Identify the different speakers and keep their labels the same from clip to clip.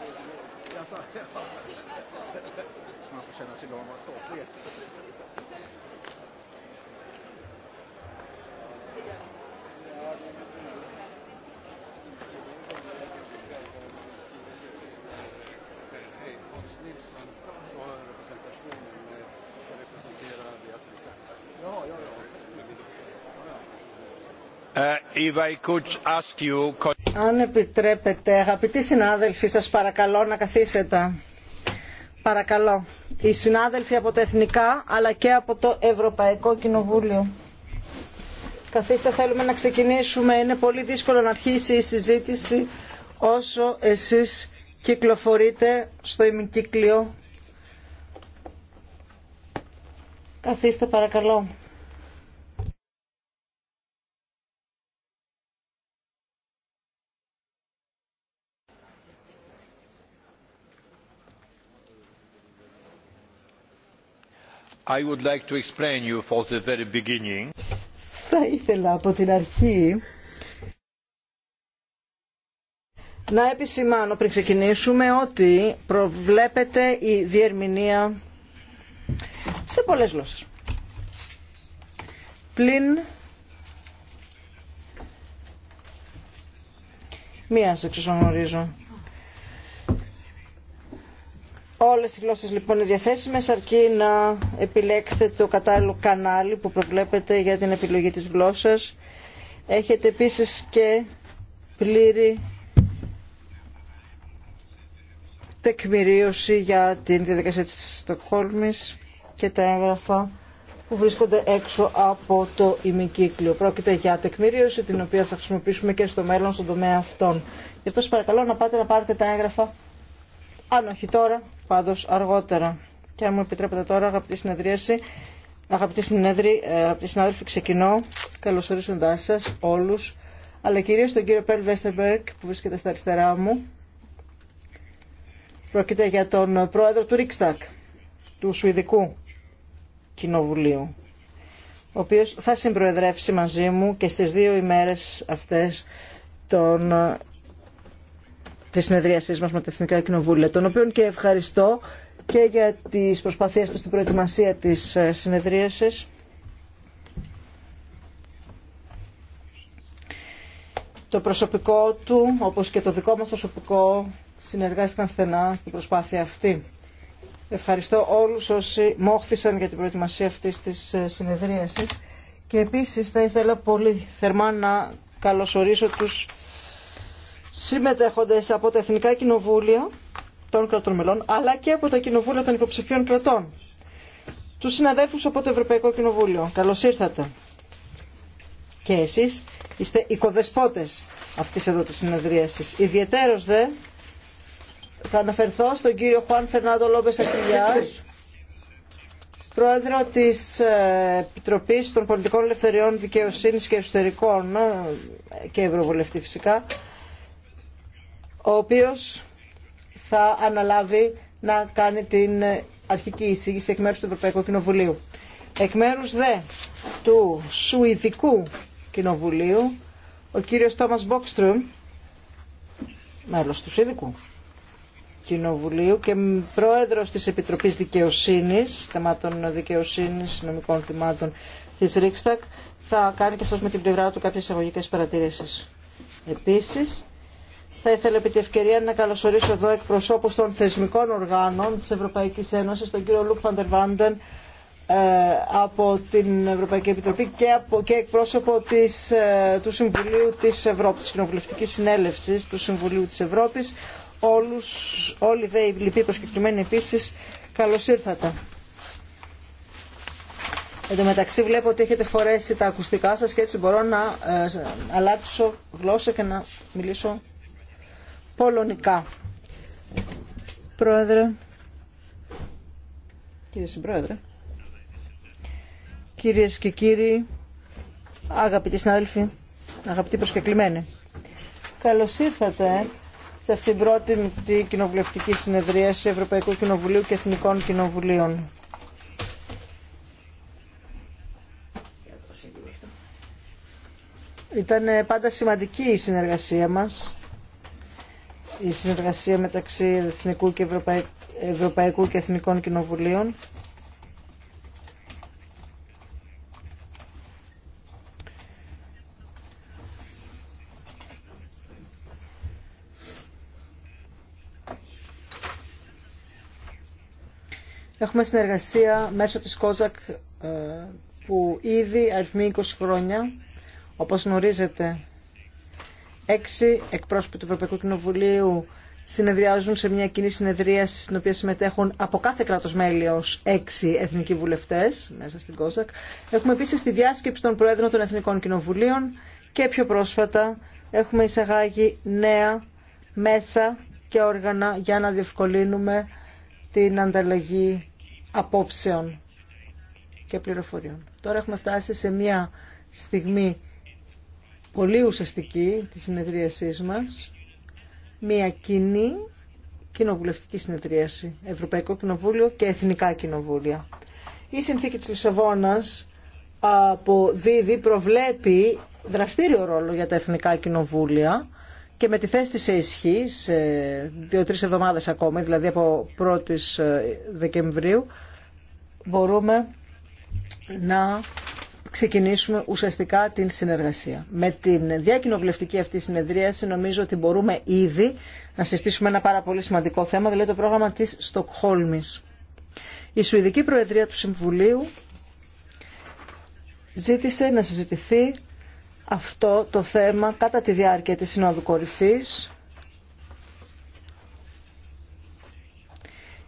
Speaker 1: Man
Speaker 2: får känna sig glad
Speaker 3: If I could ask you...
Speaker 4: Αν επιτρέπετε, αγαπητοί συνάδελφοι, σας παρακαλώ να καθίσετε. Παρακαλώ. Οι συνάδελφοι από τα Εθνικά αλλά και από το Ευρωπαϊκό Κοινοβούλιο. Καθίστε, θέλουμε να ξεκινήσουμε. Είναι πολύ δύσκολο να αρχίσει η συζήτηση όσο εσείς κυκλοφορείτε στο ημικύκλιο. Καθίστε παρακαλώ. Θα ήθελα από την αρχή να επισημάνω πριν ξεκινήσουμε ότι προβλέπεται η διερμηνία σε πολλές γλώσσες. Πλην μία σε ξεσονορίζω. Όλες οι γλώσσες λοιπόν είναι διαθέσιμες αρκεί να επιλέξετε το κατάλληλο κανάλι που προβλέπετε για την επιλογή της γλώσσας. Έχετε επίσης και πλήρη τεκμηρίωση για την διαδικασία της Στοκχόλμης και τα έγγραφα που βρίσκονται έξω από το ημικύκλιο. Πρόκειται για τεκμηρίωση την οποία θα χρησιμοποιήσουμε και στο μέλλον στον τομέα αυτών. Γι' αυτό σας παρακαλώ να πάτε να πάρετε τα έγγραφα αν όχι τώρα, πάντως αργότερα. Και αν μου επιτρέπετε τώρα, αγαπητή συνεδρίαση, αγαπητή συνεδρία, ε, αγαπητή συνάδελφη, ξεκινώ καλωσορίζοντά σα όλους, αλλά κυρίω τον κύριο Πέρλ Βέστερμπεργκ που βρίσκεται στα αριστερά μου. Πρόκειται για τον πρόεδρο του Ρίξτακ, του Σουηδικού Κοινοβουλίου, ο οποίος θα συμπροεδρεύσει μαζί μου και στις δύο ημέρες αυτές τον τη συνεδρίασή μα με το Εθνικό Κοινοβούλια, των οποίων και ευχαριστώ και για τι προσπαθίε του στην προετοιμασία τη ε, συνεδρίαση. Το προσωπικό του, όπως και το δικό μας προσωπικό, συνεργάστηκαν στενά στην προσπάθεια αυτή. Ευχαριστώ όλους όσοι μόχθησαν για την προετοιμασία αυτής της ε, συνεδρίασης και επίσης θα ήθελα πολύ θερμά να καλωσορίσω τους συμμετέχοντες από τα Εθνικά Κοινοβούλια των κρατών μελών, αλλά και από τα Κοινοβούλια των Υποψηφίων Κρατών. Τους συναδέλφους από το Ευρωπαϊκό Κοινοβούλιο. Καλώς ήρθατε. Και εσείς είστε οικοδεσπότες αυτής εδώ της συνεδρίασης. Ιδιαιτέρως δε θα αναφερθώ στον κύριο Χουάν Φερνάντο Λόμπες Ακριλιάς, πρόεδρο της ε, Επιτροπής των Πολιτικών Ελευθεριών Δικαιοσύνης και Εσωτερικών ε, και Ευρωβουλευτή φυσικά, ο οποίος θα αναλάβει να κάνει την αρχική εισήγηση εκ μέρους του Ευρωπαϊκού Κοινοβουλίου. Εκ μέρους δε του Σουηδικού Κοινοβουλίου, ο κύριος Τόμας Μπόκστρουμ, μέλος του Σουηδικού Κοινοβουλίου και πρόεδρος της Επιτροπής Δικαιοσύνης, θεμάτων δικαιοσύνης, νομικών θυμάτων της Ρίξτακ, θα κάνει και αυτός με την πλευρά του κάποιες εισαγωγικές παρατηρήσεις. Επίσης, θα ήθελα επί τη ευκαιρία να καλωσορίσω εδώ εκπροσώπους των θεσμικών οργάνων της Ευρωπαϊκής Ένωσης, τον κύριο Λουκ Φαντερβάντεν ε, από την Ευρωπαϊκή Επιτροπή και, από, και εκπρόσωπο της, ε, του Συμβουλίου της Ευρώπης, της Κοινοβουλευτικής Συνέλευσης του Συμβουλίου της Ευρώπης. Όλους, όλοι δε οι λοιποί προσκεκλημένοι επίσης, καλώς ήρθατε. Εν τω μεταξύ βλέπω ότι έχετε φορέσει τα ακουστικά σας και έτσι μπορώ να ε, αλλάξω γλώσσα και να μιλήσω πολωνικά. Πρόεδρε, κύριε Συμπρόεδρε, κυρίες και κύριοι, αγαπητοί συνάδελφοι, αγαπητοί προσκεκλημένοι, καλώς ήρθατε σε αυτήν την πρώτη κοινοβουλευτική συνεδρίαση Ευρωπαϊκού Κοινοβουλίου και Εθνικών Κοινοβουλίων. Ήταν πάντα σημαντική η συνεργασία μας η συνεργασία μεταξύ Εθνικού και Ευρωπαϊκού, Ευρωπαϊκού και Εθνικών Κοινοβουλίων. Έχουμε συνεργασία μέσω της ΚΟΖΑΚ ε, που ήδη αριθμεί 20 χρόνια. Όπως γνωρίζετε, Έξι εκπρόσωποι του Ευρωπαϊκού Κοινοβουλίου συνεδριάζουν σε μια κοινή συνεδρία στην οποία συμμετέχουν από κάθε κράτος μέλη έξι εθνικοί βουλευτές μέσα στην ΚΟΖΑΚ. Έχουμε επίσης τη διάσκεψη των Προέδρων των Εθνικών Κοινοβουλίων και πιο πρόσφατα έχουμε εισαγάγει νέα μέσα και όργανα για να διευκολύνουμε την ανταλλαγή απόψεων και πληροφοριών. Τώρα έχουμε φτάσει σε μια στιγμή πολύ ουσιαστική τη συνεδρίασή μας, μια κοινή κοινοβουλευτική συνεδρίαση, Ευρωπαϊκό Κοινοβούλιο και Εθνικά Κοινοβούλια. Η συνθήκη της Λισαβόνας από Δίδη προβλέπει δραστήριο ρόλο για τα Εθνικά Κοινοβούλια και με τη θέση της ισχύ σε δύο-τρεις εβδομάδες ακόμη, δηλαδή από 1η ε, Δεκεμβρίου, μπορούμε να ξεκινήσουμε ουσιαστικά την συνεργασία. Με την διακοινοβουλευτική αυτή συνεδρίαση νομίζω ότι μπορούμε ήδη να συστήσουμε ένα πάρα πολύ σημαντικό θέμα, δηλαδή το πρόγραμμα της Στοκχόλμης. Η Σουηδική Προεδρία του Συμβουλίου ζήτησε να συζητηθεί αυτό το θέμα κατά τη διάρκεια της Συνόδου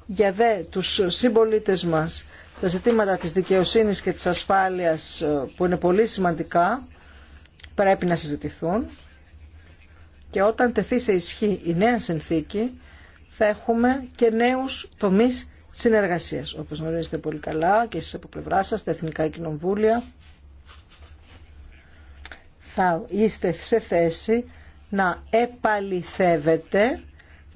Speaker 4: για δε τους συμπολίτε μας τα ζητήματα της δικαιοσύνης και της ασφάλειας ε, που είναι πολύ σημαντικά πρέπει να συζητηθούν και όταν τεθεί σε ισχύ η νέα συνθήκη θα έχουμε και νέους τομείς συνεργασίας όπως γνωρίζετε πολύ καλά και εσείς από πλευρά σας, τα Εθνικά Κοινοβούλια θα είστε σε θέση να επαληθεύετε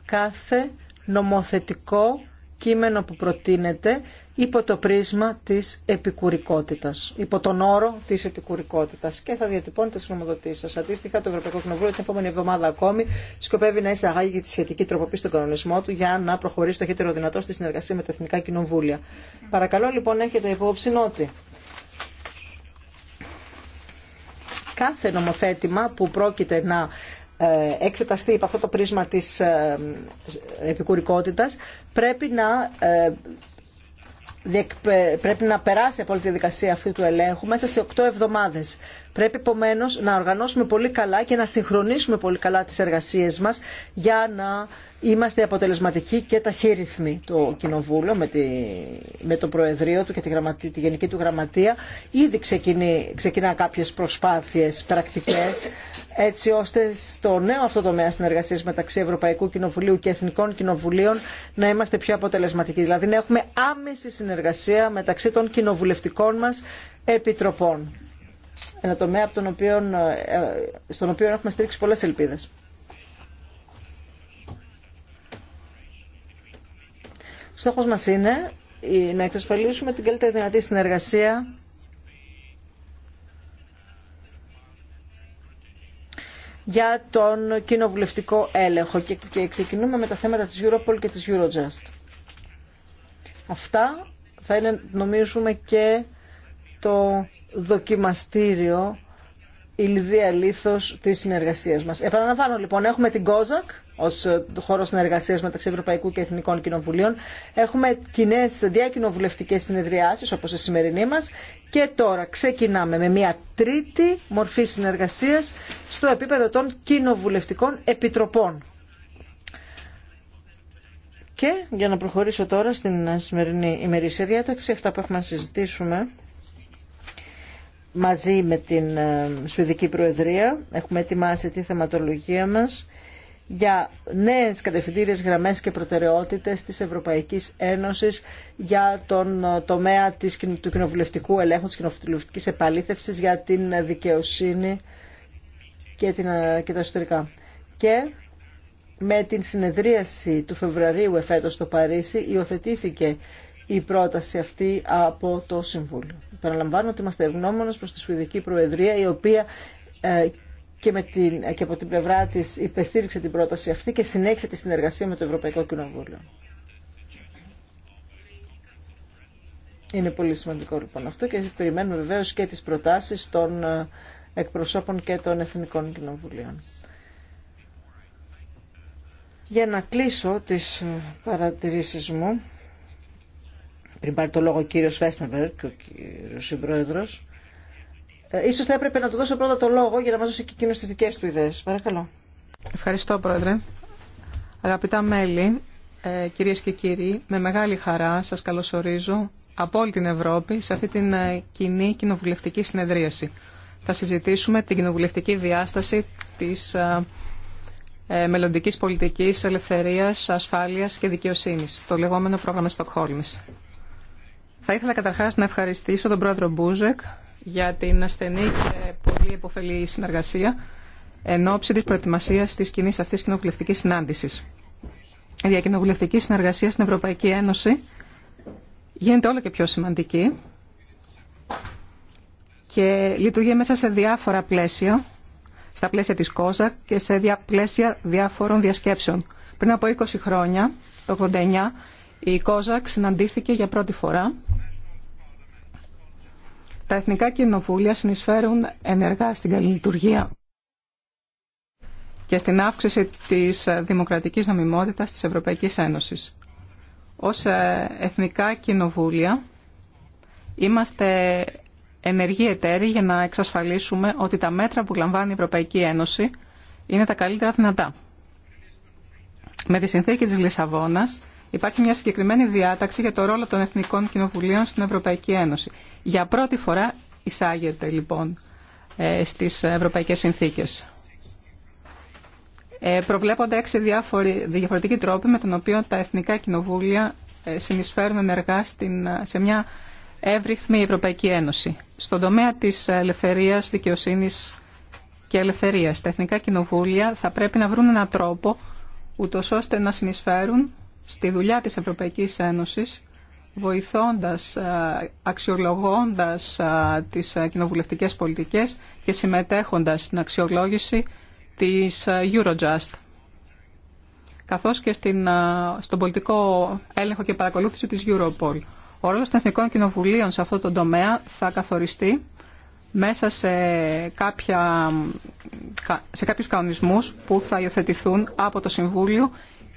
Speaker 4: κάθε νομοθετικό κείμενο που προτείνεται υπό το πρίσμα της επικουρικότητας, υπό τον όρο της επικουρικότητας και θα διατυπώνει τις γνωμοδοτήσεις σας. Αντίστοιχα, το Ευρωπαϊκό Κοινοβούλιο την επόμενη εβδομάδα ακόμη σκοπεύει να εισαγάγει τη σχετική τροποποίηση στον κανονισμό του για να προχωρήσει το χέτερο δυνατό στη συνεργασία με τα Εθνικά Κοινοβούλια. Παρακαλώ λοιπόν έχετε υπόψη ότι κάθε νομοθέτημα που πρόκειται να ε, εξεταστεί υπό αυτό το πρίσμα της ε, επικουρικότητας πρέπει να ε, πρέπει να περάσει από όλη τη δικασία αυτή του ελέγχου μέσα σε 8 εβδομάδες. Πρέπει επομένω να οργανώσουμε πολύ καλά και να συγχρονίσουμε πολύ καλά τι εργασίε μα για να είμαστε αποτελεσματικοί και ταχύρυθμοι. Το Κοινοβούλιο με, τη, με το Προεδρείο του και τη, τη Γενική του Γραμματεία ήδη ξεκινά κάποιε προσπάθειε πρακτικέ έτσι ώστε στο νέο αυτό τομέα συνεργασία μεταξύ Ευρωπαϊκού Κοινοβουλίου και Εθνικών Κοινοβουλίων να είμαστε πιο αποτελεσματικοί. Δηλαδή να έχουμε άμεση συνεργασία μεταξύ των κοινοβουλευτικών μα επιτροπών ένα τομέα από τον ε, στον οποίο έχουμε στρίξει πολλές ελπίδες. Στόχος μας είναι να εξασφαλίσουμε την καλύτερη δυνατή συνεργασία για τον κοινοβουλευτικό έλεγχο και ξεκινούμε με τα θέματα της Europol και της Eurojust. Αυτά θα είναι, νομίζουμε, και το δοκιμαστήριο ηλδία λίθος της συνεργασίας μας. Επαναλαμβάνω λοιπόν, έχουμε την ΚΟΖΑΚ ως ε, χώρο συνεργασίας μεταξύ Ευρωπαϊκού και Εθνικών Κοινοβουλίων. Έχουμε κοινέ διακοινοβουλευτικές συνεδριάσεις όπως η σημερινή μας και τώρα ξεκινάμε με μια τρίτη μορφή συνεργασίας στο επίπεδο των κοινοβουλευτικών επιτροπών. Και για να προχωρήσω τώρα στην σημερινή ημερήσια διάταξη, αυτά που έχουμε να συζητήσουμε μαζί με την ε, Σουηδική Προεδρία. Έχουμε ετοιμάσει τη θεματολογία μας για νέες κατευθυντήριες γραμμές και προτεραιότητες της Ευρωπαϊκής Ένωσης για τον ε, τομέα της, του κοινοβουλευτικού ελέγχου, της κοινοβουλευτικής επαλήθευσης για την δικαιοσύνη και, την, ε, και τα εσωτερικά. Και με την συνεδρίαση του Φεβρουαρίου εφέτος στο Παρίσι υιοθετήθηκε η πρόταση αυτή από το Συμβούλιο. Παραλαμβάνω ότι είμαστε ευγνώμονε προς τη Σουηδική Προεδρία η οποία ε, και, με την, και από την πλευρά τη υπεστήριξε την πρόταση αυτή και συνέχισε τη συνεργασία με το Ευρωπαϊκό Κοινοβούλιο. Είναι πολύ σημαντικό λοιπόν αυτό και περιμένουμε βεβαίω και τις προτάσεις των ε, εκπροσώπων και των Εθνικών Κοινοβουλίων. Για να κλείσω τις ε, παρατηρήσεις μου, πριν πάρει το λόγο ο κύριος και ο κύριο συμπρόεδρο. ε, ίσως θα έπρεπε να του δώσω πρώτα το λόγο για να μας δώσει και εκείνο τι δικέ του ιδέε. Παρακαλώ.
Speaker 1: Ευχαριστώ, Πρόεδρε. Αγαπητά μέλη, ε, κυρίες και κύριοι, με μεγάλη χαρά σας καλωσορίζω από όλη την Ευρώπη σε αυτή την ε, κοινή κοινοβουλευτική συνεδρίαση. Θα συζητήσουμε την κοινοβουλευτική διάσταση της ε, ε, μελλοντικής πολιτικής ελευθερίας, ασφάλειας και δικαιοσύνης, το λεγόμενο πρόγραμμα Στοκχόλμης. Θα ήθελα καταρχάς να ευχαριστήσω τον πρόεδρο Μπούζεκ για την ασθενή και πολύ υποφελή συνεργασία εν ώψη της προετοιμασίας της κοινή αυτής κοινοβουλευτικής συνάντησης. Η διακοινοβουλευτική συνεργασία στην Ευρωπαϊκή Ένωση γίνεται όλο και πιο σημαντική και λειτουργεί μέσα σε διάφορα πλαίσια, στα πλαίσια της ΚΟΖΑ και σε δια, πλαίσια διάφορων διασκέψεων. Πριν από 20 χρόνια, το 89, η ΚΟΖΑΚ συναντήθηκε για πρώτη φορά τα εθνικά κοινοβούλια συνεισφέρουν ενεργά στην καλή λειτουργία και στην αύξηση της δημοκρατικής νομιμότητας της Ευρωπαϊκής Ένωσης. Ως ε, εθνικά κοινοβούλια είμαστε ενεργοί εταίροι για να εξασφαλίσουμε ότι τα μέτρα που λαμβάνει η Ευρωπαϊκή Ένωση είναι τα καλύτερα δυνατά. Με τη συνθήκη της Λισαβόνας υπάρχει μια συγκεκριμένη διάταξη για το ρόλο των εθνικών κοινοβουλίων στην Ευρωπαϊκή Ένωση. Για πρώτη φορά εισάγεται λοιπόν ε, στις ευρωπαϊκές συνθήκες. Ε, προβλέπονται έξι διάφοροι, διαφορετικοί τρόποι με τον οποίο τα εθνικά κοινοβούλια ε, συνεισφέρουν ενεργά στην, σε μια εύρυθμη Ευρωπαϊκή Ένωση. Στον τομέα της ελευθερίας, δικαιοσύνης και ελευθερίας, τα εθνικά κοινοβούλια θα πρέπει να βρουν έναν τρόπο ούτω ώστε να συνεισφέρουν στη δουλειά της Ευρωπαϊκής Ένωσης βοηθώντας, ε, αξιολογώντας ε, τις ε, κοινοβουλευτικές πολιτικές και συμμετέχοντας στην αξιολόγηση της Eurojust καθώς και στην, στον πολιτικό έλεγχο και παρακολούθηση της Europol. Ο ρόλος των Εθνικών Κοινοβουλίων σε αυτό το τομέα θα καθοριστεί μέσα σε, κάποια, σε κάποιους κανονισμούς που θα υιοθετηθούν από το Συμβούλιο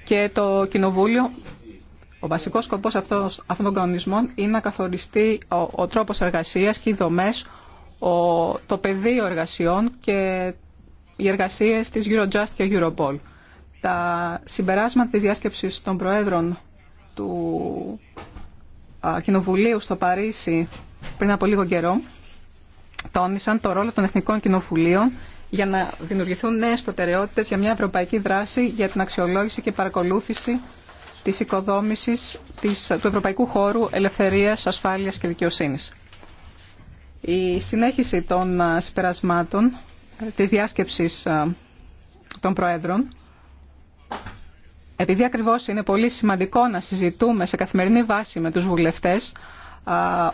Speaker 1: και το Κοινοβούλιο ο βασικός σκοπός αυτός, αυτών των κανονισμών είναι να καθοριστεί ο, ο τρόπος εργασίας και οι δομές, το πεδίο εργασιών και οι εργασίες της Eurojust και Europol. Τα συμπεράσματα της διάσκεψης των Προέδρων του Κοινοβουλίου στο Παρίσι πριν από λίγο καιρό τόνισαν το ρόλο των Εθνικών Κοινοβουλίων για να δημιουργηθούν νέες προτεραιότητες για μια ευρωπαϊκή δράση για την αξιολόγηση και παρακολούθηση της οικοδόμησης του Ευρωπαϊκού Χώρου Ελευθερίας, Ασφάλειας και Δικαιοσύνης. Η συνέχιση των ε, συμπερασμάτων ε, της διάσκεψης ε, των Προέδρων επειδή ακριβώς είναι πολύ σημαντικό να συζητούμε σε καθημερινή βάση με τους βουλευτές,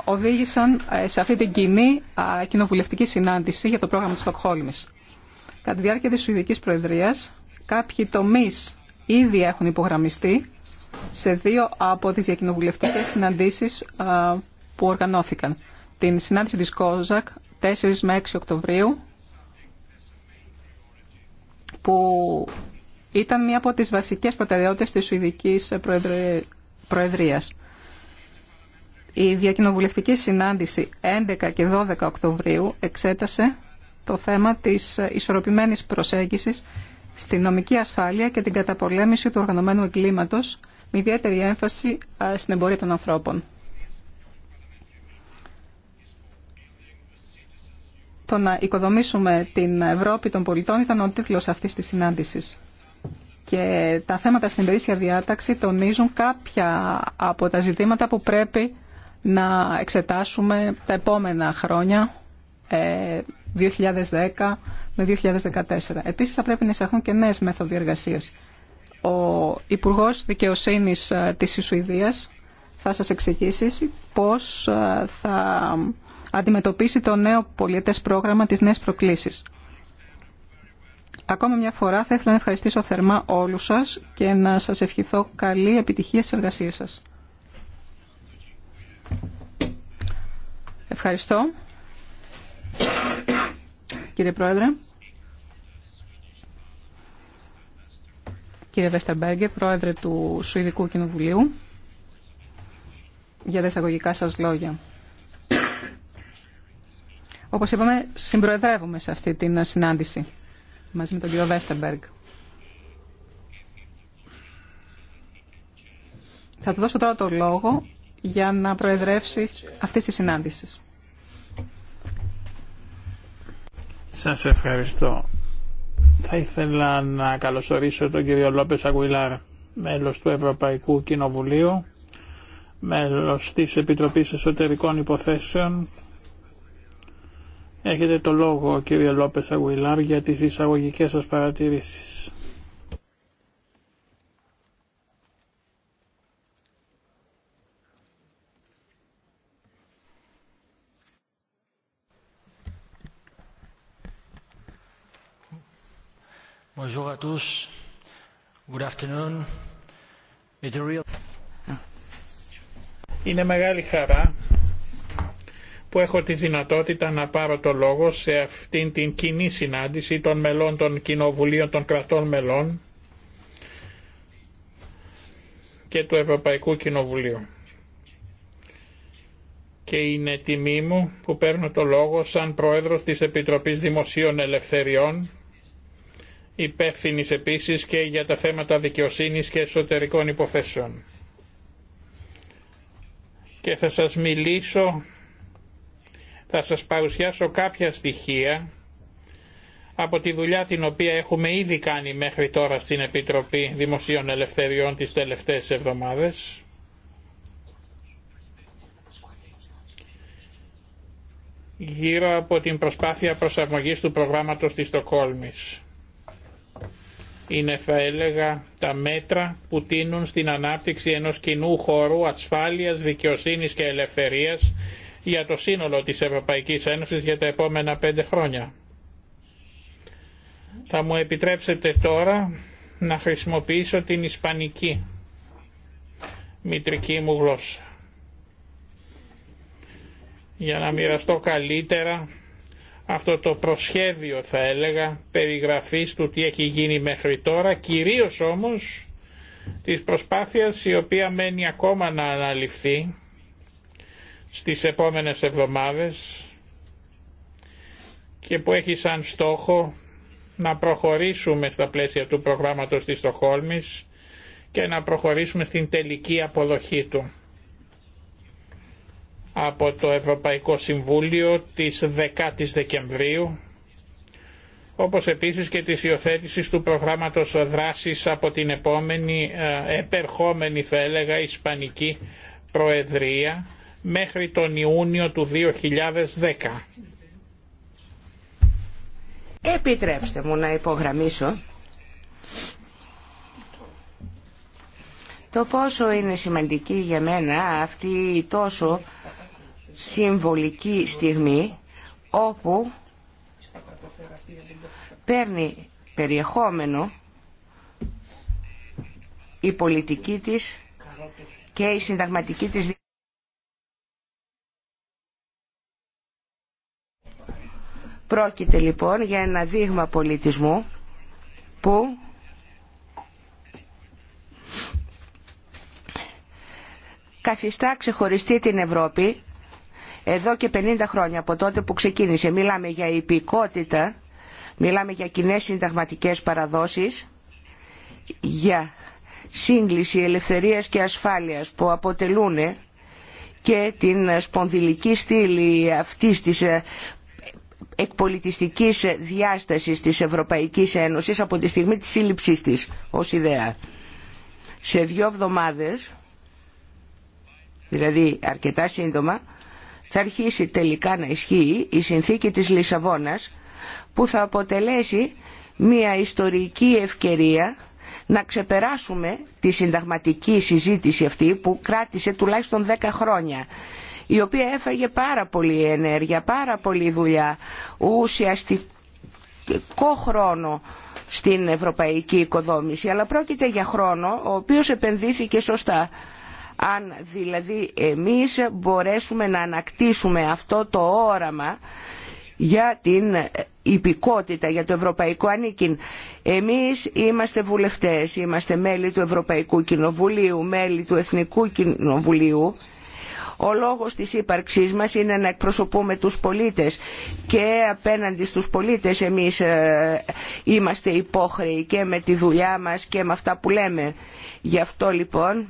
Speaker 1: οδήγησαν σε αυτή την κοινή κοινοβουλευτική συνάντηση για το πρόγραμμα της Στοκχόλμης. Κατά τη διάρκεια της Σουηδικής Προεδρίας, κάποιοι τομείς ήδη έχουν υπογραμμιστεί σε δύο από τις διακοινοβουλευτικές συναντήσεις που οργανώθηκαν. Την συνάντηση της ΚΟΖΑΚ 4 με 6 Οκτωβρίου που ήταν μία από τις βασικές προτεραιότητες της Σουηδικής Προεδρίας. Η διακοινοβουλευτική συνάντηση 11 και 12 Οκτωβρίου εξέτασε το θέμα της ισορροπημένης προσέγγισης στη νομική ασφάλεια και την καταπολέμηση του οργανωμένου εγκλήματος με ιδιαίτερη έμφαση στην εμπορία των ανθρώπων. Το να οικοδομήσουμε την Ευρώπη των πολιτών ήταν ο τίτλος αυτής της συνάντησης. Και τα θέματα στην περίσσια διάταξη τονίζουν κάποια από τα ζητήματα που πρέπει να εξετάσουμε τα επόμενα χρόνια, 2010 ε, με 2014. Επίσης θα πρέπει να εισαχθούν και νέες μέθοδοι εργασίας. Ο Υπουργό Δικαιοσύνη ε, της Ισουηδίας θα σας εξηγήσει πώς ε, θα αντιμετωπίσει το νέο πολιτέ πρόγραμμα της Νέα Προκλήση. Ακόμα μια φορά θα ήθελα να ευχαριστήσω θερμά όλους σας και να σας ευχηθώ καλή επιτυχία στις εργασίες σας. Ευχαριστώ. Κύριε Πρόεδρε. κύριε Βέστερμπεργκε, πρόεδρε του Σουηδικού Κοινοβουλίου, για τα εισαγωγικά σας λόγια. Όπως είπαμε, συμπροεδρεύουμε σε αυτή την συνάντηση μαζί με τον κύριο Βέστερμπεργκ. Θα του δώσω τώρα το λόγο για να προεδρεύσει αυτή τη συνάντηση.
Speaker 2: Σας ευχαριστώ. Θα ήθελα να καλωσορίσω τον κύριο Λόπες Αγουιλάρ, μέλος του Ευρωπαϊκού Κοινοβουλίου, μέλος της Επιτροπής Εσωτερικών Υποθέσεων. Έχετε το λόγο κύριε Λόπες Αγουιλάρ για τις εισαγωγικές σας παρατηρήσεις. Bonjour à tous. Good afternoon. Είναι μεγάλη χαρά που έχω τη δυνατότητα να πάρω το λόγο σε αυτήν την κοινή συνάντηση των μελών των κοινοβουλίων των κρατών μελών και του Ευρωπαϊκού Κοινοβουλίου. Και είναι τιμή μου που παίρνω το λόγο σαν Πρόεδρος της Επιτροπής Δημοσίων Ελευθεριών υπεύθυνη επίσης και για τα θέματα δικαιοσύνη και εσωτερικών υποθέσεων. Και θα σας μιλήσω, θα σας παρουσιάσω κάποια στοιχεία από τη δουλειά την οποία έχουμε ήδη κάνει μέχρι τώρα στην Επιτροπή Δημοσίων Ελευθεριών τις τελευταίες εβδομάδες. γύρω από την προσπάθεια προσαρμογής του προγράμματος της Στοκόλμης είναι θα έλεγα τα μέτρα που τίνουν στην ανάπτυξη ενός κοινού χώρου ασφάλειας, δικαιοσύνης και ελευθερίας για το σύνολο της Ευρωπαϊκής Ένωσης για τα επόμενα πέντε χρόνια. Θα μου επιτρέψετε τώρα να χρησιμοποιήσω την ισπανική μητρική μου γλώσσα για να μοιραστώ καλύτερα αυτό το προσχέδιο θα έλεγα περιγραφής του τι έχει γίνει μέχρι τώρα, κυρίως όμως της προσπάθειας η οποία μένει ακόμα να αναλυφθεί στις επόμενες εβδομάδες και που έχει σαν στόχο να προχωρήσουμε στα πλαίσια του προγράμματος της Στοχόλμης και να προχωρήσουμε στην τελική αποδοχή του από το Ευρωπαϊκό Συμβούλιο της 10 η Δεκεμβρίου, όπως επίσης και της υιοθέτηση του προγράμματος δράσης από την επόμενη, ε, επερχόμενη θα έλεγα, Ισπανική Προεδρία μέχρι τον Ιούνιο του 2010.
Speaker 5: Επιτρέψτε μου να υπογραμμίσω το πόσο είναι σημαντική για μένα αυτή η τόσο συμβολική στιγμή όπου παίρνει περιεχόμενο η πολιτική της και η συνταγματική της Πρόκειται λοιπόν για ένα δείγμα πολιτισμού που καθιστά ξεχωριστή την Ευρώπη εδώ και 50 χρόνια από τότε που ξεκίνησε. Μιλάμε για υπηκότητα, μιλάμε για κοινέ συνταγματικέ παραδόσεις, για σύγκληση ελευθερίας και ασφάλειας που αποτελούν και την σπονδυλική στήλη αυτής της ε, εκπολιτιστικής διάστασης της Ευρωπαϊκής Ένωσης από τη στιγμή της σύλληψής της ως ιδέα. Σε δύο εβδομάδες, δηλαδή αρκετά σύντομα, θα αρχίσει τελικά να ισχύει η συνθήκη της Λισαβόνας που θα αποτελέσει μια ιστορική ευκαιρία να ξεπεράσουμε τη συνταγματική συζήτηση αυτή που κράτησε τουλάχιστον 10 χρόνια η οποία έφαγε πάρα πολύ ενέργεια, πάρα πολύ δουλειά, ουσιαστικό χρόνο στην ευρωπαϊκή οικοδόμηση αλλά πρόκειται για χρόνο ο οποίος επενδύθηκε σωστά αν δηλαδή εμείς μπορέσουμε να ανακτήσουμε αυτό το όραμα για την υπηκότητα, για το ευρωπαϊκό ανήκειν. Εμείς είμαστε βουλευτές, είμαστε μέλη του Ευρωπαϊκού Κοινοβουλίου, μέλη του Εθνικού Κοινοβουλίου. Ο λόγος της ύπαρξής μας είναι να εκπροσωπούμε τους πολίτες και απέναντι στους πολίτες εμείς ε, είμαστε υπόχρεοι και με τη δουλειά μας και με αυτά που λέμε. Γι' αυτό λοιπόν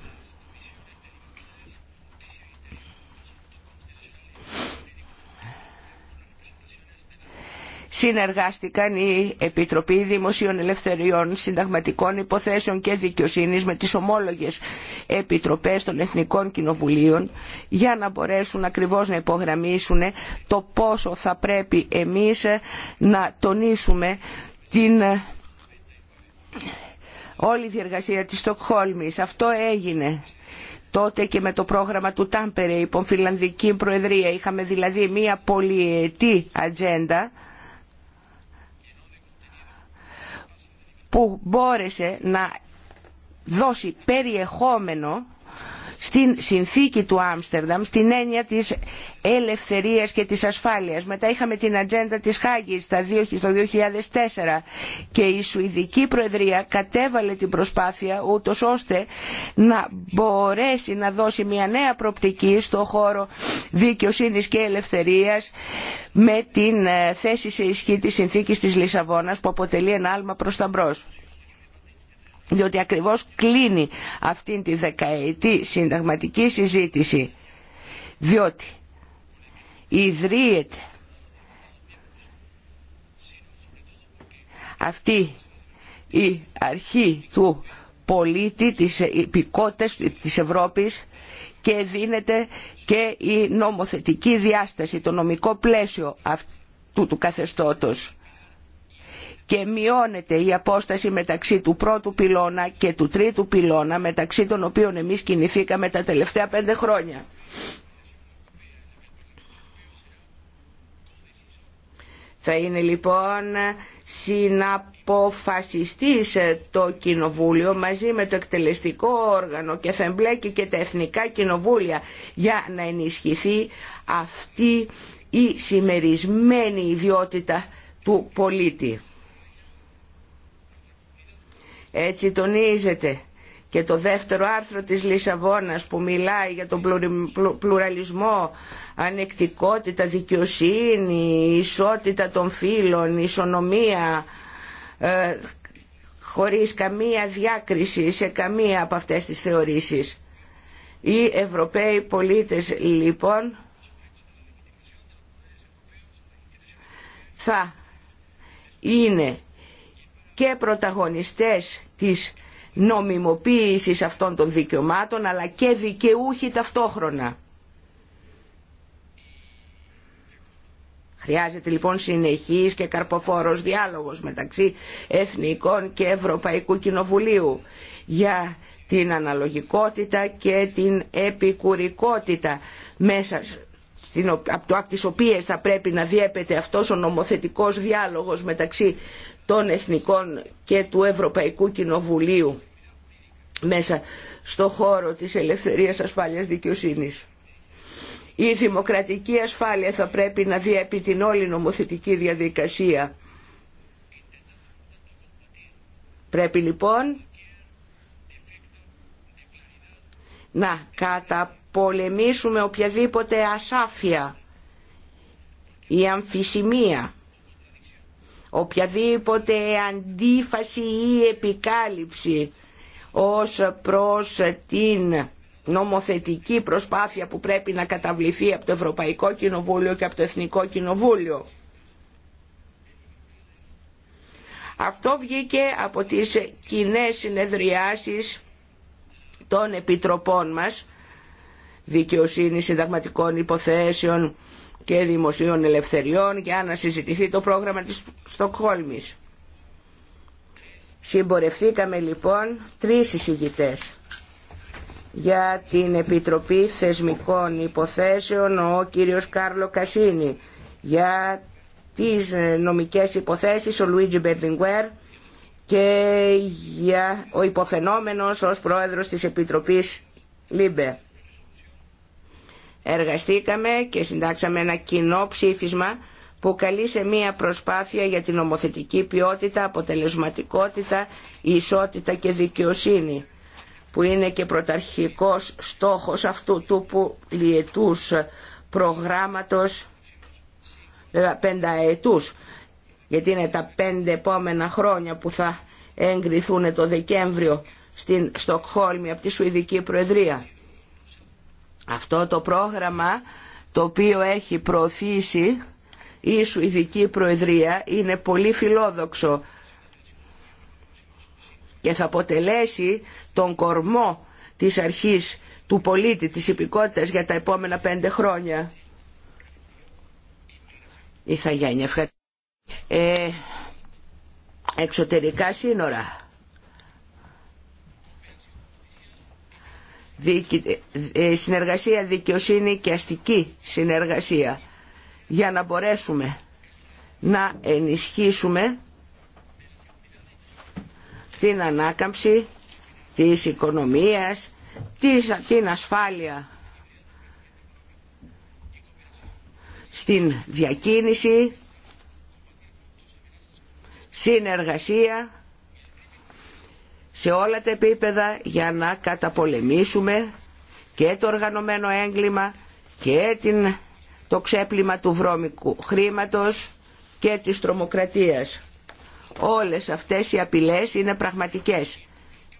Speaker 5: συνεργάστηκαν οι Επιτροπή Δημοσίων Ελευθεριών Συνταγματικών Υποθέσεων και Δικαιοσύνης με τις ομόλογες επιτροπές των Εθνικών Κοινοβουλίων για να μπορέσουν ακριβώς να υπογραμμίσουν το πόσο θα πρέπει εμείς να τονίσουμε την όλη διεργασία της Στοκχόλμης. Αυτό έγινε τότε και με το πρόγραμμα του Τάμπερε υπό Φιλανδική Προεδρία. Είχαμε δηλαδή μία πολυετή ατζέντα που μπόρεσε να δώσει περιεχόμενο στην συνθήκη του Άμστερνταμ στην έννοια της ελευθερίας και της ασφάλειας. Μετά είχαμε την ατζέντα της Χάγης το 2004 και η Σουηδική Προεδρία κατέβαλε την προσπάθεια ούτως ώστε να μπορέσει να δώσει μια νέα προπτική στο χώρο δικαιοσύνης και ελευθερίας με την ε, θέση σε ισχύ της συνθήκης της Λισαβόνας που αποτελεί ένα άλμα προς τα διότι ακριβώς κλείνει αυτή τη δεκαετή συνταγματική συζήτηση διότι ιδρύεται αυτή η αρχή του πολίτη της υπηκότητας της Ευρώπης και δίνεται και η νομοθετική διάσταση, το νομικό πλαίσιο αυτού του καθεστώτος και μειώνεται η απόσταση μεταξύ του πρώτου πυλώνα και του τρίτου πυλώνα μεταξύ των οποίων εμείς κινηθήκαμε τα τελευταία πέντε χρόνια. Θα είναι λοιπόν συναποφασιστής ε, το Κοινοβούλιο μαζί με το εκτελεστικό όργανο και θα εμπλέκει και τα εθνικά κοινοβούλια για να ενισχυθεί αυτή η συμμερισμένη ιδιότητα του πολίτη. Έτσι τονίζεται και το δεύτερο άρθρο της Λισαβόνας που μιλάει για τον πλουραλισμό, ανεκτικότητα, δικαιοσύνη, ισότητα των φύλων, ισονομία, ε, χωρίς καμία διάκριση σε καμία από αυτές τις θεωρήσεις. Οι Ευρωπαίοι πολίτες λοιπόν θα είναι και πρωταγωνιστές της νομιμοποίησης αυτών των δικαιωμάτων αλλά και δικαιούχοι ταυτόχρονα. Χρειάζεται λοιπόν συνεχής και καρποφόρος διάλογος μεταξύ Εθνικών και Ευρωπαϊκού Κοινοβουλίου για την αναλογικότητα και την επικουρικότητα μέσα από το τις οποίες θα πρέπει να διέπεται αυτός ο νομοθετικός διάλογος μεταξύ των Εθνικών και του Ευρωπαϊκού Κοινοβουλίου μέσα στο χώρο της ελευθερίας ασφάλειας δικαιοσύνης. Η δημοκρατική ασφάλεια θα πρέπει να διέπει την όλη νομοθετική διαδικασία. Πρέπει λοιπόν να καταπολεμήσουμε οποιαδήποτε ασάφεια ή αμφισημία οποιαδήποτε αντίφαση ή επικάλυψη ως προς την νομοθετική προσπάθεια που πρέπει να καταβληθεί από το Ευρωπαϊκό Κοινοβούλιο και από το Εθνικό Κοινοβούλιο. Αυτό βγήκε από τις κοινέ συνεδριάσεις των επιτροπών μας, δικαιοσύνη συνταγματικών υποθέσεων, και δημοσίων ελευθεριών για να συζητηθεί το πρόγραμμα της Στοκχόλμης. Συμπορευθήκαμε λοιπόν τρεις συζητητές για την Επιτροπή Θεσμικών Υποθέσεων ο κύριος Κάρλο Κασίνη για τις νομικές υποθέσεις ο Λουίτζι Μπερλιγκουέρ και για ο υποφαινόμενος ως πρόεδρος της Επιτροπής Λίμπε. Εργαστήκαμε και συντάξαμε ένα κοινό ψήφισμα που καλεί σε μία προσπάθεια για την ομοθετική ποιότητα, αποτελεσματικότητα, ισότητα και δικαιοσύνη που είναι και πρωταρχικός στόχος αυτού του που λιετούς προγράμματος, πέντα ε, πενταετούς, γιατί είναι τα πέντε επόμενα χρόνια που θα εγκριθούν το Δεκέμβριο στην Στοκχόλμη από τη Σουηδική Προεδρία. Αυτό το πρόγραμμα το οποίο έχει προωθήσει η Σουηδική Προεδρία είναι πολύ φιλόδοξο και θα αποτελέσει τον κορμό της αρχής του πολίτη, της υπηκότητας για τα επόμενα πέντε χρόνια. Η ε, εξωτερικά σύνορα. Ε, συνεργασία δικαιοσύνη και αστική συνεργασία για να μπορέσουμε να ενισχύσουμε την ανάκαμψη της οικονομίας, την ασφάλεια στην διακίνηση, συνεργασία σε όλα τα επίπεδα για να καταπολεμήσουμε και το οργανωμένο έγκλημα και την, το ξέπλυμα του βρώμικου χρήματος και της τρομοκρατίας. Όλες αυτές οι απειλές είναι πραγματικές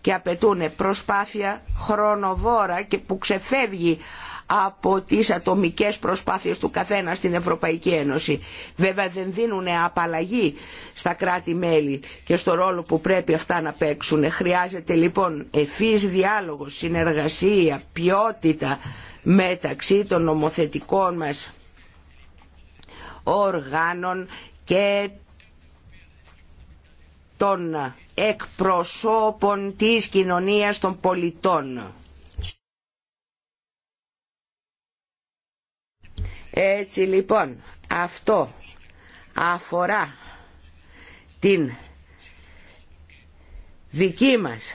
Speaker 5: και απαιτούν προσπάθεια χρονοβόρα και που ξεφεύγει από τις ατομικές προσπάθειες του καθένα στην Ευρωπαϊκή Ένωση. Βέβαια δεν δίνουν απαλλαγή στα κράτη-μέλη και στο ρόλο που πρέπει αυτά να παίξουν. Χρειάζεται λοιπόν ευφύς διάλογος, συνεργασία, ποιότητα μεταξύ των νομοθετικών μας οργάνων και των εκπροσώπων της κοινωνίας των πολιτών. Έτσι λοιπόν αυτό αφορά την δική μας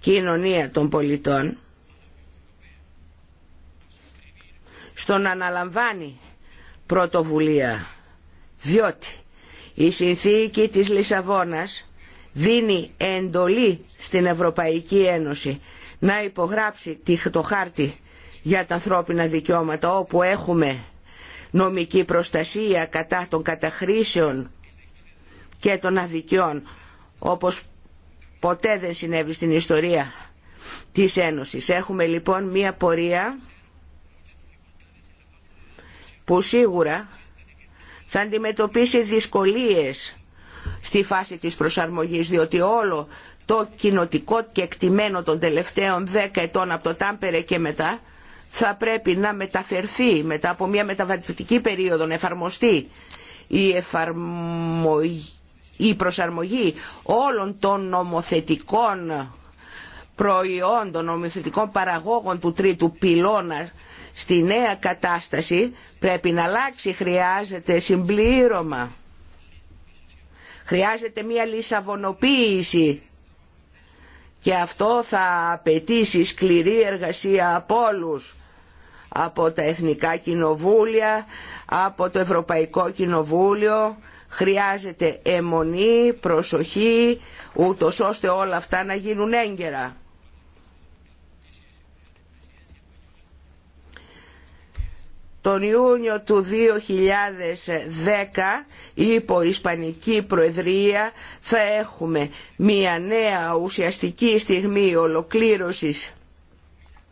Speaker 5: κοινωνία των πολιτών στο να αναλαμβάνει πρωτοβουλία διότι η συνθήκη της Λισαβόνας δίνει εντολή στην Ευρωπαϊκή Ένωση να υπογράψει το χάρτη για τα ανθρώπινα δικαιώματα όπου έχουμε νομική προστασία κατά των καταχρήσεων και των αδικιών όπως ποτέ δεν συνέβη στην ιστορία της Ένωσης. Έχουμε λοιπόν μία πορεία που σίγουρα θα αντιμετωπίσει δυσκολίες στη φάση της προσαρμογής διότι όλο το κοινοτικό και εκτιμένο των τελευταίων δέκα ετών από το Τάμπερε και μετά θα πρέπει να μεταφερθεί μετά από μια μεταβατική περίοδο να εφαρμοστεί η, η προσαρμογή όλων των νομοθετικών προϊόντων, νομοθετικών παραγόγων του τρίτου πυλώνα στη νέα κατάσταση πρέπει να αλλάξει, χρειάζεται συμπλήρωμα. Χρειάζεται μια λισαβονοποίηση και αυτό θα απαιτήσει σκληρή εργασία από όλους από τα Εθνικά Κοινοβούλια, από το Ευρωπαϊκό Κοινοβούλιο. Χρειάζεται αιμονή, προσοχή, ούτως ώστε όλα αυτά να γίνουν έγκαιρα. τον Ιούνιο του 2010 υπό Ισπανική Προεδρία θα έχουμε μια νέα ουσιαστική στιγμή ολοκλήρωσης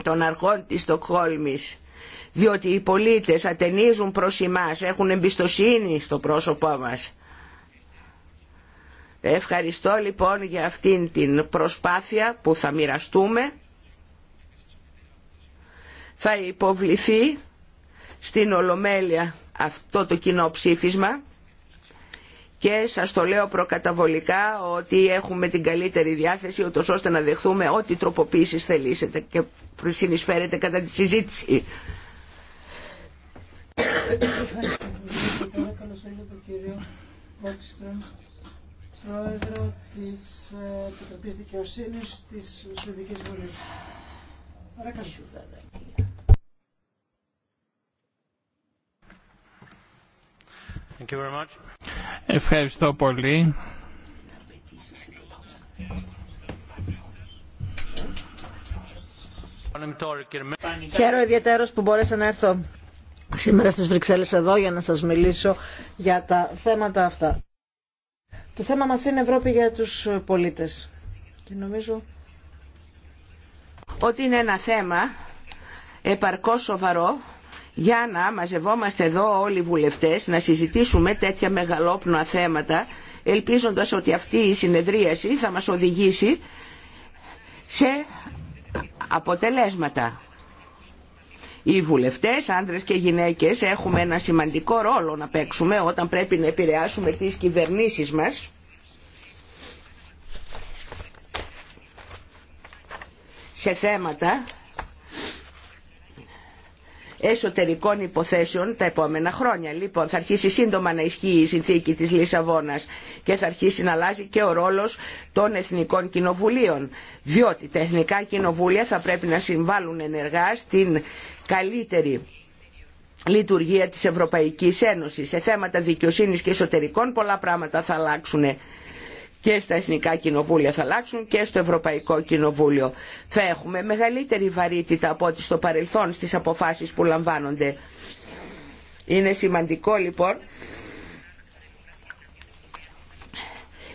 Speaker 5: των αρχών της Στοκχόλμης διότι οι πολίτες ατενίζουν προς εμάς, έχουν εμπιστοσύνη στο πρόσωπό μας. Ευχαριστώ λοιπόν για αυτήν την προσπάθεια που θα μοιραστούμε. Θα υποβληθεί στην Ολομέλεια αυτό το κοινό ψήφισμα και σας το λέω προκαταβολικά ότι έχουμε την καλύτερη διάθεση ούτως ώστε να δεχθούμε ό,τι τροποποίησεις θελήσετε και συνεισφέρετε κατά τη συζήτηση.
Speaker 3: Ευχαριστώ πολύ Thank you very much.
Speaker 2: Ευχαριστώ πολύ. Χαίρομαι ιδιαίτερος
Speaker 4: που μπόρεσα να έρθω σήμερα στις Βρυξέλλες εδώ για να σας μιλήσω για τα θέματα αυτά. Το θέμα μας είναι Ευρώπη για τους πολίτες. Και
Speaker 5: νομίζω ότι είναι ένα θέμα επαρκώς σοβαρό για να μαζευόμαστε εδώ όλοι οι βουλευτές να συζητήσουμε τέτοια μεγαλόπνοα θέματα ελπίζοντας ότι αυτή η συνεδρίαση θα μας οδηγήσει σε αποτελέσματα. Οι βουλευτές, άνδρες και γυναίκες, έχουμε ένα σημαντικό ρόλο να παίξουμε όταν πρέπει να επηρεάσουμε τις κυβερνήσεις μας. σε θέματα εσωτερικών υποθέσεων τα επόμενα χρόνια. Λοιπόν, θα αρχίσει σύντομα να ισχύει η συνθήκη της Λισαβόνας και θα αρχίσει να αλλάζει και ο ρόλος των εθνικών κοινοβουλίων. Διότι τα εθνικά κοινοβούλια θα πρέπει να συμβάλλουν ενεργά στην καλύτερη λειτουργία της Ευρωπαϊκής Ένωσης. Σε θέματα δικαιοσύνης και εσωτερικών πολλά πράγματα θα αλλάξουν και στα εθνικά κοινοβούλια θα αλλάξουν και στο Ευρωπαϊκό Κοινοβούλιο. Θα έχουμε μεγαλύτερη βαρύτητα από ό,τι στο παρελθόν στις αποφάσεις που λαμβάνονται. Είναι σημαντικό λοιπόν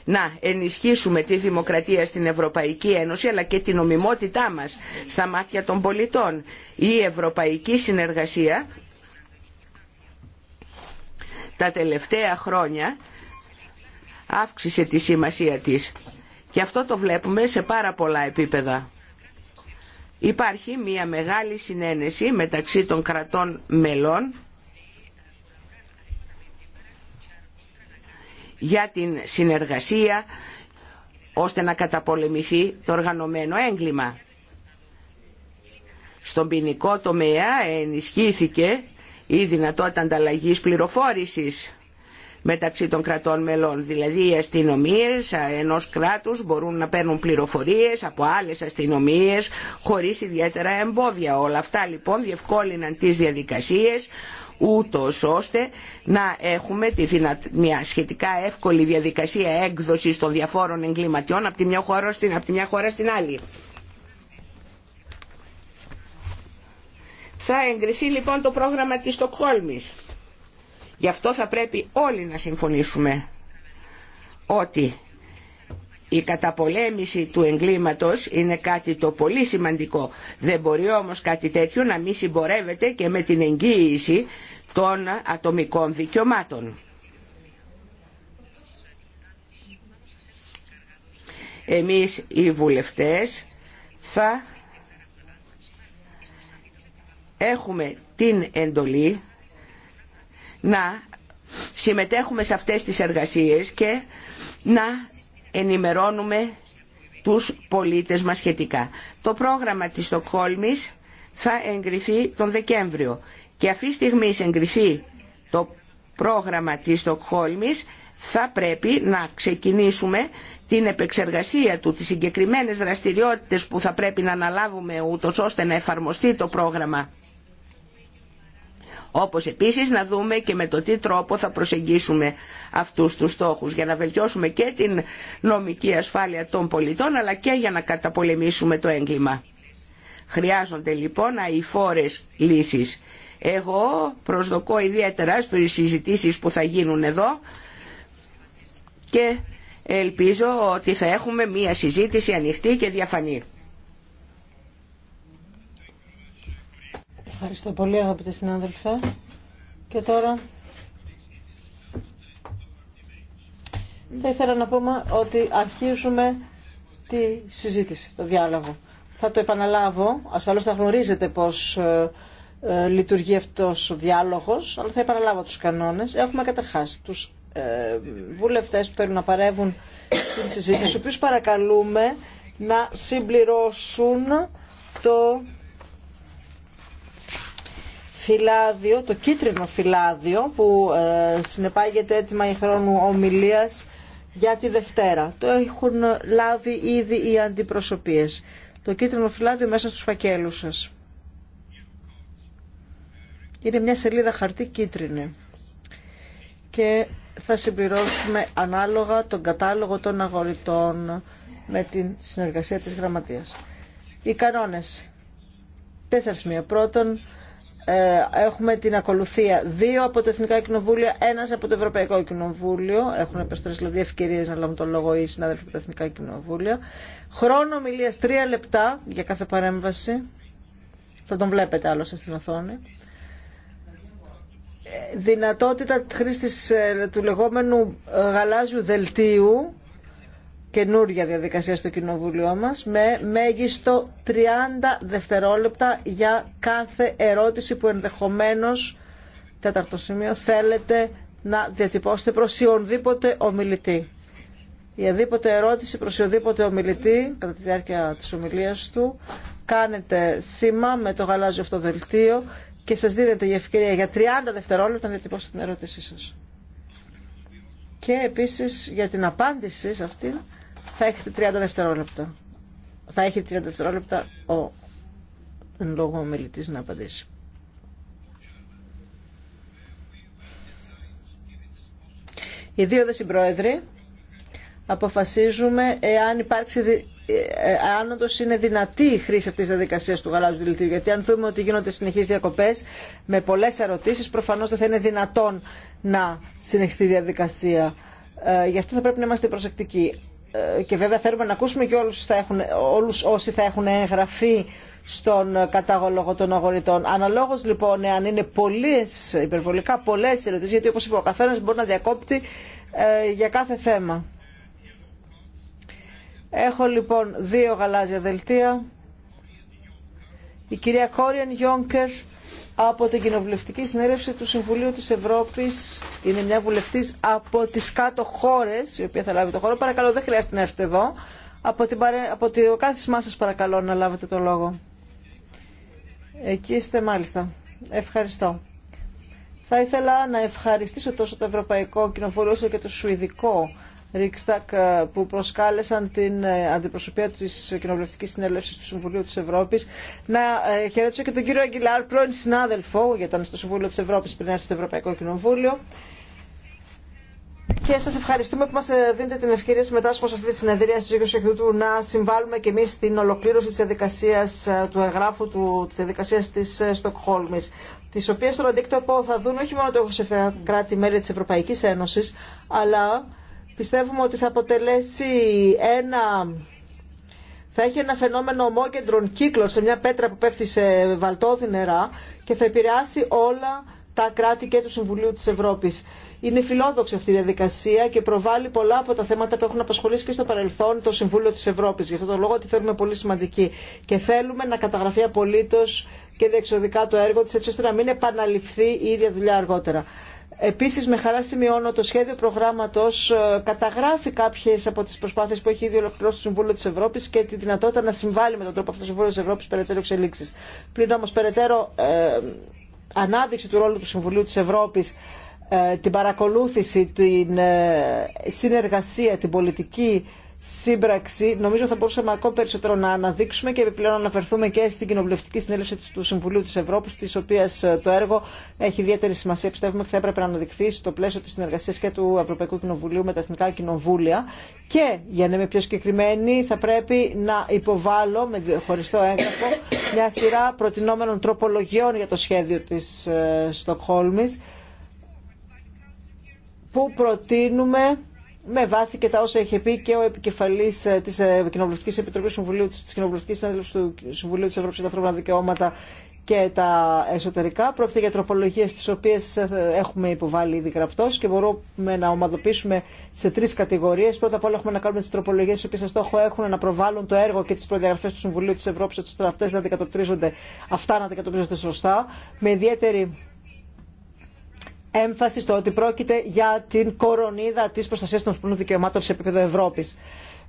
Speaker 5: να ενισχύσουμε τη δημοκρατία στην Ευρωπαϊκή Ένωση αλλά και την ομιμότητά μας στα μάτια των πολιτών. Η ευρωπαϊκή συνεργασία τα τελευταία χρόνια αύξησε τη σημασία της. Και αυτό το βλέπουμε σε πάρα πολλά επίπεδα. Υπάρχει μια μεγάλη συνένεση μεταξύ των κρατών μελών για την συνεργασία ώστε να καταπολεμηθεί το οργανωμένο έγκλημα. Στον ποινικό τομέα ενισχύθηκε η δυνατότητα ανταλλαγής πληροφόρησης μεταξύ των κρατών μελών. Δηλαδή οι αστυνομίες ενός κράτους μπορούν να παίρνουν πληροφορίες από άλλες αστυνομίες χωρίς ιδιαίτερα εμπόδια. Όλα αυτά λοιπόν διευκόλυναν τις διαδικασίες ούτως ώστε να έχουμε τη μια σχετικά εύκολη διαδικασία έκδοσης των διαφόρων εγκληματιών από τη μια χώρα στην, από μια χώρα άλλη. Θα εγκριθεί λοιπόν το πρόγραμμα της Στοκχόλμης. Γι' αυτό θα πρέπει όλοι να συμφωνήσουμε ότι η καταπολέμηση του εγκλήματος είναι κάτι το πολύ σημαντικό. Δεν μπορεί όμως κάτι τέτοιο να μη συμπορεύεται και με την εγγύηση των ατομικών δικαιωμάτων. Εμείς οι βουλευτές θα έχουμε την εντολή να συμμετέχουμε σε αυτές τις εργασίες και να ενημερώνουμε τους πολίτες μας σχετικά. Το πρόγραμμα της Στοκχόλμης θα εγκριθεί τον Δεκέμβριο και αυτή τη στιγμή εγκριθεί το πρόγραμμα της Στοκχόλμης θα πρέπει να ξεκινήσουμε την επεξεργασία του, τις συγκεκριμένες δραστηριότητες που θα πρέπει να αναλάβουμε ούτως ώστε να εφαρμοστεί το πρόγραμμα. Όπως επίσης να δούμε και με το τι τρόπο θα προσεγγίσουμε αυτούς τους στόχους για να βελτιώσουμε και την νομική ασφάλεια των πολιτών αλλά και για να καταπολεμήσουμε το έγκλημα. Χρειάζονται λοιπόν αηφόρες λύσεις. Εγώ προσδοκώ ιδιαίτερα στις συζητήσεις που θα γίνουν εδώ και ελπίζω ότι θα έχουμε μία συζήτηση ανοιχτή και διαφανή.
Speaker 4: Ευχαριστώ πολύ αγαπητέ συνάδελφε. Και τώρα θα ήθελα να πούμε ότι αρχίζουμε τη συζήτηση, το διάλογο. Θα το επαναλάβω, ασφαλώς θα γνωρίζετε πώς ε, ε, λειτουργεί αυτός ο διάλογος, αλλά θα επαναλάβω τους κανόνες. Έχουμε καταρχάς τους ε, βουλευτές που θέλουν να παρεύουν στην συζήτηση, τους οποίους παρακαλούμε να συμπληρώσουν το φυλάδιο, το κίτρινο φυλάδιο που ε, συνεπάγεται έτοιμα η χρόνου ομιλίας για τη Δευτέρα. Το έχουν λάβει ήδη οι αντιπροσωπείες. Το κίτρινο φυλάδιο μέσα στους φακέλους σας. Είναι μια σελίδα χαρτί κίτρινη. Και θα συμπληρώσουμε ανάλογα τον κατάλογο των αγορητών με την συνεργασία της γραμματείας. Οι κανόνες. Τέσσερα μία Πρώτον, ε, έχουμε την ακολουθία. Δύο από τα Εθνικά Κοινοβούλια, ένα από το Ευρωπαϊκό Κοινοβούλιο. Έχουν επιστρέψει δηλαδή ευκαιρίε να λάβουν τον λόγο οι συνάδελφοι από τα Εθνικά Κοινοβούλια. Χρόνο ομιλία τρία λεπτά για κάθε παρέμβαση. Θα τον βλέπετε άλλωστε στην οθόνη. Ε, δυνατότητα χρήση ε, του λεγόμενου γαλάζιου δελτίου καινούρια διαδικασία στο κοινοβούλιο μας με μέγιστο 30 δευτερόλεπτα για κάθε ερώτηση που ενδεχομένως, τέταρτο σημείο, θέλετε να διατυπώσετε προς οποιονδήποτε ομιλητή. Η ερώτηση προς οποιοδήποτε ομιλητή, κατά τη διάρκεια της ομιλίας του, κάνετε σήμα με το γαλάζιο αυτό δελτίο και σας δίνεται η ευκαιρία για 30 δευτερόλεπτα να διατυπώσετε την ερώτησή σας. Και επίσης για την απάντησή σε αυτήν θα έχετε 30 δευτερόλεπτα. Θα έχει 30 δευτερόλεπτα ο εν λόγω ομιλητής να απαντήσει. Οι δύο δε συμπρόεδροι αποφασίζουμε εάν υπάρξει αν ε, ε, όντω είναι δυνατή η χρήση αυτή τη διαδικασία του γαλάζιου δηλητηρίου. Γιατί αν δούμε ότι γίνονται συνεχεί διακοπέ με πολλέ ερωτήσει, προφανώ δεν θα είναι δυνατόν να συνεχιστεί η διαδικασία. Ε, γι' αυτό θα πρέπει να είμαστε προσεκτικοί. Ε, και βέβαια θέλουμε να ακούσουμε και όλους, θα έχουν, όλους όσοι θα έχουν εγγραφεί στον κατάλογο των αγορητών. Αναλόγω λοιπόν, εάν είναι πολλέ, υπερβολικά πολλέ ερωτήσει, γιατί όπω είπα, ο καθένα μπορεί να διακόπτει ε, για κάθε θέμα. Έχω λοιπόν δύο γαλάζια δελτία. Η κυρία Κόριαν Γιόνκερ από την κοινοβουλευτική συνέρευση του Συμβουλίου της Ευρώπης. Είναι μια βουλευτής από τις κάτω χώρες, η οποία θα λάβει το χώρο. Παρακαλώ, δεν χρειάζεται να έρθετε εδώ. Από, την παρέ... από το κάθισμά σας παρακαλώ να λάβετε το λόγο. Εκεί είστε μάλιστα. Ευχαριστώ. Θα ήθελα να ευχαριστήσω τόσο το Ευρωπαϊκό Κοινοβούλιο όσο και το Σουηδικό Ρίξτακ ε, που προσκάλεσαν την ε, αντιπροσωπεία τη κοινοβουλευτική συνέλευση του Συμβουλίου τη Ευρώπη, Να ε, χαιρετήσω και τον κύριο Αγγιλάρ, πρώην συνάδελφο, γιατί ήταν στο Συμβούλιο τη Ευρώπη πριν έρθει στο Ευρωπαϊκό Κοινοβούλιο. Και σα ευχαριστούμε που μα δίνετε την ευκαιρία συμμετάσχοντα σε αυτή τη συνεδρία τη 20 του να συμβάλλουμε και εμεί στην ολοκλήρωση τη διαδικασία, του εγγράφου τη της τη τη οποία αντίκτυπο θα δουν όχι μόνο το κράτη-μέλη τη Ευρωπαϊκή Ένωση, αλλά πιστεύουμε ότι θα αποτελέσει ένα θα έχει ένα φαινόμενο ομόκεντρων κύκλων σε μια πέτρα που πέφτει σε βαλτόδι νερά και θα επηρεάσει όλα τα κράτη και του Συμβουλίου της Ευρώπης. Είναι φιλόδοξη αυτή η διαδικασία και προβάλλει πολλά από τα θέματα που έχουν απασχολήσει και στο παρελθόν το Συμβούλιο της Ευρώπης. Γι' αυτό το λόγο τη θέλουμε πολύ σημαντική και θέλουμε να καταγραφεί απολύτω και διεξοδικά το έργο της έτσι ώστε να μην επαναληφθεί η ίδια δουλειά αργότερα. Επίσης με χαρά σημειώνω το σχέδιο προγράμματος ε, καταγράφει κάποιες από τις προσπάθειες που έχει ήδη ολοκληρώσει το Συμβούλιο της Ευρώπης και τη δυνατότητα να συμβάλλει με τον τρόπο αυτό το Συμβούλιο της Ευρώπης περαιτέρω εξελίξεις. Πλην όμως περαιτέρω ε, ανάδειξη του ρόλου του Συμβουλίου της Ευρώπης ε, την παρακολούθηση, την συνεργασία, την πολιτική σύμπραξη, νομίζω θα μπορούσαμε ακόμα περισσότερο να αναδείξουμε και επιπλέον να αναφερθούμε και στην κοινοβουλευτική συνέλευση του Συμβουλίου τη Ευρώπη, τη οποία ε, το έργο έχει ιδιαίτερη σημασία. Πιστεύουμε ότι θα έπρεπε να αναδειχθεί στο πλαίσιο τη συνεργασία και του Ευρωπαϊκού Κοινοβουλίου με τα Εθνικά Κοινοβούλια. Και για να είμαι πιο συγκεκριμένη, θα πρέπει να υποβάλω με χωριστό έγγραφο μια σειρά προτινόμενων τροπολογιών για το σχέδιο τη ε, Στοκχόλμη που προτείνουμε με βάση και τα όσα είχε πει και ο επικεφαλή ε, τη ε, Κοινοβουλευτική Επιτροπή Συμβουλίου τη Κοινοβουλευτική του Συμβουλίου τη Ευρώπη για τα Ανθρώπινα Δικαιώματα και τα εσωτερικά. Πρόκειται για τροπολογίε τι οποίε ε, έχουμε υποβάλει ήδη γραπτό και μπορούμε να ομαδοποιήσουμε σε τρει κατηγορίε. Πρώτα απ' όλα έχουμε να κάνουμε τι τροπολογίε οι οποίε στόχο έχουν να προβάλλουν το έργο και τι προδιαγραφέ του Συμβουλίου τη Ευρώπη, ώστε αυτέ να αντικατοπτρίζονται, αυτά να αντικατοπτρίζονται σωστά,
Speaker 6: με ιδιαίτερη
Speaker 4: έμφαση στο ότι πρόκειται για την κορονίδα τη προστασία των σπουδών δικαιωμάτων σε επίπεδο Ευρώπη.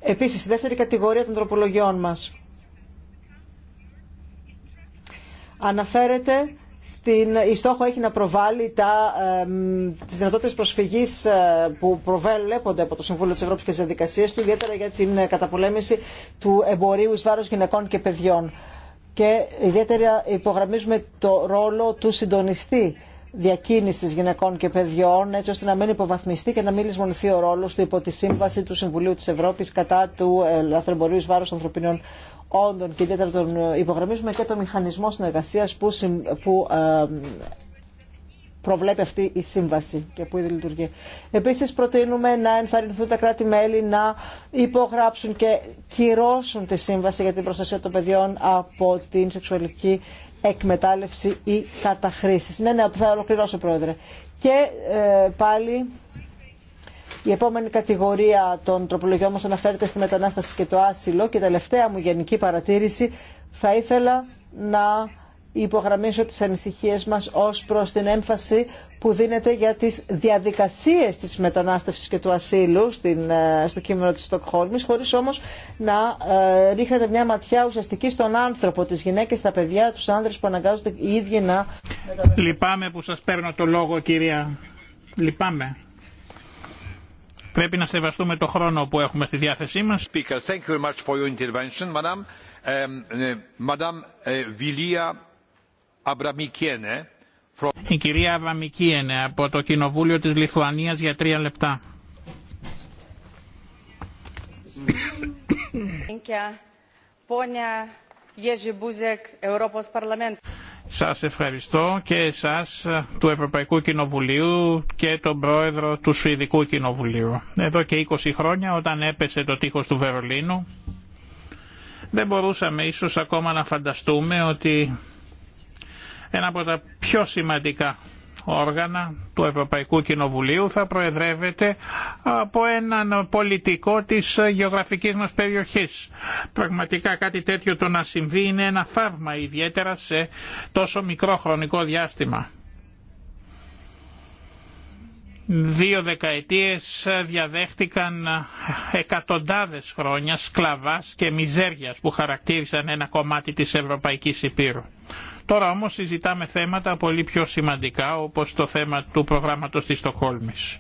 Speaker 4: Επίση, η δεύτερη κατηγορία των τροπολογιών μα. αναφέρεται στην, η στόχο έχει να προβάλλει τα, ε, τις δυνατότητες προσφυγής ε, που προβέλεπονται από το Συμβούλιο της Ευρώπης και τις διαδικασίες του, ιδιαίτερα για την ε, καταπολέμηση του εμπορίου εις βάρος γυναικών και παιδιών. Και ιδιαίτερα υπογραμμίζουμε το ρόλο του συντονιστή διακίνηση γυναικών και παιδιών έτσι ώστε να μην υποβαθμιστεί και να μην λησμονηθεί ο ρόλο του υπό τη σύμβαση του Συμβουλίου τη Ευρώπη κατά του ε, λαθρεμπορίου εις βάρος ανθρωπίνων όντων και ιδιαίτερα τον ε, υπογραμμίζουμε και το μηχανισμό συνεργασία που, που ε, προβλέπει αυτή η σύμβαση και που ήδη λειτουργεί. Επίση, προτείνουμε να ενθαρρυνθούν τα κράτη-μέλη να υπογράψουν και κυρώσουν τη σύμβαση για την προστασία των παιδιών από την σεξουαλική εκμετάλλευση ή καταχρήση. Ναι, ναι, θα ολοκληρώσω, Πρόεδρε. Και ε, πάλι η επόμενη κατηγορία των τροπολογιών μας αναφέρεται στη μετανάσταση και το άσυλο και τελευταία μου γενική παρατήρηση θα ήθελα να υπογραμμίσω τις ανησυχίες μας ως προς την έμφαση που δίνεται για τις διαδικασίες της μετανάστευσης και του ασύλου στην, ε, στο κείμενο της Στοκχόλμης, χωρίς όμως να ε, μια ματιά ουσιαστική στον άνθρωπο, τις γυναίκες, τα παιδιά, τους άνδρες που αναγκάζονται οι ίδιοι να...
Speaker 2: Λυπάμαι που σας παίρνω το λόγο κυρία. Λυπάμαι. Πρέπει να σεβαστούμε το χρόνο που έχουμε στη διάθεσή μας. Η κυρία Βαμικίενε από το Κοινοβούλιο της Λιθουανίας για τρία λεπτά. Σας ευχαριστώ και εσάς του Ευρωπαϊκού Κοινοβουλίου και τον πρόεδρο του Σουηδικού Κοινοβουλίου. Εδώ και 20 χρόνια όταν έπεσε το τείχος του Βερολίνου δεν μπορούσαμε ίσως ακόμα να φανταστούμε ότι ένα από τα πιο σημαντικά όργανα του Ευρωπαϊκού Κοινοβουλίου θα προεδρεύεται από έναν πολιτικό της γεωγραφικής μας περιοχής. Πραγματικά κάτι τέτοιο το να συμβεί είναι ένα θαύμα ιδιαίτερα σε τόσο μικρό χρονικό διάστημα δύο δεκαετίες διαδέχτηκαν εκατοντάδες χρόνια σκλαβάς και μιζέριας που χαρακτήριζαν ένα κομμάτι της Ευρωπαϊκής Υπήρου. Τώρα όμως συζητάμε θέματα πολύ πιο σημαντικά όπως το θέμα του προγράμματος της Στοκχόλμης.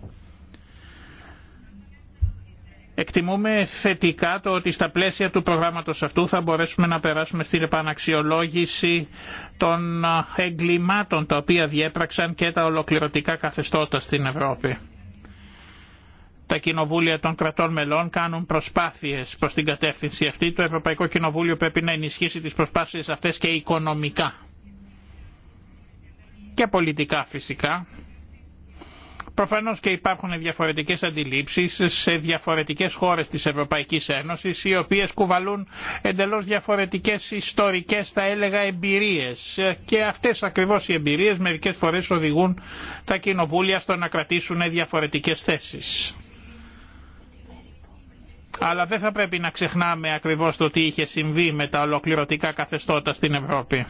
Speaker 2: Εκτιμούμε θετικά το ότι στα πλαίσια του προγράμματος αυτού θα μπορέσουμε να περάσουμε στην επαναξιολόγηση των εγκλημάτων τα οποία διέπραξαν και τα ολοκληρωτικά καθεστώτα στην Ευρώπη. Τα κοινοβούλια των κρατών μελών κάνουν προσπάθειες προς την κατεύθυνση αυτή. Το Ευρωπαϊκό Κοινοβούλιο πρέπει να ενισχύσει τις προσπάθειες αυτές και οικονομικά και πολιτικά φυσικά Προφανώς και υπάρχουν διαφορετικέ αντιλήψεις σε διαφορετικέ χώρες της Ευρωπαϊκής Ένωσης οι οποίες κουβαλούν εντελώς διαφορετικές ιστορικές θα έλεγα εμπειρίες και αυτές ακριβώς οι εμπειρίες μερικές φορές οδηγούν τα κοινοβούλια στο να κρατήσουν διαφορετικέ θέσεις. Αλλά δεν θα πρέπει να ξεχνάμε ακριβώς το τι είχε συμβεί με τα ολοκληρωτικά καθεστώτα στην Ευρώπη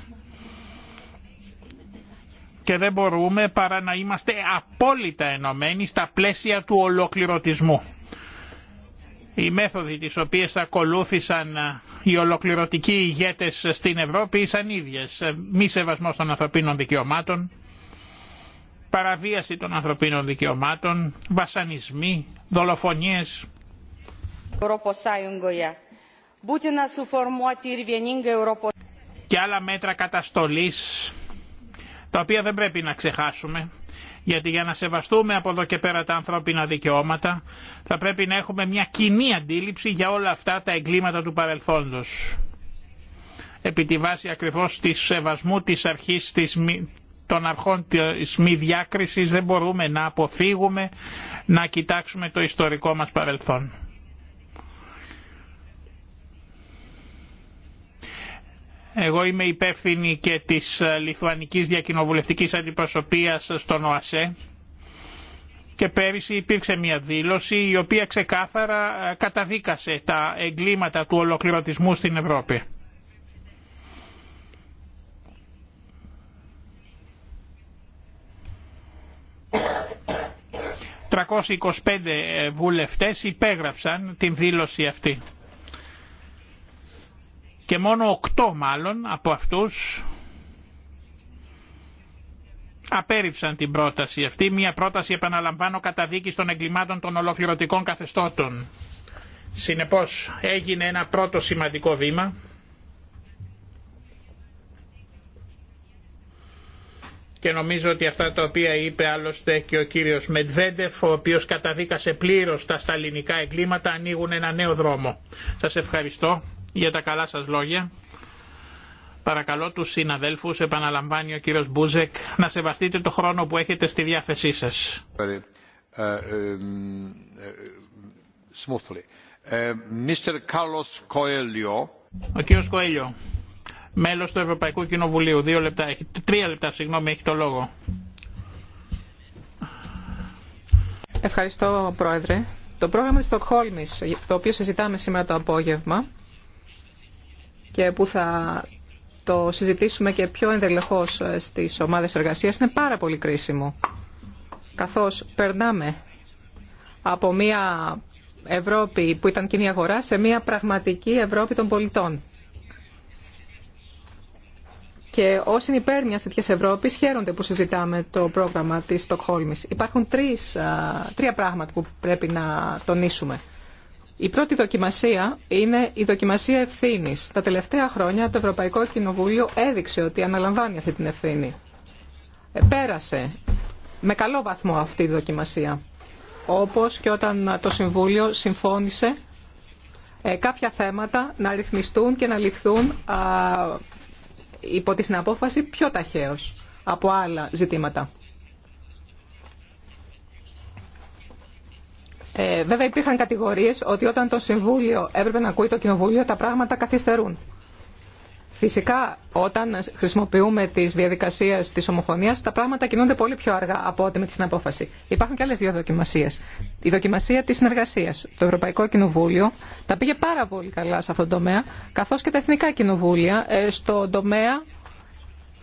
Speaker 2: και δεν μπορούμε παρά να είμαστε απόλυτα ενωμένοι στα πλαίσια του ολοκληρωτισμού. Οι μέθοδοι τις οποίες ακολούθησαν οι ολοκληρωτικοί ηγέτες στην Ευρώπη ήσαν ίδιες. Μη σεβασμός των ανθρωπίνων δικαιωμάτων, παραβίαση των ανθρωπίνων δικαιωμάτων, βασανισμοί, δολοφονίες. Και άλλα μέτρα καταστολής τα οποία δεν πρέπει να ξεχάσουμε, γιατί για να σεβαστούμε από εδώ και πέρα τα ανθρώπινα δικαιώματα θα πρέπει να έχουμε μια κοινή αντίληψη για όλα αυτά τα εγκλήματα του παρελθόντος. Επί τη βάση ακριβώς της σεβασμού της αρχής της, των αρχών της μη διάκρισης δεν μπορούμε να αποφύγουμε να κοιτάξουμε το ιστορικό μας παρελθόν. Εγώ είμαι υπεύθυνη και της ε, Λιθουανικής Διακοινοβουλευτικής Αντιπροσωπείας στον ΟΑΣΕ και πέρυσι υπήρξε μια δήλωση η οποία ξεκάθαρα ε, καταδίκασε τα εγκλήματα του ολοκληρωτισμού στην Ευρώπη. «325 ε, βουλευτές υπέγραψαν την δήλωση αυτή» και μόνο οκτώ μάλλον από αυτούς απέριψαν την πρόταση αυτή, μια πρόταση επαναλαμβάνω καταδίκη των εγκλημάτων των ολοκληρωτικών καθεστώτων. Συνεπώς έγινε ένα πρώτο σημαντικό βήμα και νομίζω ότι αυτά τα οποία είπε άλλωστε και ο κύριος Μετβέντεφ, ο οποίος καταδίκασε πλήρως τα σταλινικά εγκλήματα, ανοίγουν ένα νέο δρόμο. Σας ευχαριστώ για τα καλά σας λόγια. Παρακαλώ τους συναδέλφους, επαναλαμβάνει ο κύριος Μπούζεκ, να σεβαστείτε το χρόνο που έχετε στη διάθεσή σας.
Speaker 3: Ε, ε, ε,
Speaker 2: ο κύριος Κοέλιο, μέλος του Ευρωπαϊκού Κοινοβουλίου, δύο λεπτά, τρία λεπτά, συγγνώμη, έχει το λόγο.
Speaker 1: Ευχαριστώ, Πρόεδρε. Το πρόγραμμα της Στοκχόλμης, το οποίο συζητάμε σήμερα το απόγευμα, και που θα το συζητήσουμε και πιο ενδελεχώς ε, στις ομάδες εργασίας είναι πάρα πολύ κρίσιμο. Καθώς περνάμε από μια Ευρώπη που ήταν κοινή αγορά σε μια πραγματική Ευρώπη των πολιτών. Και όσοι είναι υπέρ μια τέτοια Ευρώπη χαίρονται που συζητάμε το πρόγραμμα τη Στοκχόλμη. Υπάρχουν τρεις, ε, τρία πράγματα που πρέπει να τονίσουμε. Η πρώτη δοκιμασία είναι η δοκιμασία ευθύνη. Τα τελευταία χρόνια το Ευρωπαϊκό Κοινοβούλιο έδειξε ότι αναλαμβάνει αυτή την ευθύνη. Ε, πέρασε με καλό βαθμό αυτή η δοκιμασία. Όπως και όταν το Συμβούλιο συμφώνησε ε, κάποια θέματα να ρυθμιστούν και να ληφθούν υπό τη συναπόφαση πιο ταχαίως από άλλα ζητήματα. Ε, βέβαια υπήρχαν κατηγορίες ότι όταν το Συμβούλιο έπρεπε να ακούει το Κοινοβούλιο τα πράγματα καθυστερούν. Φυσικά όταν χρησιμοποιούμε τις διαδικασίες της ομοφωνίας τα πράγματα κινούνται πολύ πιο αργά από ό,τι με την απόφαση. Υπάρχουν και άλλες δύο δοκιμασίες. Η δοκιμασία της συνεργασίας. Το Ευρωπαϊκό Κοινοβούλιο τα πήγε πάρα πολύ καλά σε αυτόν τον τομέα καθώς και τα Εθνικά Κοινοβούλια ε, στον τομέα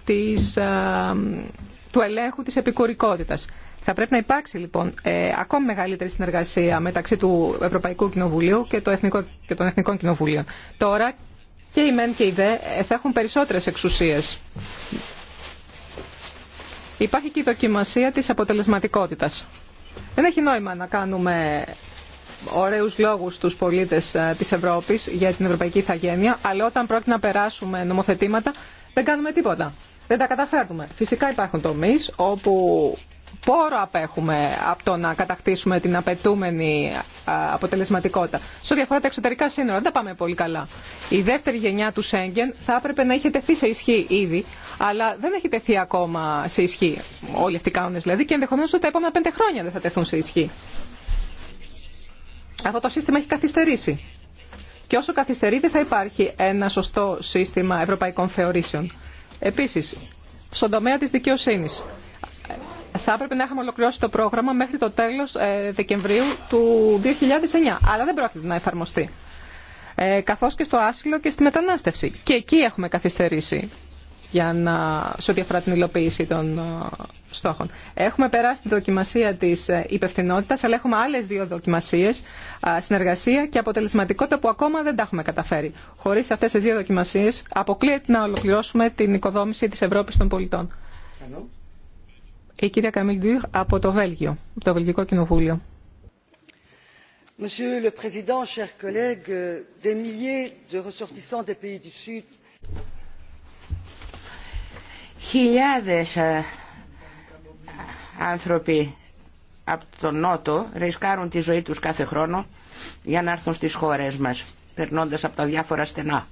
Speaker 1: της, ε, του ελέγχου της επικουρικότητα. Θα πρέπει να υπάρξει λοιπόν ε, ακόμη μεγαλύτερη συνεργασία μεταξύ του Ευρωπαϊκού Κοινοβουλίου και, το Εθνικό, και των Εθνικών Κοινοβουλίων. Τώρα και η ΜΕΝ και η ΔΕ ε, θα έχουν περισσότερε εξουσίε. Υπάρχει και η δοκιμασία τη αποτελεσματικότητα. Δεν έχει νόημα να κάνουμε ωραίους λόγους στους πολίτες ε, της Ευρώπης για την ευρωπαϊκή Ιθαγένεια, αλλά όταν πρόκειται να περάσουμε νομοθετήματα δεν κάνουμε τίποτα. Δεν τα καταφέρνουμε. Φυσικά υπάρχουν τομεί όπου πόρο απέχουμε από το να κατακτήσουμε την απαιτούμενη αποτελεσματικότητα. Σε ό,τι αφορά τα εξωτερικά σύνορα, δεν τα πάμε πολύ καλά. Η δεύτερη γενιά του Σέγγεν θα έπρεπε να είχε τεθεί σε ισχύ ήδη, αλλά δεν έχει τεθεί ακόμα σε ισχύ όλοι αυτοί οι κανόνε δηλαδή και ενδεχομένω ότι τα επόμενα πέντε χρόνια δεν θα τεθούν σε ισχύ. Αυτό το σύστημα έχει καθυστερήσει. Και όσο καθυστερεί, δεν θα υπάρχει ένα σωστό σύστημα ευρωπαϊκών θεωρήσεων. Επίση, στον τομέα τη δικαιοσύνη θα έπρεπε να είχαμε ολοκληρώσει το πρόγραμμα μέχρι το τέλος ε, Δεκεμβρίου του 2009, αλλά δεν πρόκειται να εφαρμοστεί. Ε, καθώς και στο άσυλο και στη μετανάστευση. Και εκεί έχουμε καθυστερήσει για να, σε ό,τι αφορά την υλοποίηση των ε, στόχων. Έχουμε περάσει τη δοκιμασία της ε, υπευθυνότητα, αλλά έχουμε άλλες δύο δοκιμασίες, συνεργασία και αποτελεσματικότητα που ακόμα δεν τα έχουμε καταφέρει. Χωρίς αυτές τις δύο δοκιμασίες αποκλείεται να ολοκληρώσουμε την οικοδόμηση της Ευρώπης των πολιτών η κυρία Καμίλ από το Βέλγιο, το Βελγικό Κοινοβούλιο.
Speaker 6: Monsieur
Speaker 5: Χιλιάδες άνθρωποι από τον Νότο ρισκάρουν τη ζωή τους κάθε χρόνο για να έρθουν στις χώρες μας, περνώντας από τα διάφορα στενά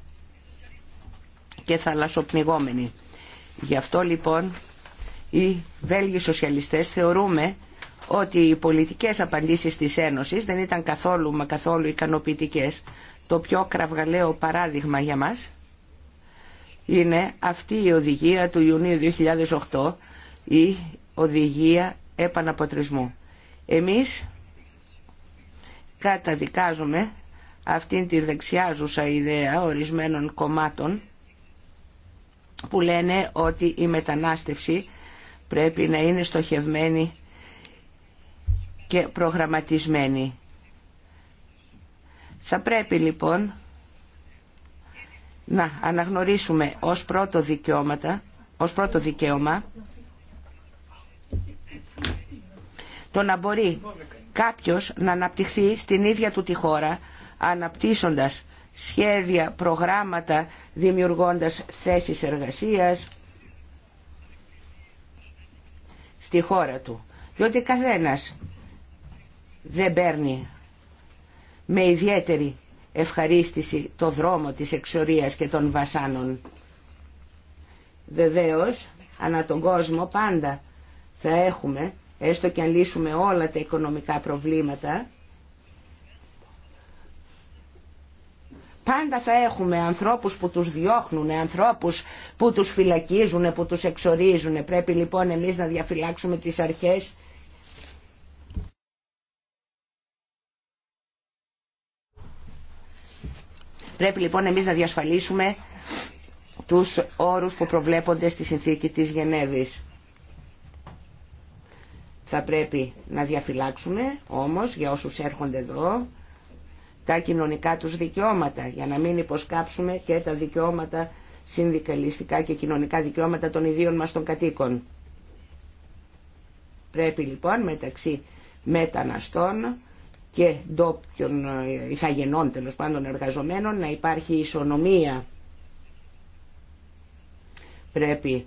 Speaker 5: και θαλασσοπνιγόμενοι. Γι' αυτό λοιπόν οι Βέλγοι σοσιαλιστές θεωρούμε ότι οι πολιτικές απαντήσεις της Ένωσης δεν ήταν καθόλου μα καθόλου ικανοποιητικές. Το πιο κραυγαλαίο παράδειγμα για μας είναι αυτή η οδηγία του Ιουνίου 2008, η οδηγία επαναποτρισμού. Εμείς καταδικάζουμε αυτήν τη δεξιάζουσα ιδέα ορισμένων κομμάτων που λένε ότι η μετανάστευση πρέπει να είναι στοχευμένη και προγραμματισμένη. Θα πρέπει λοιπόν να αναγνωρίσουμε ως πρώτο, ως πρώτο δικαίωμα το να μπορεί κάποιος να αναπτυχθεί στην ίδια του τη χώρα αναπτύσσοντας σχέδια, προγράμματα, δημιουργώντας θέσεις εργασίας, στη χώρα του. Διότι καθένας δεν παίρνει με ιδιαίτερη ευχαρίστηση το δρόμο της εξορίας και των βασάνων. Βεβαίως, ανά τον κόσμο πάντα θα έχουμε, έστω και αν λύσουμε όλα τα οικονομικά προβλήματα, Πάντα θα έχουμε ανθρώπους που τους διώχνουν, ανθρώπους που τους φυλακίζουν, που τους εξορίζουν. Πρέπει λοιπόν εμείς να διαφυλάξουμε τις αρχές Πρέπει λοιπόν εμείς να διασφαλίσουμε τους όρους που προβλέπονται στη συνθήκη της Γενέβης. Θα πρέπει να διαφυλάξουμε όμως για όσους έρχονται εδώ τα κοινωνικά τους δικαιώματα για να μην υποσκάψουμε και τα δικαιώματα συνδικαλιστικά και κοινωνικά δικαιώματα των ιδίων μας των κατοίκων. Πρέπει λοιπόν μεταξύ μεταναστών και ντόπιων ε, ηθαγενών τέλο πάντων εργαζομένων να υπάρχει ισονομία. Πρέπει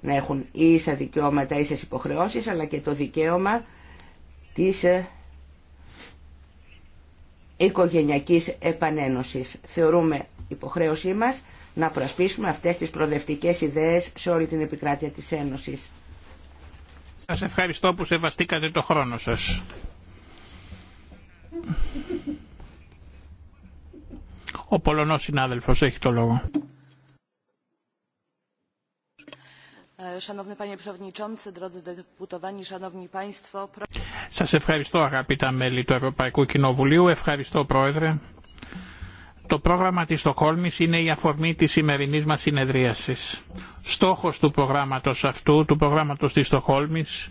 Speaker 5: να έχουν ίσα δικαιώματα, ίσες υποχρεώσεις αλλά και το δικαίωμα της ε, οικογενειακής επανένωσης. Θεωρούμε υποχρέωσή μας να προασπίσουμε αυτές τις προοδευτικές ιδέες σε όλη την επικράτεια της Ένωσης.
Speaker 2: Σας ευχαριστώ που σεβαστήκατε το χρόνο σας. Ο Πολωνός συνάδελφος έχει το λόγο. Ε, σας ευχαριστώ αγαπητά μέλη του Ευρωπαϊκού Κοινοβουλίου, ευχαριστώ Πρόεδρε. Το πρόγραμμα της Στοκχόλμης είναι η αφορμή της σημερινής μας συνεδρίασης. Στόχος του προγράμματος αυτού, του προγράμματος της Στοκχόλμης,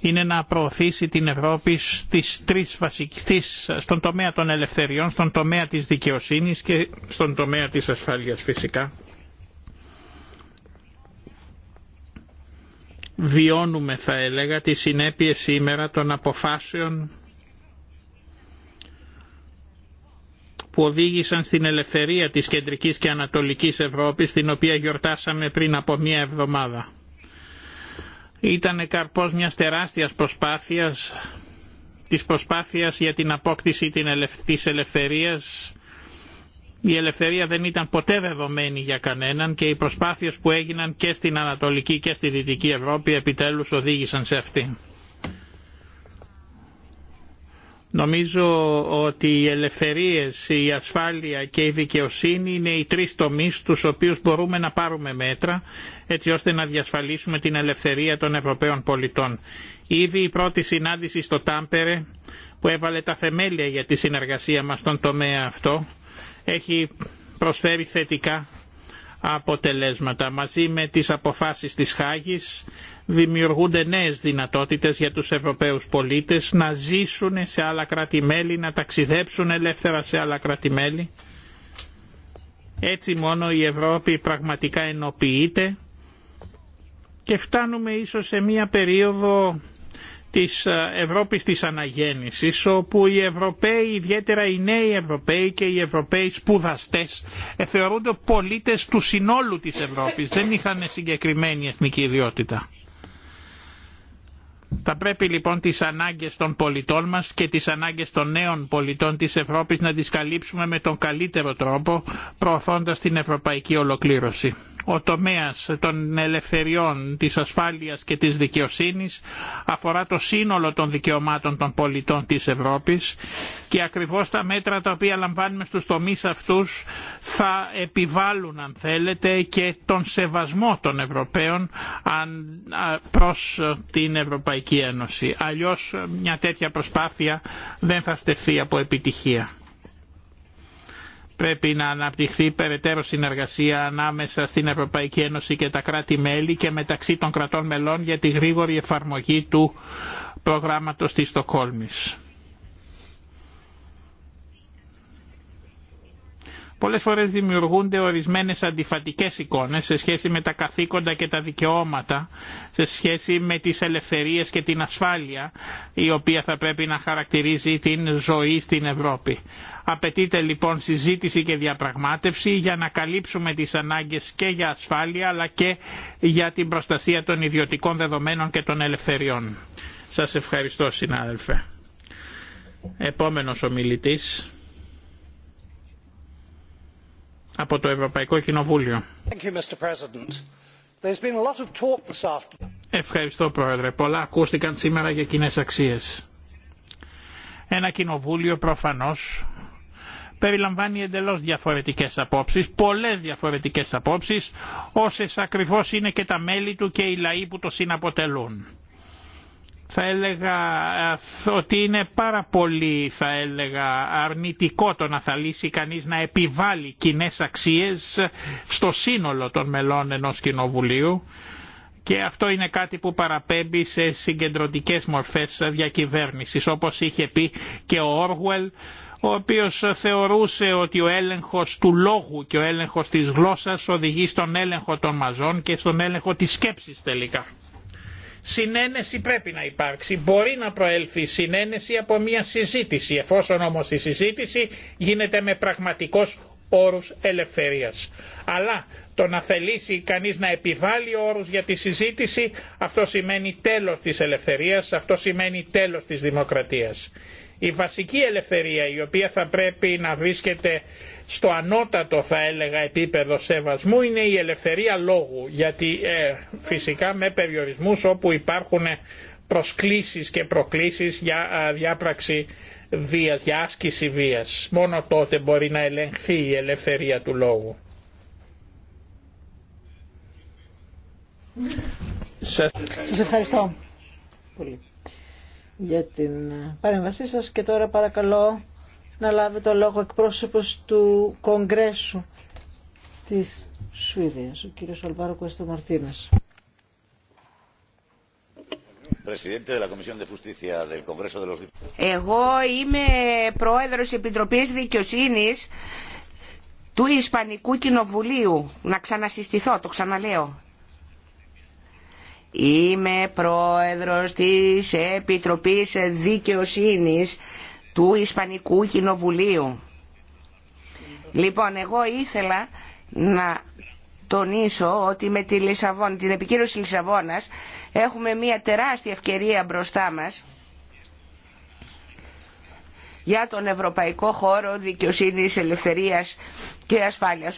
Speaker 2: είναι να προωθήσει την Ευρώπη στις τρεις βασικές, στον τομέα των ελευθεριών, στον τομέα της δικαιοσύνης και στον τομέα της ασφάλειας φυσικά βιώνουμε θα έλεγα τις συνέπειες σήμερα των αποφάσεων που οδήγησαν στην ελευθερία της κεντρικής και ανατολικής Ευρώπης την οποία γιορτάσαμε πριν από μία εβδομάδα. Ήταν καρπός μιας τεράστιας προσπάθειας της προσπάθειας για την απόκτηση της ελευθερίας η ελευθερία δεν ήταν ποτέ δεδομένη για κανέναν και οι προσπάθειες που έγιναν και στην Ανατολική και στη Δυτική Ευρώπη επιτέλους οδήγησαν σε αυτή. Νομίζω ότι οι ελευθερίες, η ασφάλεια και η δικαιοσύνη είναι οι τρεις τομείς στους οποίους μπορούμε να πάρουμε μέτρα έτσι ώστε να διασφαλίσουμε την ελευθερία των Ευρωπαίων πολιτών. Ήδη η πρώτη συνάντηση στο Τάμπερε που έβαλε τα θεμέλια για τη συνεργασία μας στον τομέα αυτό έχει προσφέρει θετικά αποτελέσματα. Μαζί με τις αποφάσεις της Χάγης δημιουργούνται νέες δυνατότητες για τους Ευρωπαίους πολίτες να ζήσουν σε άλλα κράτη-μέλη, να ταξιδέψουν ελεύθερα σε άλλα κράτη-μέλη. Έτσι μόνο η Ευρώπη πραγματικά ενοποιείται και φτάνουμε ίσως σε μία περίοδο της ε, Ευρώπης της Αναγέννησης όπου οι Ευρωπαίοι, ιδιαίτερα οι νέοι Ευρωπαίοι και οι Ευρωπαίοι σπουδαστές ε, θεωρούνται πολίτες του συνόλου της Ευρώπης, δεν είχαν συγκεκριμένη εθνική ιδιότητα. Θα πρέπει λοιπόν τις ανάγκες των πολιτών μας και τις ανάγκες των νέων πολιτών της Ευρώπης να τις καλύψουμε με τον καλύτερο τρόπο προωθώντας την ευρωπαϊκή ολοκλήρωση. Ο τομέας των ελευθεριών, της ασφάλειας και της δικαιοσύνης αφορά το σύνολο των δικαιωμάτων των πολιτών της Ευρώπης και ακριβώς τα μέτρα τα οποία λαμβάνουμε στους τομείς αυτούς θα επιβάλλουν αν θέλετε και τον σεβασμό των Ευρωπαίων προς την Ευρωπαϊκή Ευρωπαϊκή Αλλιώς ε, μια τέτοια προσπάθεια δεν θα στεφθεί από επιτυχία. Πρέπει να αναπτυχθεί περαιτέρω συνεργασία ανάμεσα στην Ευρωπαϊκή Ένωση και τα κράτη-μέλη και μεταξύ των κρατών μελών για τη γρήγορη εφαρμογή του προγράμματος της Στοκόλμης. Πολλέ φορέ δημιουργούνται ορισμένες αντιφατικές εικόνες σε σχέση με τα καθήκοντα και τα δικαιώματα, σε σχέση με τις ελευθερίες και την ασφάλεια, η οποία θα πρέπει να χαρακτηρίζει την ζωή στην Ευρώπη. Απαιτείται λοιπόν συζήτηση και διαπραγμάτευση για να καλύψουμε τις ανάγκες και για ασφάλεια αλλά και για την προστασία των ιδιωτικών δεδομένων και των ελευθεριών. Σα ευχαριστώ συνάδελφε. Επόμενο ομιλητή από το Ευρωπαϊκό Κοινοβούλιο. Ευχαριστώ Πρόεδρε. Πολλά ακούστηκαν σήμερα για κοινέ αξίε. Ένα κοινοβούλιο προφανώς περιλαμβάνει εντελώ διαφορετικές απόψεις, πολλές διαφορετικές απόψεις, όσες ακριβώ είναι και τα μέλη του και οι λαοί που το συναποτελούν θα έλεγα ε, ότι είναι πάρα πολύ θα έλεγα, αρνητικό το να θα λύσει κανείς να επιβάλλει κοινέ αξίες στο σύνολο των μελών ενός κοινοβουλίου και αυτό είναι κάτι που παραπέμπει σε συγκεντρωτικές μορφές διακυβέρνησης όπως είχε πει και ο Όργουελ ο οποίος θεωρούσε ότι ο έλεγχος του λόγου και ο έλεγχος της γλώσσας οδηγεί στον έλεγχο των μαζών και στον έλεγχο της σκέψης τελικά. Συνένεση πρέπει να υπάρξει. Μπορεί να προέλθει συνένεση από μια συζήτηση, εφόσον όμως η συζήτηση γίνεται με πραγματικός όρους ελευθερίας. Αλλά το να θελήσει κανείς να επιβάλλει όρους για τη συζήτηση, αυτό σημαίνει τέλος της ελευθερίας, αυτό σημαίνει τέλος της δημοκρατίας. Η βασική ελευθερία η οποία θα πρέπει να βρίσκεται στο ανώτατο θα έλεγα επίπεδο σεβασμού είναι η ελευθερία λόγου γιατί ε, φυσικά με περιορισμούς όπου υπάρχουν προσκλήσεις και προκλήσεις για διάπραξη βίας, για άσκηση βίας. Μόνο τότε μπορεί να ελεγχθεί η ελευθερία του λόγου. Σας
Speaker 4: ευχαριστώ για την παρέμβασή σας και τώρα παρακαλώ να λάβει το λόγο εκπρόσωπος του Κογκρέσου της Σουηδίας, ο κύριος Αλβάρο Κουέστο Μαρτίνες.
Speaker 5: Εγώ είμαι πρόεδρος Επιτροπής Δικαιοσύνης του Ισπανικού Κοινοβουλίου. Να ξανασυστηθώ, το ξαναλέω. Είμαι πρόεδρος της Επιτροπής Δικαιοσύνης του Ισπανικού Κοινοβουλίου. Λοιπόν, εγώ ήθελα να τονίσω ότι με τη Λισαβόνα, την επικύρωση Λισαβόνας έχουμε μια τεράστια ευκαιρία μπροστά μας για τον Ευρωπαϊκό Χώρο Δικαιοσύνης, Ελευθερίας και ασφάλειας.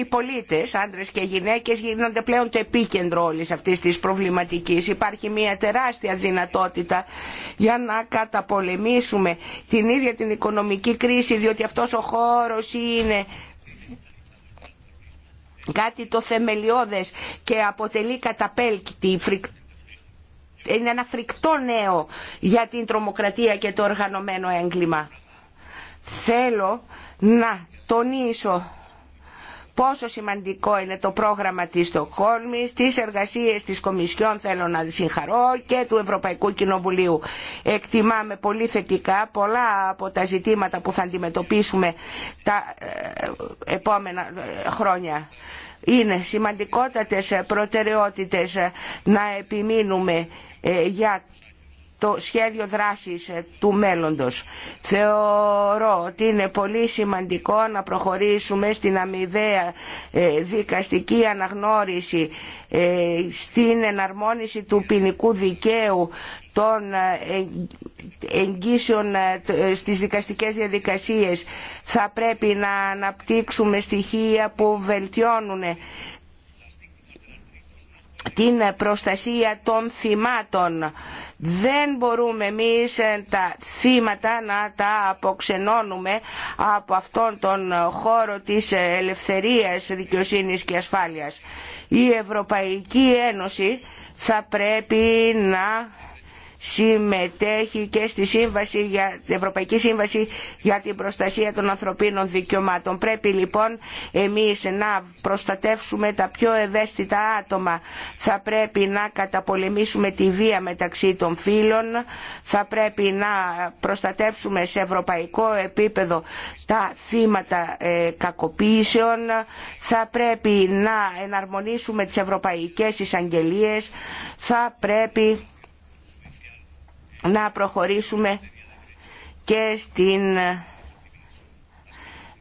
Speaker 5: οι πολίτες, άντρες και γυναίκες γίνονται πλέον το επίκεντρο όλης αυτής της προβληματικής. Υπάρχει μια τεράστια δυνατότητα για να καταπολεμήσουμε την ίδια την οικονομική κρίση διότι αυτός ο χώρος είναι κάτι το θεμελιώδες και αποτελεί καταπέλκτη είναι ένα φρικτό νέο για την τρομοκρατία και το οργανωμένο έγκλημα. Θέλω να τονίσω πόσο σημαντικό είναι το πρόγραμμα της Στοκχόλμης, τις εργασίες της Κομισιόν θέλω να συγχαρώ και του Ευρωπαϊκού Κοινοβουλίου. Εκτιμάμε πολύ θετικά πολλά από τα ζητήματα που θα αντιμετωπίσουμε τα ε, επόμενα ε, χρόνια. Είναι σημαντικότατες προτεραιότητες να επιμείνουμε ε, για το σχέδιο δράσης ε, του μέλλοντος. Θεωρώ ότι είναι πολύ σημαντικό να προχωρήσουμε στην αμοιβαία ε, δικαστική αναγνώριση, ε, στην εναρμόνιση του ποινικού δικαίου των εγγύσεων στις δικαστικές διαδικασίες. Θα πρέπει να αναπτύξουμε στοιχεία που βελτιώνουν την προστασία των θυμάτων. Δεν μπορούμε εμείς ε, τα θύματα να τα αποξενώνουμε από αυτόν τον χώρο της ελευθερίας, δικαιοσύνης και ασφάλειας. Η Ευρωπαϊκή Ένωση θα πρέπει να συμμετέχει και στη σύμβαση για, την Ευρωπαϊκή Σύμβαση για την Προστασία των Ανθρωπίνων Δικαιωμάτων. Πρέπει λοιπόν εμείς να προστατεύσουμε τα πιο ευαίσθητα άτομα. Θα πρέπει να καταπολεμήσουμε τη βία μεταξύ των φίλων Θα πρέπει να προστατεύσουμε σε ευρωπαϊκό επίπεδο τα θύματα ε, κακοποίησεων. Θα πρέπει να εναρμονίσουμε τις ευρωπαϊκές εισαγγελίες. Θα πρέπει να προχωρήσουμε και στην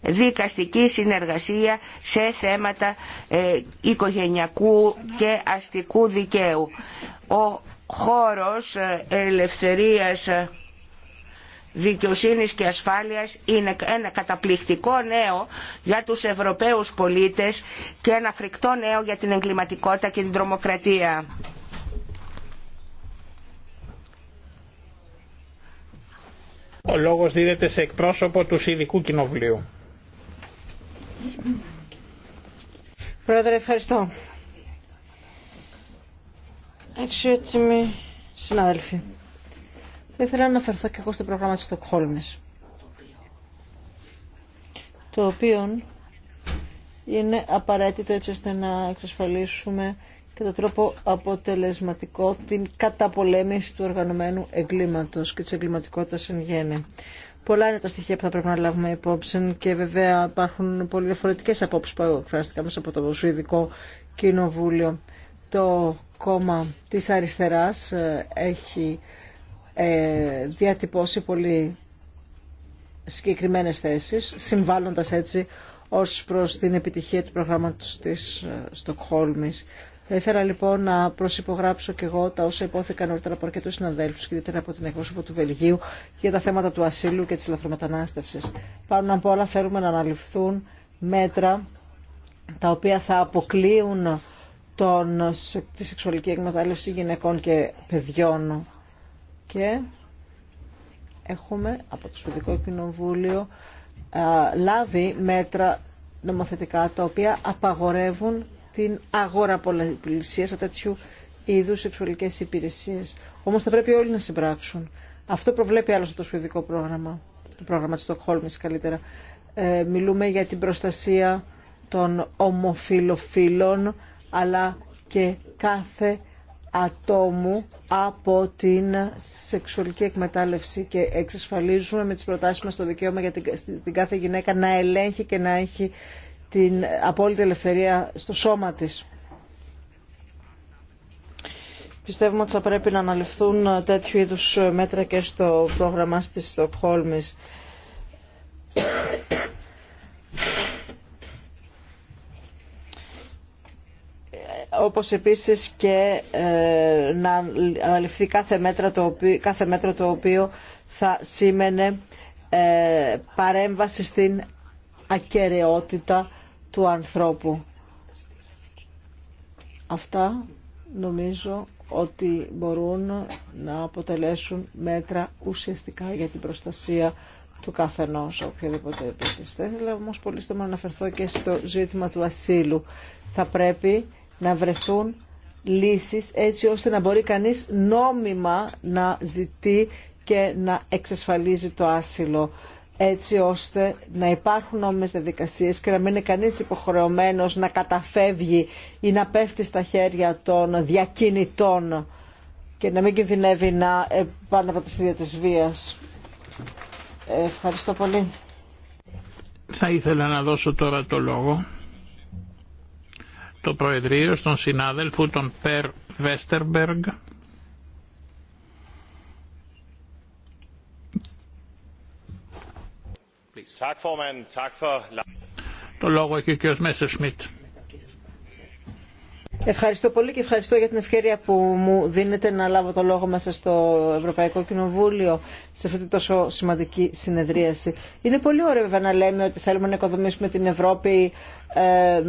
Speaker 5: δικαστική συνεργασία σε θέματα ε, οικογενειακού και αστικού δικαίου. Ο χώρος ε, ελευθερίας ε, δικαιοσύνης και ασφάλειας είναι ένα καταπληκτικό νέο για τους Ευρωπαίους πολίτες και ένα φρικτό νέο για την εγκληματικότητα και την τρομοκρατία.
Speaker 2: Ο λόγος δίδεται σε εκπρόσωπο του Συνδικού Κοινοβουλίου.
Speaker 4: Πρόεδρε, ευχαριστώ. Αξιότιμοι συνάδελφοι, θα ήθελα να αναφερθώ και εγώ στο πρόγραμμα της Στοκχόλμης, το οποίο είναι απαραίτητο έτσι ώστε να εξασφαλίσουμε κατά τρόπο αποτελεσματικό την καταπολέμηση του οργανωμένου εγκλήματος και της εγκληματικότητας εν γέννη. Πολλά είναι τα στοιχεία που θα πρέπει να λάβουμε υπόψη και βέβαια υπάρχουν πολύ διαφορετικές απόψεις που εκφράστηκαν μέσα από το Σουηδικό Κοινοβούλιο. Το κόμμα της αριστεράς ε, έχει ε, διατυπώσει πολύ συγκεκριμένες θέσεις, συμβάλλοντας έτσι ως προς την επιτυχία του προγράμματος της ε, Στοκχόλμης. Θα ήθελα λοιπόν να προσυπογράψω και εγώ τα όσα υπόθηκαν νωρίτερα από αρκετού συναδέλφου και ιδιαίτερα από την εκπρόσωπο του Βελγίου για τα θέματα του ασύλου και τη λαθρομετανάστευση. Πάνω απ' όλα θέλουμε να αναλυφθούν μέτρα τα οποία θα αποκλείουν τον, τη σεξουαλική εκμετάλλευση γυναικών και παιδιών. Και έχουμε από το Σπουδικό Κοινοβούλιο λάβει μέτρα νομοθετικά τα οποία απαγορεύουν την αγορά σε τέτοιου είδου σεξουαλικές υπηρεσίες. Όμως θα πρέπει όλοι να συμπράξουν. Αυτό προβλέπει άλλωστε το σουηδικό πρόγραμμα, το πρόγραμμα τη Στοκχόλμη καλύτερα. Ε, μιλούμε για την προστασία των ομοφιλοφίλων, αλλά και κάθε ατόμου από την σεξουαλική εκμετάλλευση και εξασφαλίζουμε με τις προτάσεις μας το δικαίωμα για την κάθε γυναίκα να ελέγχει και να έχει την απόλυτη ελευθερία στο σώμα της. Πιστεύουμε ότι θα πρέπει να αναλυφθούν τέτοιου είδους μέτρα και στο πρόγραμμα της Στοκχόλμης. όπως επίσης και ε, να αναλυφθεί κάθε, το οποίο, μέτρο το οποίο θα σήμαινε ε, παρέμβαση στην ακαιρεότητα του ανθρώπου. Αυτά νομίζω ότι μπορούν να αποτελέσουν μέτρα ουσιαστικά για την προστασία του καθενός, οποιαδήποτε επίσης. Θα ήθελα όμως πολύ να αναφερθώ και στο ζήτημα του ασύλου. Θα πρέπει να βρεθούν λύσεις έτσι ώστε να μπορεί κανείς νόμιμα να ζητεί και να εξασφαλίζει το άσυλο έτσι ώστε να υπάρχουν νόμιμες διαδικασίες και να μην είναι κανείς υποχρεωμένος να καταφεύγει ή να πέφτει στα χέρια των διακινητών και να μην κινδυνεύει να επαναπατριστεί της βίας. Ευχαριστώ
Speaker 2: πολύ. Θα ήθελα να δώσω τώρα το λόγο το Προεδρείο στον συνάδελφο τον Περ Βέστερμπεργκ Το λόγο έχει ο κ.
Speaker 4: Ευχαριστώ πολύ και ευχαριστώ για την ευκαιρία που μου δίνετε να λάβω το λόγο μέσα στο Ευρωπαϊκό Κοινοβούλιο σε αυτή την τόσο σημαντική συνεδρίαση. Είναι πολύ ωραίο να λέμε ότι θέλουμε να οικοδομήσουμε την Ευρώπη ε,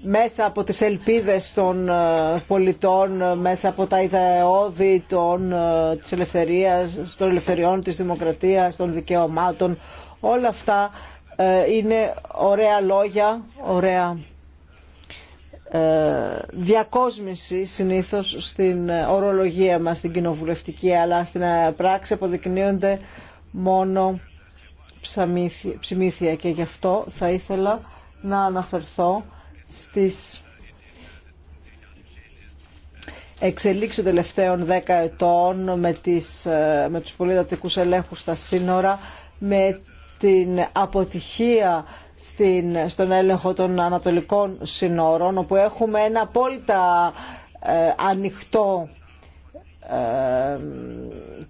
Speaker 4: μέσα από τις ελπίδες των ε, πολιτών, ε, μέσα από τα ιδεώδη των, ε, της των ελευθεριών, της δημοκρατίας, των δικαιωμάτων. Όλα αυτά είναι ωραία λόγια, ωραία διακόσμηση συνήθως στην ορολογία μας, στην κοινοβουλευτική, αλλά στην πράξη αποδεικνύονται μόνο ψημίθια και γι' αυτό θα ήθελα να αναφερθώ στις εξελίξει των τελευταίων δέκα ετών με, τις, ε, με τους πολυδατικούς ελέγχους στα σύνορα, με την αποτυχία στην, στον έλεγχο των ανατολικών σύνορων, όπου έχουμε ένα απόλυτα ε, ανοιχτό ε,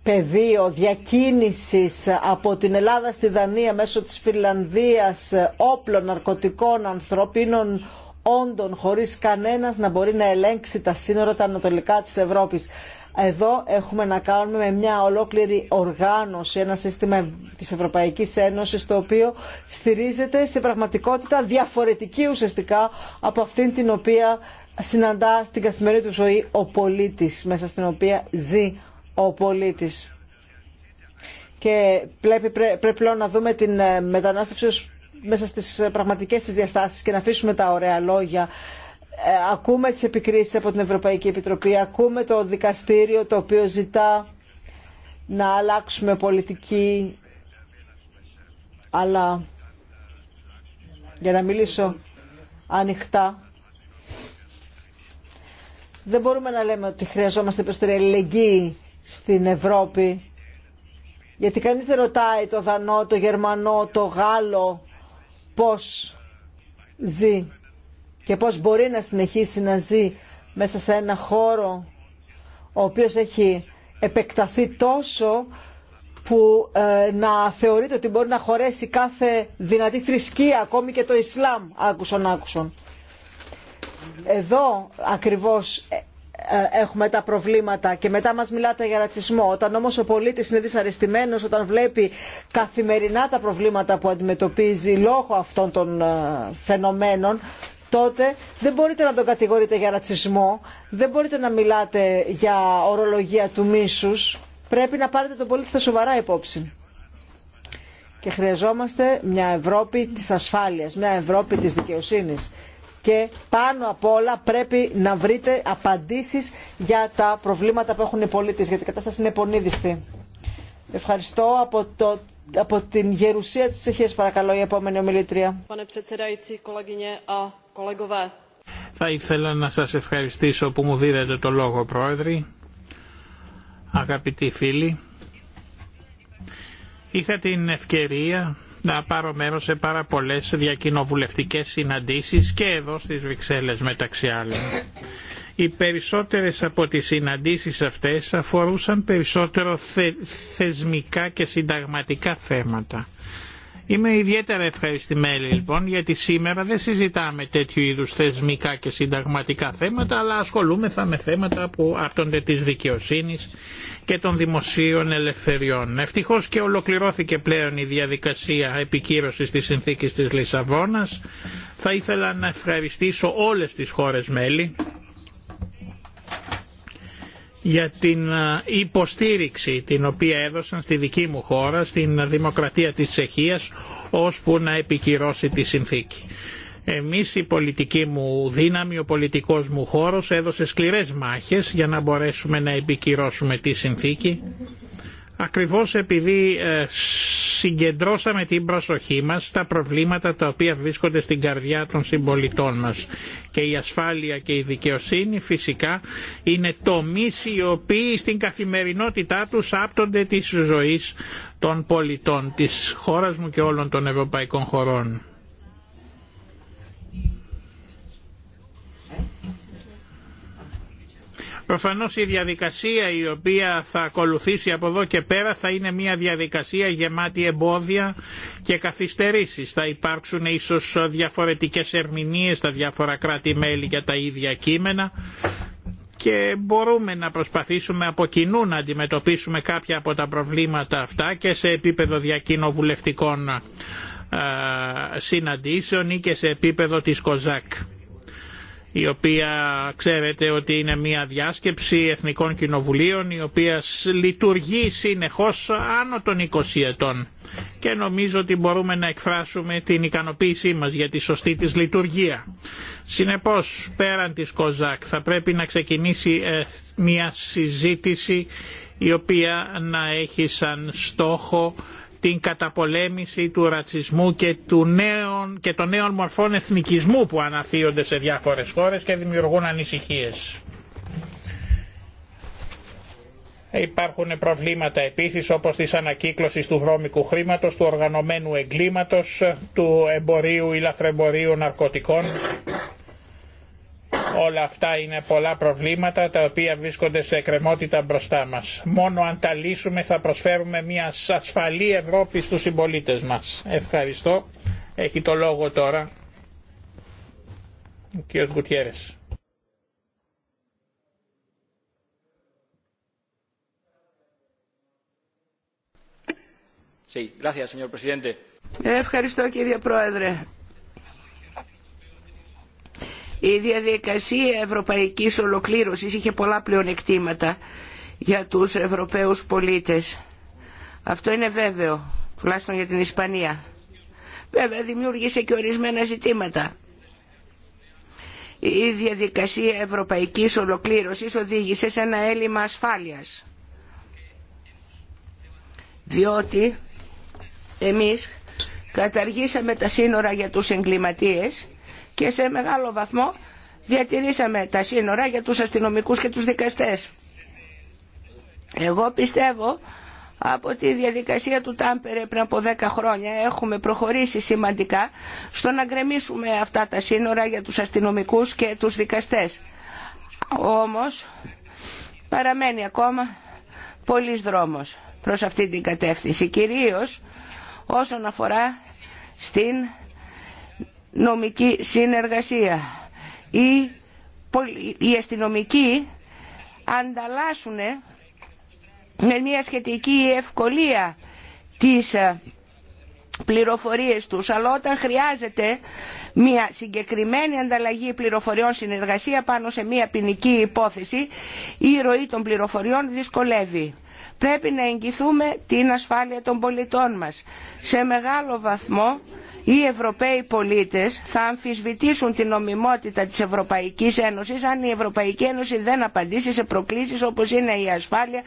Speaker 4: πεδίο διακίνησης από την Ελλάδα στη Δανία μέσω της Φιλανδίας όπλων, ναρκωτικών, ανθρωπίνων όντων χωρίς κανένας να μπορεί να ελέγξει τα σύνορα τα ανατολικά της Ευρώπης. Εδώ έχουμε να κάνουμε με μια ολόκληρη οργάνωση, ένα σύστημα της Ευρωπαϊκής Ένωσης το οποίο στηρίζεται σε πραγματικότητα διαφορετική ουσιαστικά από αυτήν την οποία συναντά στην καθημερινή του ζωή ο πολίτης, μέσα στην οποία ζει ο πολίτης. Και πρέπει, πλέον να δούμε την ε, μετανάστευση ως μέσα στις ε, πραγματικές της διαστάσεις και να αφήσουμε τα ωραία λόγια. Ε, ακούμε τις επικρίσεις από την Ευρωπαϊκή Επιτροπή, ακούμε το δικαστήριο το οποίο ζητά να αλλάξουμε πολιτική, αλλά για να μιλήσω ανοιχτά, δεν μπορούμε να λέμε ότι χρειαζόμαστε περισσότερη ελεγγύη στην Ευρώπη, γιατί κανείς δεν ρωτάει το Δανό, το Γερμανό, το Γάλλο, πώς ζει και πώς μπορεί να συνεχίσει να ζει μέσα σε ένα χώρο ο οποίος έχει επεκταθεί τόσο που ε, να θεωρείται ότι μπορεί να χωρέσει κάθε δυνατή θρησκεία, ακόμη και το Ισλάμ, άκουσον άκουσον. Εδώ ακριβώς ε, ε, έχουμε τα προβλήματα και μετά μας μιλάτε για ρατσισμό. Όταν όμως ο πολίτης είναι δυσαρεστημένος, όταν βλέπει καθημερινά τα προβλήματα που αντιμετωπίζει λόγω αυτών των ε, φαινομένων, τότε δεν μπορείτε να τον κατηγορείτε για ρατσισμό, δεν μπορείτε να μιλάτε για ορολογία του μίσους. Πρέπει να πάρετε τον πολίτη στα σοβαρά υπόψη. Και χρειαζόμαστε μια Ευρώπη της ασφάλειας, μια Ευρώπη της δικαιοσύνης και πάνω απ' όλα πρέπει να βρείτε απαντήσεις για τα προβλήματα που έχουν οι πολίτες, γιατί η κατάσταση είναι πονίδιστη. Ευχαριστώ από, το, από την γερουσία της Τσεχίας, παρακαλώ, η επόμενη ομιλήτρια.
Speaker 2: Θα ήθελα να σας ευχαριστήσω που μου δίδετε το λόγο, Πρόεδρε. Αγαπητοί φίλοι, είχα την ευκαιρία να πάρω μέρος σε πάρα πολλές διακοινοβουλευτικές συναντήσεις και εδώ στις Βρυξέλλες μεταξύ άλλων. Οι περισσότερες από τις συναντήσεις αυτές αφορούσαν περισσότερο θεσμικά και συνταγματικά θέματα Είμαι ιδιαίτερα ευχαριστημένη λοιπόν γιατί σήμερα δεν συζητάμε τέτοιου είδους θεσμικά και συνταγματικά θέματα αλλά ασχολούμεθα με θέματα που άπτονται της δικαιοσύνης και των δημοσίων ελευθεριών. Ευτυχώς και ολοκληρώθηκε πλέον η διαδικασία επικύρωσης της συνθήκης της Λισαβόνας. Θα ήθελα να ευχαριστήσω όλες τις χώρες μέλη για την ε, υποστήριξη την οποία έδωσαν στη δική μου χώρα, στην Δημοκρατία της Τσεχίας, ώσπου να επικυρώσει τη συνθήκη. Εμείς η πολιτική μου δύναμη, ο πολιτικός μου χώρος έδωσε σκληρές μάχες για να μπορέσουμε να επικυρώσουμε τη συνθήκη ακριβώς επειδή ε, συγκεντρώσαμε την προσοχή μας στα προβλήματα τα οποία βρίσκονται στην καρδιά των συμπολιτών μας. Και η ασφάλεια και η δικαιοσύνη φυσικά είναι τομεί οι οποίοι στην καθημερινότητά τους άπτονται της ζωής των πολιτών της χώρας μου και όλων των ευρωπαϊκών χωρών. Προφανώς η διαδικασία η οποία θα ακολουθήσει από εδώ και πέρα θα είναι μια διαδικασία γεμάτη εμπόδια και καθυστερήσεις. Θα υπάρξουν ίσως διαφορετικές ερμηνείες στα διάφορα κράτη-μέλη για τα ίδια κείμενα και μπορούμε να προσπαθήσουμε από κοινού να αντιμετωπίσουμε κάποια από τα προβλήματα αυτά και σε επίπεδο διακοινοβουλευτικών ε, συναντήσεων ή και σε επίπεδο της ΚΟΖΑΚ η οποία ξέρετε ότι είναι μια διάσκεψη εθνικών κοινοβουλίων η οποία λειτουργεί συνεχώς άνω των 20 ετών και νομίζω ότι μπορούμε να εκφράσουμε την ικανοποίησή μας για τη σωστή της λειτουργία. Συνεπώς πέραν της ΚΟΖΑΚ θα πρέπει να ξεκινήσει ε, μια συζήτηση η οποία να έχει σαν στόχο την καταπολέμηση του ρατσισμού και, του νέων, και των νέων μορφών εθνικισμού που αναθείονται σε διάφορες χώρες και δημιουργούν ανησυχίες. Υπάρχουν προβλήματα επίσης όπως της ανακύκλωσης του βρώμικου χρήματος, του οργανωμένου εγκλήματος, του εμπορίου ή λαθρεμπορίου ναρκωτικών Όλα αυτά είναι πολλά προβλήματα τα οποία βρίσκονται σε εκκρεμότητα μπροστά μας. Μόνο αν τα λύσουμε θα προσφέρουμε μια ασφαλή Ευρώπη στους συμπολίτε μας. Ευχαριστώ. Έχει το λόγο τώρα ο κύριος Γκουτιέρες.
Speaker 5: Ευχαριστώ κύριε Πρόεδρε η διαδικασία ευρωπαϊκής ολοκλήρωσης είχε πολλά πλεονεκτήματα για τους Ευρωπαίους πολίτες. Αυτό είναι βέβαιο, τουλάχιστον για την Ισπανία. Βέβαια δημιούργησε και ορισμένα ζητήματα. Η διαδικασία ευρωπαϊκής ολοκλήρωσης οδήγησε σε ένα έλλειμμα ασφάλειας. Διότι εμείς καταργήσαμε τα σύνορα για τους εγκληματίες και σε μεγάλο βαθμό διατηρήσαμε τα σύνορα για τους αστυνομικούς και τους δικαστές. Εγώ πιστεύω από τη διαδικασία του Τάμπερε πριν από 10 χρόνια έχουμε προχωρήσει σημαντικά στο να γκρεμίσουμε αυτά τα σύνορα για τους αστυνομικούς και τους δικαστές. Όμως παραμένει ακόμα πολλής δρόμος προς αυτή την κατεύθυνση, κυρίως όσον αφορά στην νομική συνεργασία. Οι, οι αστυνομικοί ανταλλάσσουν με μια σχετική ευκολία τις ε, πληροφορίες τους, αλλά όταν χρειάζεται μια συγκεκριμένη ανταλλαγή πληροφοριών συνεργασία πάνω σε μια ποινική υπόθεση, η ροή των πληροφοριών δυσκολεύει. Πρέπει να εγγυθούμε την ασφάλεια των πολιτών μας. Σε μεγάλο βαθμό οι Ευρωπαίοι πολίτες θα αμφισβητήσουν την νομιμότητα της Ευρωπαϊκής Ένωσης αν η Ευρωπαϊκή Ένωση δεν απαντήσει σε προκλήσεις όπως είναι η ασφάλεια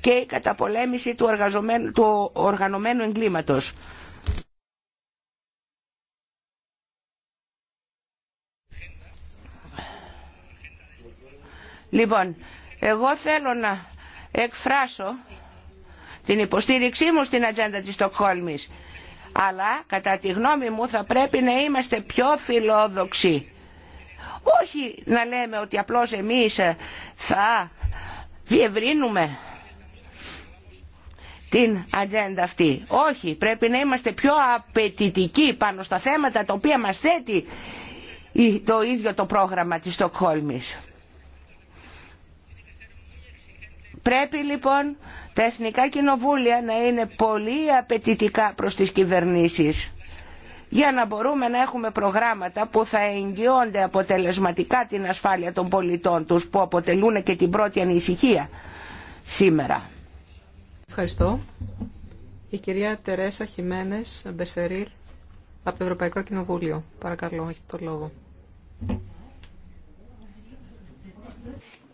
Speaker 5: και η καταπολέμηση του, οργανωμένου εγκλήματος. Λοιπόν, εγώ θέλω να εκφράσω την υποστήριξή μου στην ατζέντα της Στοκχόλμης αλλά κατά τη γνώμη μου θα πρέπει να είμαστε πιο φιλόδοξοι. Όχι να λέμε ότι απλώς εμείς ε, θα διευρύνουμε την ατζέντα αυτή. Όχι, πρέπει να είμαστε πιο απαιτητικοί πάνω στα θέματα τα οποία μας θέτει το ίδιο το πρόγραμμα της Στοκχόλμης. Πρέπει λοιπόν τα εθνικά κοινοβούλια να είναι πολύ απαιτητικά προς τις κυβερνήσεις για να μπορούμε να έχουμε προγράμματα που θα εγγυώνται αποτελεσματικά την ασφάλεια των πολιτών τους που αποτελούν και την πρώτη ανησυχία σήμερα.
Speaker 1: Ευχαριστώ. Η κυρία Τερέσα Χιμένες Μπεσερίλ από το Ευρωπαϊκό Κοινοβούλιο. Παρακαλώ, έχετε το λόγο.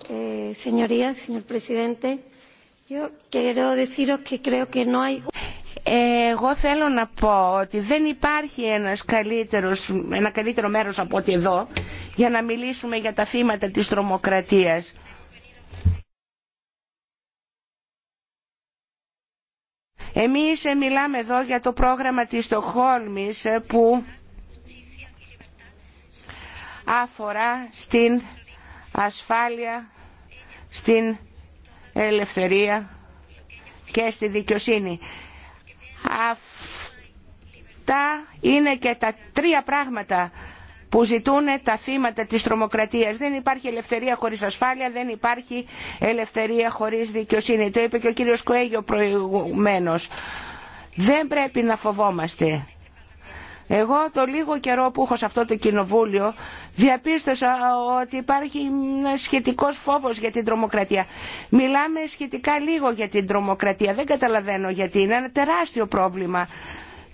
Speaker 3: Ε, señor presidente. Ε, εγώ
Speaker 5: θέλω να πω ότι δεν υπάρχει ένας καλύτερος, ένα καλύτερο μέρος από ότι εδώ για να μιλήσουμε για τα θύματα της τρομοκρατίας. Εμείς ε, μιλάμε εδώ για το πρόγραμμα της Στοχόλμης ε, που αφορά στην ασφάλεια, στην ελευθερία και στη δικαιοσύνη. Αυτά είναι και τα τρία πράγματα που ζητούν τα θύματα της τρομοκρατίας. Δεν υπάρχει ελευθερία χωρίς ασφάλεια, δεν υπάρχει ελευθερία χωρίς δικαιοσύνη. Το είπε και ο κύριος Κοέγιο προηγουμένως. Δεν πρέπει να φοβόμαστε. Εγώ το λίγο καιρό που έχω σε αυτό το κοινοβούλιο διαπίστωσα ότι υπάρχει ένα σχετικός φόβος για την τρομοκρατία. Μιλάμε σχετικά λίγο για την τρομοκρατία. Δεν καταλαβαίνω γιατί είναι ένα τεράστιο πρόβλημα.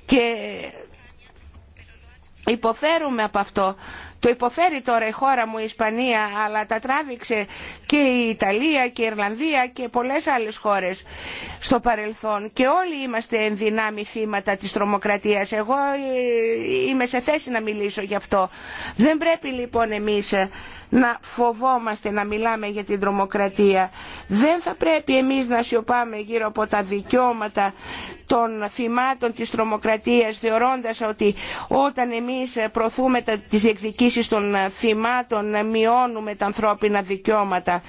Speaker 5: Και υποφέρουμε από αυτό. Το υποφέρει τώρα η χώρα μου η Ισπανία αλλά τα τράβηξε και η Ιταλία και η Ιρλανδία και πολλές άλλες χώρες στο παρελθόν και όλοι είμαστε εν θύματα της τρομοκρατίας. Εγώ ε, είμαι σε θέση να μιλήσω γι' αυτό. Δεν πρέπει λοιπόν εμείς ε, να φοβόμαστε να μιλάμε για την τρομοκρατία. Δεν θα πρέπει εμείς να σιωπάμε γύρω από τα δικαιώματα των θυμάτων της τρομοκρατίας θεωρώντας ότι όταν εμείς προωθούμε τις διεκδικήσεις των θυμάτων μειώνουμε τα ανθρώπινα δικαιώματα.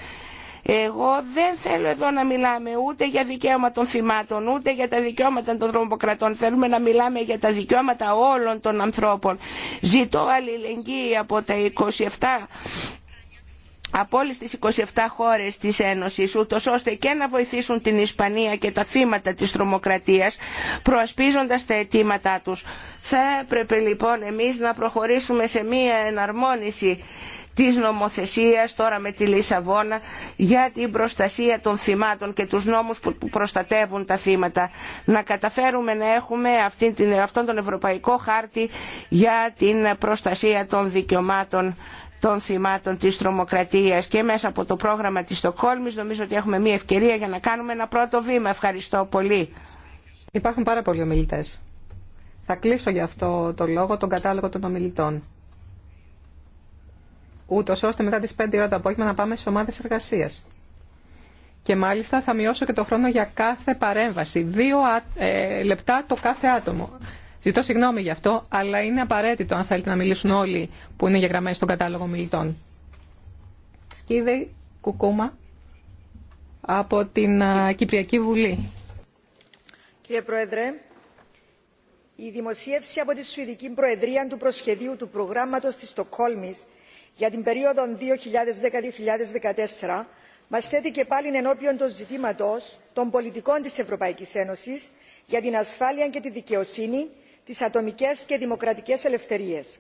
Speaker 5: Εγώ δεν θέλω εδώ να μιλάμε ούτε για δικαίωμα των θυμάτων, ούτε για τα δικαιώματα των τρομοκρατών. Θέλουμε να μιλάμε για τα δικαιώματα όλων των ανθρώπων. Ζητώ αλληλεγγύη από τα 27 από όλε τι 27 χώρε τη Ένωση, ούτω ώστε και να βοηθήσουν την Ισπανία και τα θύματα της τρομοκρατία, προασπίζοντα τα αιτήματά τους. Θα έπρεπε λοιπόν εμεί να προχωρήσουμε σε μία εναρμόνιση της νομοθεσίας τώρα με τη Λισαβόνα για την προστασία των θυμάτων και τους νόμους που προστατεύουν τα θύματα. Να καταφέρουμε να έχουμε αυτόν τον Ευρωπαϊκό Χάρτη για την προστασία των δικαιωμάτων των θυμάτων της τρομοκρατίας και μέσα από το πρόγραμμα της Στοκόλμης νομίζω ότι έχουμε μια ευκαιρία για να κάνουμε ένα πρώτο βήμα. Ευχαριστώ πολύ. Υπάρχουν πάρα πολλοί ομιλητέ. Θα κλείσω γι' αυτό
Speaker 1: το λόγο τον κατάλογο των ομιλητών. Ούτω ώστε μετά τι 5 ώρα το απόγευμα να πάμε στι ομάδε εργασία. Και μάλιστα θα μειώσω και το χρόνο για κάθε παρέμβαση. Δύο ε, λεπτά το κάθε άτομο. Ζητώ συγγνώμη γι' αυτό, αλλά είναι απαραίτητο αν θέλετε να μιλήσουν όλοι που είναι γεγραμμένοι στον κατάλογο μιλητών. Σκίδη Κουκούμα από την Κυπριακή Βουλή.
Speaker 6: Κύριε Πρόεδρε, η δημοσίευση από τη Σουηδική Προεδρία του προσχεδίου του προγράμματος της Στοκόλμης για την περίοδο 2010-2014 μας θέτει και πάλι ενώπιον των ζητήματος των πολιτικών της Ευρωπαϊκής Ένωσης για την ασφάλεια και τη δικαιοσύνη τις ατομικές και δημοκρατικές ελευθερίες.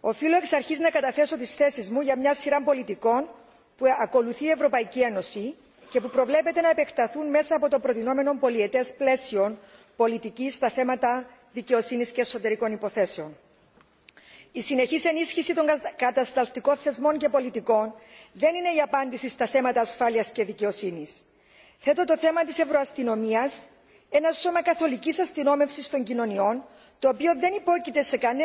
Speaker 6: οφείλω εξ αρχής να καταθέσω τις θέσεις μου για μια σειρά πολιτικών που ακολουθεί η ευρωπαϊκή ένωση και που προβλέπεται να επεκταθούν μέσα από το προτινόμενο πολιετές πλαίσιο πολιτικής στα θέματα δικαιοσύνης και εσωτερικών υποθέσεων. η συνεχής ενίσχυση των κατασταλτικών θεσμών και πολιτικών δεν είναι η απάντηση στα θέματα ασφάλειας και δικαιοσύνης. θέτω το θέμα της ευρωαστυνομίας ένα σώμα καθολική αστυνόμευση των κοινωνιών το οποίο δεν υπόκειται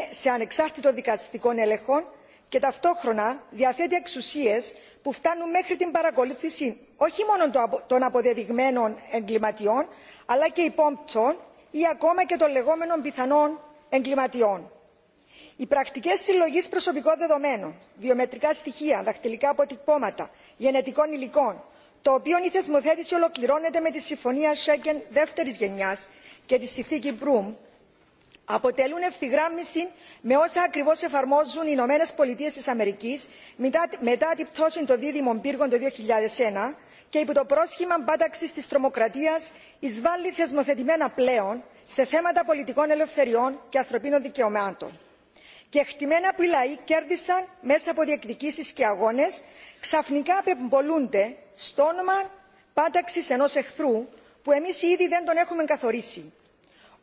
Speaker 6: σε ανεξάρτητο δικαστικό έλεγχο και ταυτόχρονα διαθέτει εξουσίες που φτάνουν μέχρι την παρακολούθηση όχι μόνο των αποδεδειγμένων εγκληματιών αλλά και υπόπτων ή ακόμα και των λεγόμενων πιθανών εγκληματιών. οι πρακτικές συλλογής προσωπικών δεδομένων βιομετρικά στοιχεία δαχτυλικά αποτυπώματα γενετικών υλικών το οποίο η θεσμοθέτηση ολοκληρώνεται με τη συμφωνία σέγγεν δεύτερη γενιά και τη συνθήκη προύμ αποτελούν ευθυγράμμιση με όσα ακριβώς εφαρμόζουν οι Ηνωμένε Πολιτείε τη Αμερική μετά την πτώση των δίδυμων πύργων το 2001 και υπό το πρόσχημα πάταξη της τρομοκρατίας εισβάλλει θεσμοθετημένα πλέον σε θέματα πολιτικών ελευθεριών και ανθρωπίνων δικαιωμάτων. και χτυμένα που οι λαοί κέρδισαν μέσα από διεκδικήσεις και αγώνες ξαφνικά απεμπολούνται στο όνομα πάταξης ενός εχθρού που εμείς ήδη δεν τον έχουμε καθορίσει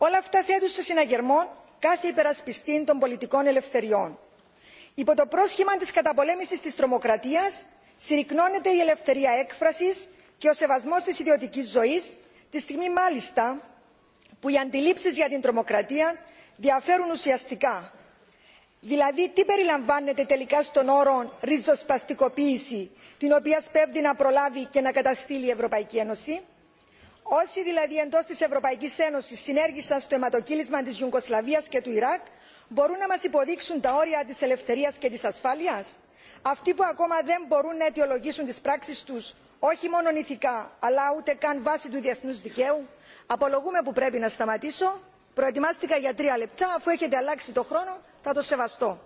Speaker 6: όλα αυτά θέτουν σε συναγερμό κάθε υπερασπιστή των πολιτικών ελευθεριών. υπό το πρόσχημα της καταπολέμησης της τρομοκρατίας συρρυκνώνεται η ελευθερία έκφρασης και ο σεβασμός της ιδιωτικής ζωής τη στιγμή μάλιστα που οι αντιλήψεις για την τρομοκρατία διαφέρουν ουσιαστικά δηλαδή τι περιλαμβάνεται τελικά στον όρο ριζοσπαστικοποίηση την οποία σπέβδει να προλάβει και να καταστήλει η ευρωπαϊκή ένωση όσοι δηλαδή εντό τη Ευρωπαϊκή Ένωση συνέργησαν στο αιματοκύλισμα τη γιουγκοσλαβίας και του ιράκ μπορούν να μα υποδείξουν τα όρια τη ελευθερία και τη ασφάλεια, αυτοί που ακόμα δεν μπορούν να αιτιολογήσουν τι πράξει του, όχι μόνο ηθικά αλλά ούτε καν βάση του διεθνού δικαίου; απολογούμε που πρέπει να σταματήσω. προετοιμάστηκα για τρία λεπτά αφού έχετε αλλάξει το χρόνο θα το σεβαστώ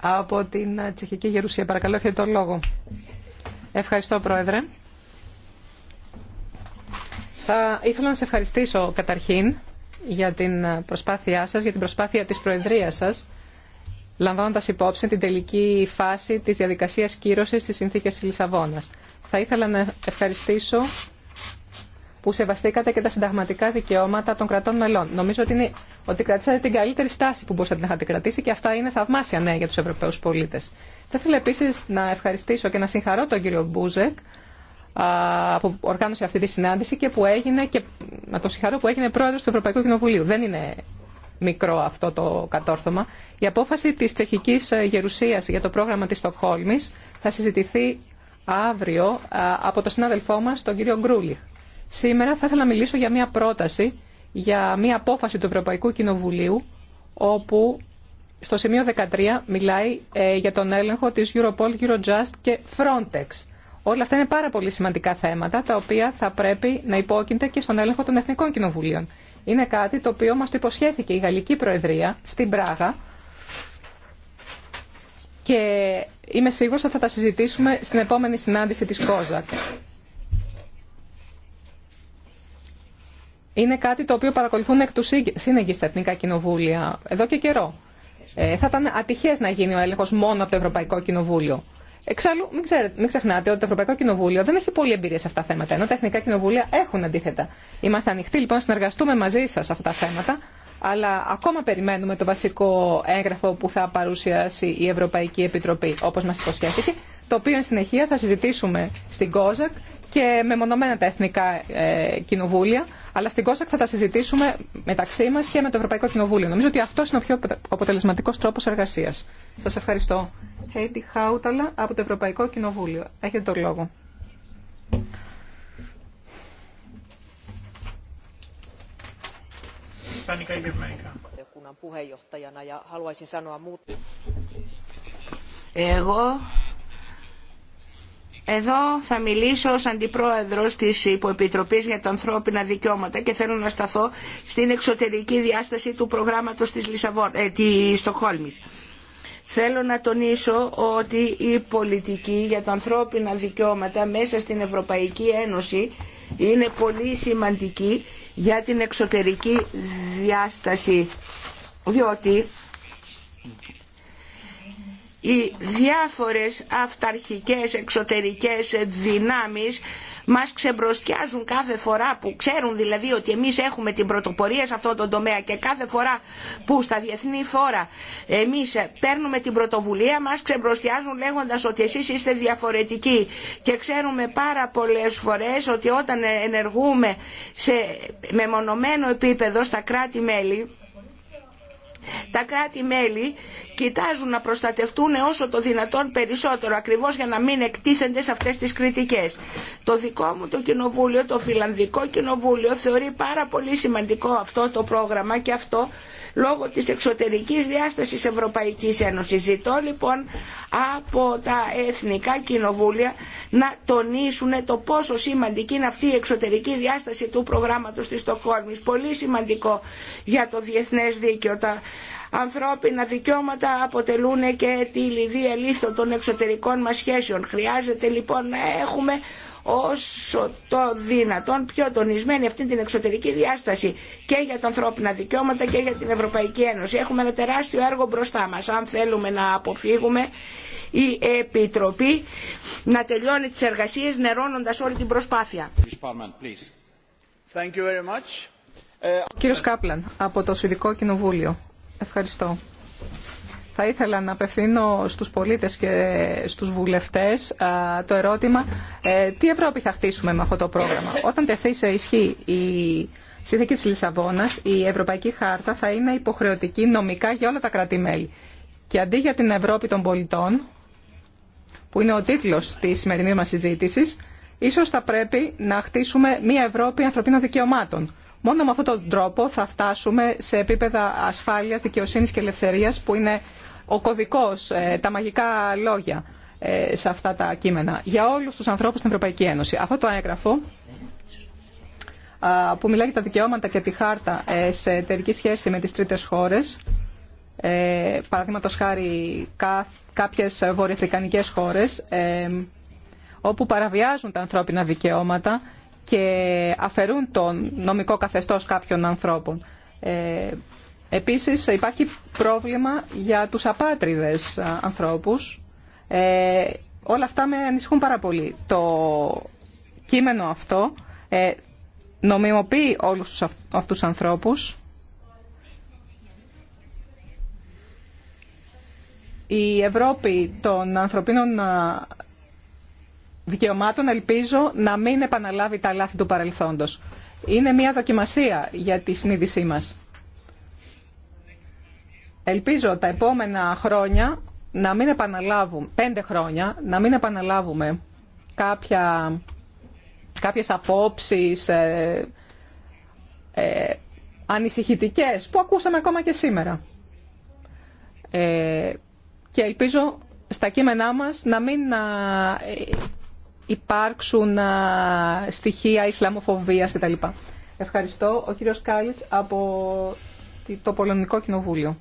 Speaker 1: από την Τσεχική Γερουσία. Παρακαλώ, έχετε τον λόγο. Ευχαριστώ, Πρόεδρε. Θα ήθελα να σε ευχαριστήσω καταρχήν για την προσπάθειά σας, για την προσπάθεια της Προεδρίας σας, λαμβάνοντας υπόψη την τελική φάση της διαδικασίας κύρωσης της συνθήκης της Λισαβόνας. Θα ήθελα να ευχαριστήσω που σεβαστήκατε και τα συνταγματικά δικαιώματα των κρατών μελών. Νομίζω ότι, είναι, ότι κρατήσατε την καλύτερη στάση που μπορούσατε να είχατε κρατήσει και αυτά είναι θαυμάσια νέα για του Ευρωπαίου πολίτε. Θα ήθελα επίση να ευχαριστήσω και να συγχαρώ τον κύριο Μπούζεκ που οργάνωσε αυτή τη συνάντηση και που έγινε και να τον συγχαρώ που έγινε πρόεδρο του Ευρωπαϊκού Κοινοβουλίου. Δεν είναι μικρό αυτό το κατόρθωμα. Η απόφαση της τσεχικής ε, γερουσίας για το πρόγραμμα της Στοκχόλμης θα συζητηθεί αύριο από τον συνάδελφό μας, τον κύριο Γκρούλιχ. Σήμερα θα ήθελα να μιλήσω για μια πρόταση, για μια απόφαση του Ευρωπαϊκού Κοινοβουλίου, όπου στο σημείο 13 μιλάει ε, για τον έλεγχο της Europol, Eurojust και Frontex. Όλα αυτά είναι πάρα πολύ σημαντικά θέματα, τα οποία θα πρέπει να υπόκεινται και στον έλεγχο των Εθνικών Κοινοβουλίων. Είναι κάτι το οποίο μας το υποσχέθηκε η Γαλλική Προεδρία στην Πράγα και είμαι σίγουρος ότι θα τα συζητήσουμε στην επόμενη συνάντηση της ΚΟΖΑΚ. είναι κάτι το οποίο παρακολουθούν εκ του σύνεγγυ στα εθνικά κοινοβούλια εδώ και καιρό. Ε, θα ήταν ατυχέ να γίνει ο έλεγχο μόνο από το Ευρωπαϊκό Κοινοβούλιο. Εξάλλου, μην, ξέρετε, μην ξεχνάτε ότι το Ευρωπαϊκό Κοινοβούλιο δεν έχει πολλή εμπειρία σε αυτά τα θέματα, ενώ τα εθνικά κοινοβούλια έχουν αντίθετα. Είμαστε ανοιχτοί λοιπόν να συνεργαστούμε μαζί σα σε αυτά τα θέματα, αλλά ακόμα περιμένουμε το βασικό έγγραφο που θα παρουσιάσει η Ευρωπαϊκή Επιτροπή, όπω μα υποσχέθηκε, το οποίο εν συνεχεία θα συζητήσουμε στην ΚΟΖΑΚ και με μονόμενα τα εθνικά ε, κοινοβούλια, αλλά στην Κόζακ θα τα συζητήσουμε μεταξύ μα και με το Ευρωπαϊκό Κοινοβούλιο. Νομίζω ότι αυτό είναι ο πιο αποτελεσματικό τρόπο εργασία. Σα ευχαριστώ. Χέιτι Χάουταλα από το Ευρωπαϊκό Κοινοβούλιο. Έχετε τον λόγο.
Speaker 2: Εγώ εδώ
Speaker 5: θα μιλήσω ως αντιπρόεδρος της Υποεπιτροπής για τα ανθρώπινα δικαιώματα και θέλω να σταθώ στην εξωτερική διάσταση του προγράμματος της, λισαβόρ ε, Θέλω να τονίσω ότι η πολιτική για τα ανθρώπινα δικαιώματα μέσα στην Ευρωπαϊκή Ένωση είναι πολύ σημαντική για την εξωτερική διάσταση διότι οι διάφορες αυταρχικές εξωτερικές δυνάμεις μας ξεμπροστιάζουν κάθε φορά που ξέρουν δηλαδή ότι εμείς έχουμε την πρωτοπορία σε αυτό τον τομέα και κάθε φορά που στα διεθνή φόρα εμείς παίρνουμε την πρωτοβουλία μας ξεμπροστιάζουν λέγοντας ότι εσείς είστε διαφορετικοί και ξέρουμε πάρα πολλές φορές ότι όταν ενεργούμε σε μεμονωμένο επίπεδο στα κράτη-μέλη τα κράτη-μέλη κοιτάζουν να προστατευτούν όσο το δυνατόν περισσότερο, ακριβώς για να μην εκτίθενται σε αυτές τις κριτικές. Το δικό μου το κοινοβούλιο, το Φιλανδικό Κοινοβούλιο, θεωρεί πάρα πολύ σημαντικό αυτό το πρόγραμμα και αυτό λόγω της εξωτερικής διάστασης Ευρωπαϊκής Ένωσης. Ζητώ λοιπόν από τα Εθνικά Κοινοβούλια να τονίσουν το πόσο σημαντική είναι αυτή η εξωτερική διάσταση του προγράμματος της Στοκχόλμη. Πολύ σημαντικό για το διεθνές δίκαιο. Τα ανθρώπινα δικαιώματα αποτελούν και τη λιδία λίθο των εξωτερικών μας σχέσεων. Χρειάζεται λοιπόν να έχουμε όσο το δυνατόν πιο τονισμένη αυτή την εξωτερική διάσταση και για τα ανθρώπινα δικαιώματα και για την Ευρωπαϊκή Ένωση. Έχουμε ένα τεράστιο έργο μπροστά μας. Αν θέλουμε να αποφύγουμε η Επιτροπή να τελειώνει τις εργασίες νερώνοντας όλη την προσπάθεια.
Speaker 2: Ε,
Speaker 1: Κύριος Κάπλαν, από το Σουηδικό Κοινοβούλιο. Ευχαριστώ. Θα ήθελα να απευθύνω στους πολίτες και στους βουλευτές το ερώτημα ε, τι Ευρώπη θα χτίσουμε με αυτό το πρόγραμμα. Όταν τεθεί σε ισχύ η Συνθήκη της Λισαβόνας, η Ευρωπαϊκή Χάρτα θα είναι υποχρεωτική νομικά για όλα τα κράτη-μέλη. Και αντί για την Ευρώπη των πολιτών, που είναι ο τίτλος της σημερινής μας συζήτησης, ίσως θα πρέπει να χτίσουμε μια Ευρώπη ανθρωπίνων δικαιωμάτων Μόνο με αυτόν τον τρόπο θα φτάσουμε σε επίπεδα ασφάλειας, δικαιοσύνης και ελευθερίας που είναι ο κωδικός, ε, τα μαγικά λόγια ε, σε αυτά τα κείμενα για όλους τους ανθρώπους στην Ευρωπαϊκή Ένωση. Αυτό το έγγραφο που μιλάει για τα δικαιώματα και τη χάρτα ε, σε εταιρική σχέση με τις τρίτες χώρες ε, παραδείγματος χάρη κά, κάποιες βορειοαφρικανικές χώρες όπου παραβιάζουν τα ανθρώπινα δικαιώματα και αφαιρούν το νομικό καθεστώς κάποιων ανθρώπων. Ε, επίσης υπάρχει πρόβλημα για τους απάτριδες ανθρώπους. Ε, όλα αυτά με ανησυχούν πάρα πολύ. Το κείμενο αυτό ε, νομιμοποιεί όλους τους αυτούς τους ανθρώπους. Η Ευρώπη των ανθρωπίνων δικαιωμάτων ελπίζω να μην επαναλάβει τα λάθη του παρελθόντος. Είναι μια δοκιμασία για τη συνείδησή μας. Ελπίζω τα επόμενα χρόνια να μην επαναλάβουμε, πέντε χρόνια, να μην επαναλάβουμε κάποια, κάποιες απόψεις ε, ε ανησυχητικές που ακούσαμε ακόμα και σήμερα. Ε, και ελπίζω στα κείμενά μας να μην να υπάρξουν στοιχεία Ισλαμοφοβίας κτλ. Ευχαριστώ. Ο κύριος Κάλιτς από το Πολωνικό Κοινοβούλιο.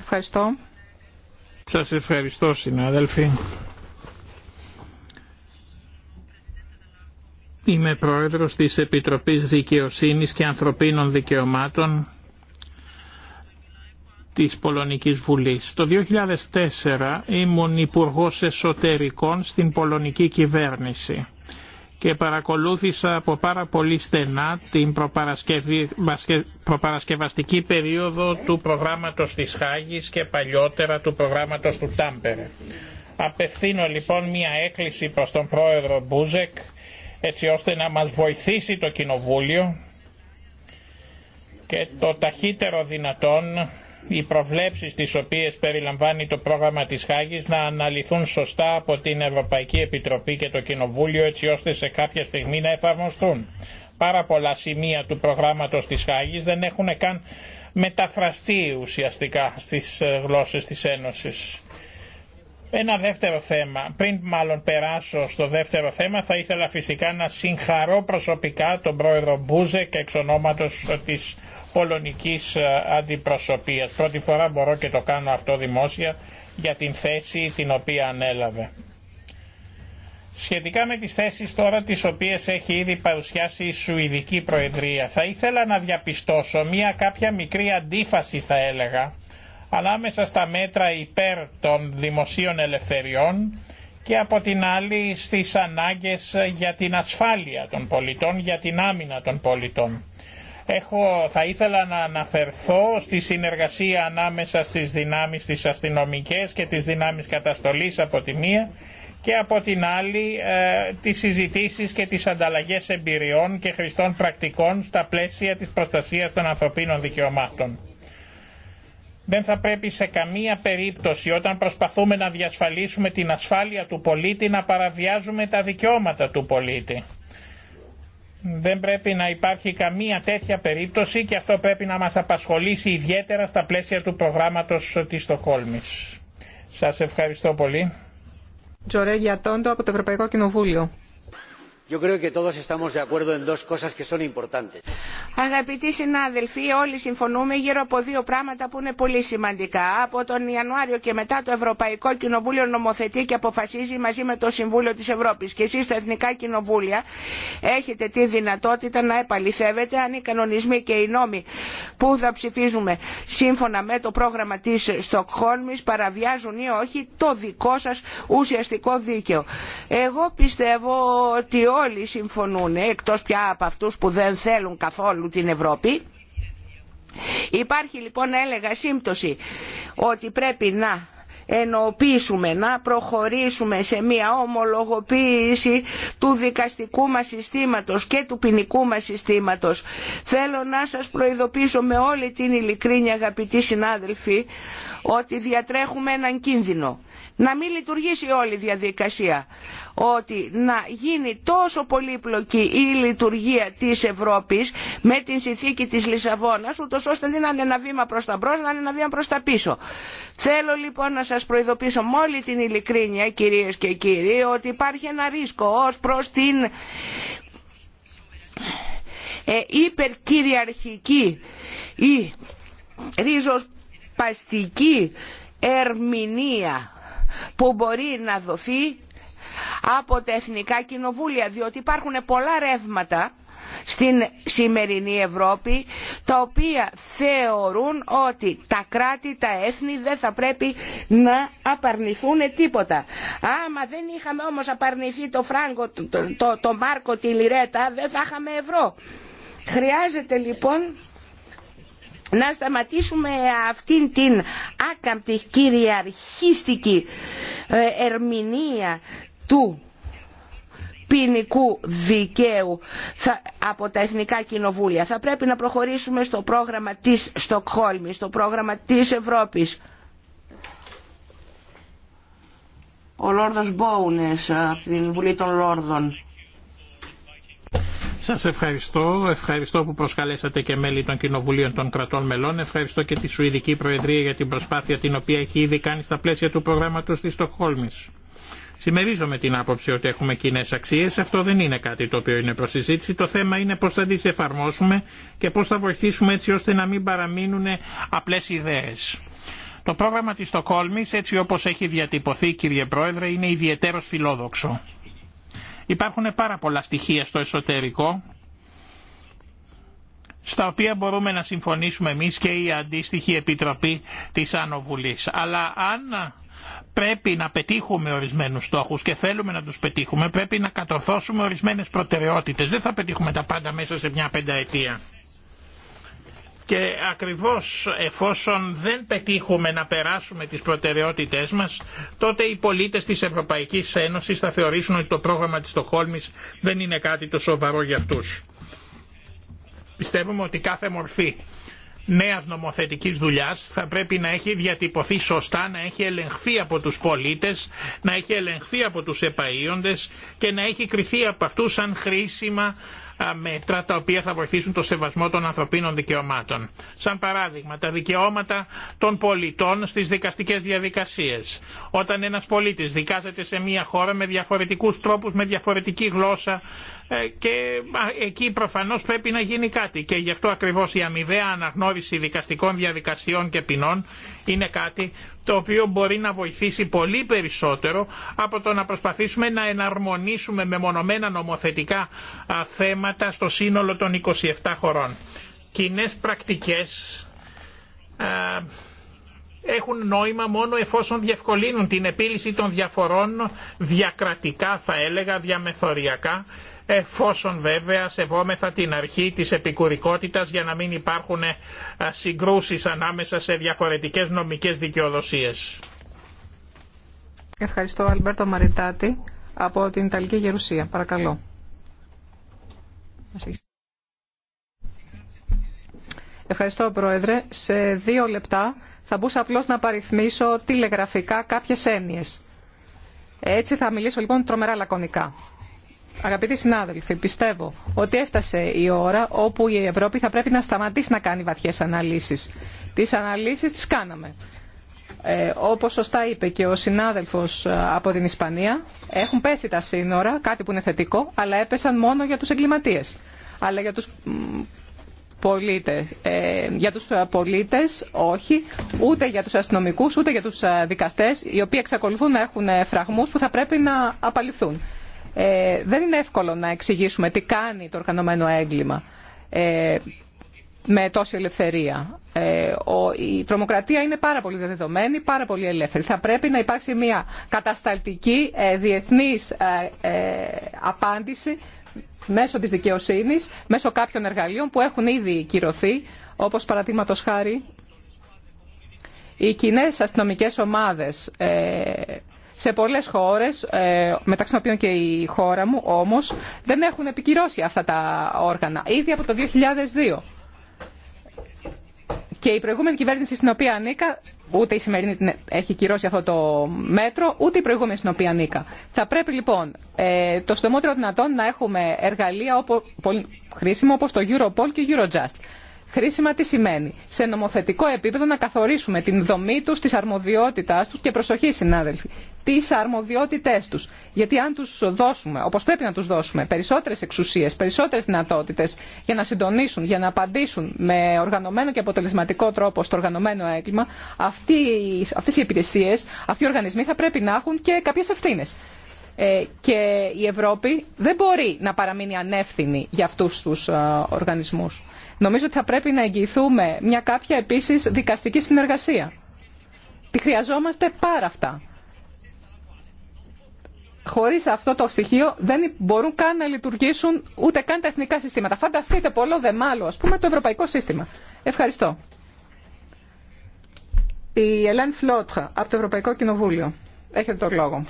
Speaker 2: Ευχαριστώ. Σας ευχαριστώ συνάδελφοι. Είμαι πρόεδρος της Επιτροπής Δικαιοσύνης και Ανθρωπίνων Δικαιωμάτων της Πολωνικής Βουλής. Το 2004 ήμουν υπουργό Εσωτερικών στην Πολωνική Κυβέρνηση και παρακολούθησα από πάρα πολύ στενά την προπαρασκευαστική περίοδο του προγράμματος της Χάγης και παλιότερα του προγράμματος του Τάμπερ. Απευθύνω λοιπόν μια έκκληση προς τον πρόεδρο Μπούζεκ έτσι ώστε να μας βοηθήσει το Κοινοβούλιο και το ταχύτερο δυνατόν οι προβλέψεις τις οποίες περιλαμβάνει το πρόγραμμα της Χάγης να αναλυθούν σωστά από την Ευρωπαϊκή Επιτροπή και το Κοινοβούλιο έτσι ώστε σε κάποια στιγμή να εφαρμοστούν. Πάρα πολλά σημεία του προγράμματος της Χάγης δεν έχουν καν μεταφραστεί ουσιαστικά στις ε, γλώσσες της Ένωσης. Ένα δεύτερο θέμα. Πριν μάλλον περάσω στο δεύτερο θέμα θα ήθελα φυσικά να συγχαρώ προσωπικά τον πρόεδρο και εξ ονόματος της πολωνικής ε, αντιπροσωπείας. Πρώτη φορά μπορώ και το κάνω αυτό δημόσια για την θέση την οποία ανέλαβε. Σχετικά με τις θέσεις τώρα τις οποίες έχει ήδη παρουσιάσει η Σουηδική Προεδρία θα ήθελα να διαπιστώσω μία κάποια μικρή αντίφαση θα έλεγα ανάμεσα στα μέτρα υπέρ των δημοσίων ελευθεριών και από την άλλη στις ανάγκες για την ασφάλεια των πολιτών, για την άμυνα των πολιτών. Έχω, θα ήθελα να αναφερθώ στη συνεργασία ανάμεσα στις δυνάμεις της αστυνομικές και τις δυνάμεις καταστολής από τη μία και από την άλλη ε, τις συζητήσεις και τις ανταλλαγές εμπειριών και χρηστών πρακτικών στα πλαίσια της προστασίας των ανθρωπίνων δικαιωμάτων δεν θα πρέπει σε καμία περίπτωση όταν προσπαθούμε να διασφαλίσουμε την ασφάλεια του πολίτη να παραβιάζουμε τα δικαιώματα του πολίτη. Δεν πρέπει να υπάρχει καμία τέτοια περίπτωση και αυτό πρέπει να μας απασχολήσει ιδιαίτερα στα πλαίσια του προγράμματος της Στοχόλμης. Σας ευχαριστώ πολύ.
Speaker 1: Τζορέγια από το Ευρωπαϊκό Κοινοβούλιο.
Speaker 3: Yo creo que todos estamos de acuerdo en dos cosas que son importantes.
Speaker 5: Αγαπητοί συνάδελφοι, όλοι συμφωνούμε γύρω από δύο πράγματα που είναι πολύ σημαντικά. Από τον Ιανουάριο και μετά το Ευρωπαϊκό Κοινοβούλιο νομοθετεί και αποφασίζει μαζί με το Συμβούλιο της Ευρώπης. Και εσείς τα Εθνικά Κοινοβούλια έχετε τη δυνατότητα να επαληθεύετε αν οι κανονισμοί και οι νόμοι που θα ψηφίζουμε σύμφωνα με το πρόγραμμα της Στοκχόλμης παραβιάζουν ή όχι το δικό σα ουσιαστικό δίκαιο. Εγώ πιστεύω ότι όλοι συμφωνούν εκτός πια από αυτούς που δεν θέλουν καθόλου την Ευρώπη υπάρχει λοιπόν έλεγα σύμπτωση ότι πρέπει να ενοποιήσουμε, να προχωρήσουμε σε μια ομολογοποίηση του δικαστικού μας συστήματος και του ποινικού μας συστήματος. Θέλω να σας προειδοποιήσω με όλη την ειλικρίνη αγαπητοί συνάδελφοι ότι διατρέχουμε έναν κίνδυνο να μην λειτουργήσει όλη η διαδικασία. Ότι να γίνει τόσο πολύπλοκη η λειτουργία της Ευρώπης με την συνθήκη της Λισαβόνας, ούτως ώστε δεν είναι ένα βήμα προς τα μπρος, να είναι ένα βήμα προς τα πίσω. Θέλω λοιπόν να σας προειδοποιήσω με όλη την ειλικρίνεια, κυρίες και κύριοι, ότι υπάρχει ένα ρίσκο ως προς την ε, υπερκυριαρχική ή ριζοσπαστική ερμηνεία που μπορεί να δοθεί από τα εθνικά κοινοβούλια διότι υπάρχουν πολλά ρεύματα στην σημερινή Ευρώπη τα οποία θεωρούν ότι τα κράτη, τα έθνη δεν θα πρέπει να απαρνηθούν τίποτα. Άμα δεν είχαμε όμως απαρνηθεί το φράγκο, το, το, μάρκο, τη λιρέτα δεν θα είχαμε ευρώ. Χρειάζεται λοιπόν να σταματήσουμε αυτήν την άκαμπτη κυριαρχίστικη ε, ερμηνεία του ποινικού δικαίου από τα εθνικά κοινοβούλια. Θα πρέπει να προχωρήσουμε στο πρόγραμμα της Στοκχόλμης, στο πρόγραμμα της Ευρώπης. Ο Λόρδος Μπόουνες ε, από την Βουλή των Λόρδων
Speaker 2: Σα ευχαριστώ. Ευχαριστώ που προσκαλέσατε και μέλη των Κοινοβουλίων των Κρατών Μελών. Ευχαριστώ και τη Σουηδική Προεδρία για την προσπάθεια την οποία έχει ήδη κάνει στα πλαίσια του προγράμματος τη Στοκχόλμης. Συμμερίζομαι την άποψη ότι έχουμε κοινέ αξίε. Αυτό δεν είναι κάτι το οποίο είναι προ συζήτηση. Το θέμα είναι πώ θα τι εφαρμόσουμε και πώ θα βοηθήσουμε έτσι ώστε να μην παραμείνουν απλέ ιδέε. Το πρόγραμμα τη Στοκχόλμης έτσι όπω έχει διατυπωθεί, κύριε Πρόεδρε, είναι ιδιαίτερο φιλόδοξο. Υπάρχουν πάρα πολλά στοιχεία στο εσωτερικό στα οποία μπορούμε να συμφωνήσουμε εμείς και η αντίστοιχη Επιτροπή της Ανοβουλής. Αλλά αν πρέπει να πετύχουμε ορισμένους στόχους και θέλουμε να τους πετύχουμε, πρέπει να κατορθώσουμε ορισμένες προτεραιότητες. Δεν θα πετύχουμε τα πάντα μέσα σε μια πενταετία και ακριβώς εφόσον δεν πετύχουμε να περάσουμε τις προτεραιότητές μας, τότε οι πολίτες της Ευρωπαϊκής Ένωσης θα θεωρήσουν ότι το πρόγραμμα της Στοχόλμης δεν είναι κάτι το σοβαρό για αυτούς. Πιστεύουμε ότι κάθε μορφή νέας νομοθετικής δουλειάς θα πρέπει να έχει διατυπωθεί σωστά, να έχει ελεγχθεί από τους πολίτες, να έχει ελεγχθεί από τους επαΐοντες και να έχει κριθεί από αυτούς σαν χρήσιμα μέτρα τα οποία θα βοηθήσουν το σεβασμό των ανθρωπίνων δικαιωμάτων. Σαν παράδειγμα, τα δικαιώματα των πολιτών στις δικαστικές διαδικασίες. Όταν ένας πολίτης δικάζεται σε μια χώρα με διαφορετικούς τρόπους, με διαφορετική γλώσσα, ε, και εκεί προφανώς πρέπει να γίνει κάτι και γι' αυτό ακριβώς η αμοιβαία αναγνώριση δικαστικών διαδικασιών και ποινών είναι κάτι το οποίο μπορεί να βοηθήσει πολύ περισσότερο από το να προσπαθήσουμε να εναρμονίσουμε μεμονωμένα νομοθετικά θέματα στο σύνολο των 27 χωρών. Κοινέ πρακτικές έχουν νόημα μόνο εφόσον διευκολύνουν την επίλυση των διαφορών διακρατικά θα έλεγα, διαμεθοριακά, εφόσον βέβαια σεβόμεθα την αρχή της επικουρικότητας για να μην υπάρχουν ε, συγκρούσεις ανάμεσα σε διαφορετικές νομικές δικαιοδοσίες.
Speaker 1: Ευχαριστώ Αλμπέρτο Μαριτάτη από την Ιταλική Γερουσία. Παρακαλώ. Ευχαριστώ Πρόεδρε. Σε δύο λεπτά θα μπούσα απλώς να παριθμίσω τηλεγραφικά κάποιες έννοιες. Έτσι θα μιλήσω λοιπόν τρομερά λακωνικά. Αγαπητοί συνάδελφοι, πιστεύω ότι έφτασε η ώρα όπου η Ευρώπη θα πρέπει να σταματήσει να κάνει βαθιές αναλύσεις. Τις αναλύσεις τις κάναμε. Ε, όπως σωστά είπε και ο συνάδελφος ε, από την Ισπανία, έχουν πέσει τα σύνορα, κάτι που είναι θετικό, αλλά έπεσαν μόνο για τους εγκληματίες. Αλλά για τους πολίτες, ε, για τους ε, πολίτες όχι, ούτε για τους αστυνομικούς, ούτε για τους ε, δικαστές, οι οποίοι εξακολουθούν να έχουν φραγμούς που θα πρέπει να απαλληφθούν. δεν είναι εύκολο να εξηγήσουμε τι κάνει το οργανωμένο έγκλημα με τόση ελευθερία. Ε, ο, η τρομοκρατία είναι πάρα πολύ δεδομένη, πάρα πολύ ελεύθερη. Θα πρέπει να υπάρξει μια κατασταλτική διεθνής απάντηση μέσω της δικαιοσύνης, μέσω κάποιων εργαλείων που έχουν ήδη κυρωθεί, όπως παραδείγματο χάρη οι κοινέ αστυνομικές ομάδες ε, σε πολλές χώρες, ε, μεταξύ των οποίων και η χώρα μου, όμως δεν έχουν επικυρώσει αυτά τα όργανα, ήδη από το 2002. Και η προηγούμενη κυβέρνηση στην οποία ανήκα, ούτε η σημερινή έχει κυρώσει αυτό το μέτρο, ούτε η προηγούμενη στην οποία ανήκα. Θα πρέπει λοιπόν ε, το στομότερο δυνατόν να έχουμε εργαλεία πολύ χρήσιμα όπως το Europol και Eurojust. Χρήσιμα τι σημαίνει. Σε νομοθετικό επίπεδο να καθορίσουμε την δομή του, τι αρμοδιότητά του και προσοχή, συνάδελφοι, τι αρμοδιότητέ του. Γιατί αν του δώσουμε, όπω πρέπει να του δώσουμε, περισσότερε εξουσίε, περισσότερε δυνατότητε για να συντονίσουν, για να απαντήσουν με οργανωμένο και αποτελεσματικό τρόπο στο οργανωμένο έγκλημα, αυτέ οι υπηρεσίε, αυτοί οι οργανισμοί θα πρέπει να έχουν και κάποιε ευθύνε ε, και η Ευρώπη δεν μπορεί να παραμείνει ανεύθυνη για αυτούς τους ε, οργανισμούς. Νομίζω ότι θα πρέπει να εγγυηθούμε μια κάποια επίσης δικαστική συνεργασία. Τη χρειαζόμαστε πάρα αυτά. Χωρίς αυτό το στοιχείο δεν μπορούν καν να λειτουργήσουν ούτε καν τα εθνικά συστήματα. Φανταστείτε πολλό δε μάλλον, ας πούμε, το ευρωπαϊκό σύστημα. Ευχαριστώ. Η Ελέν Φλότχα από το Ευρωπαϊκό Κοινοβούλιο. Έχετε το λόγο.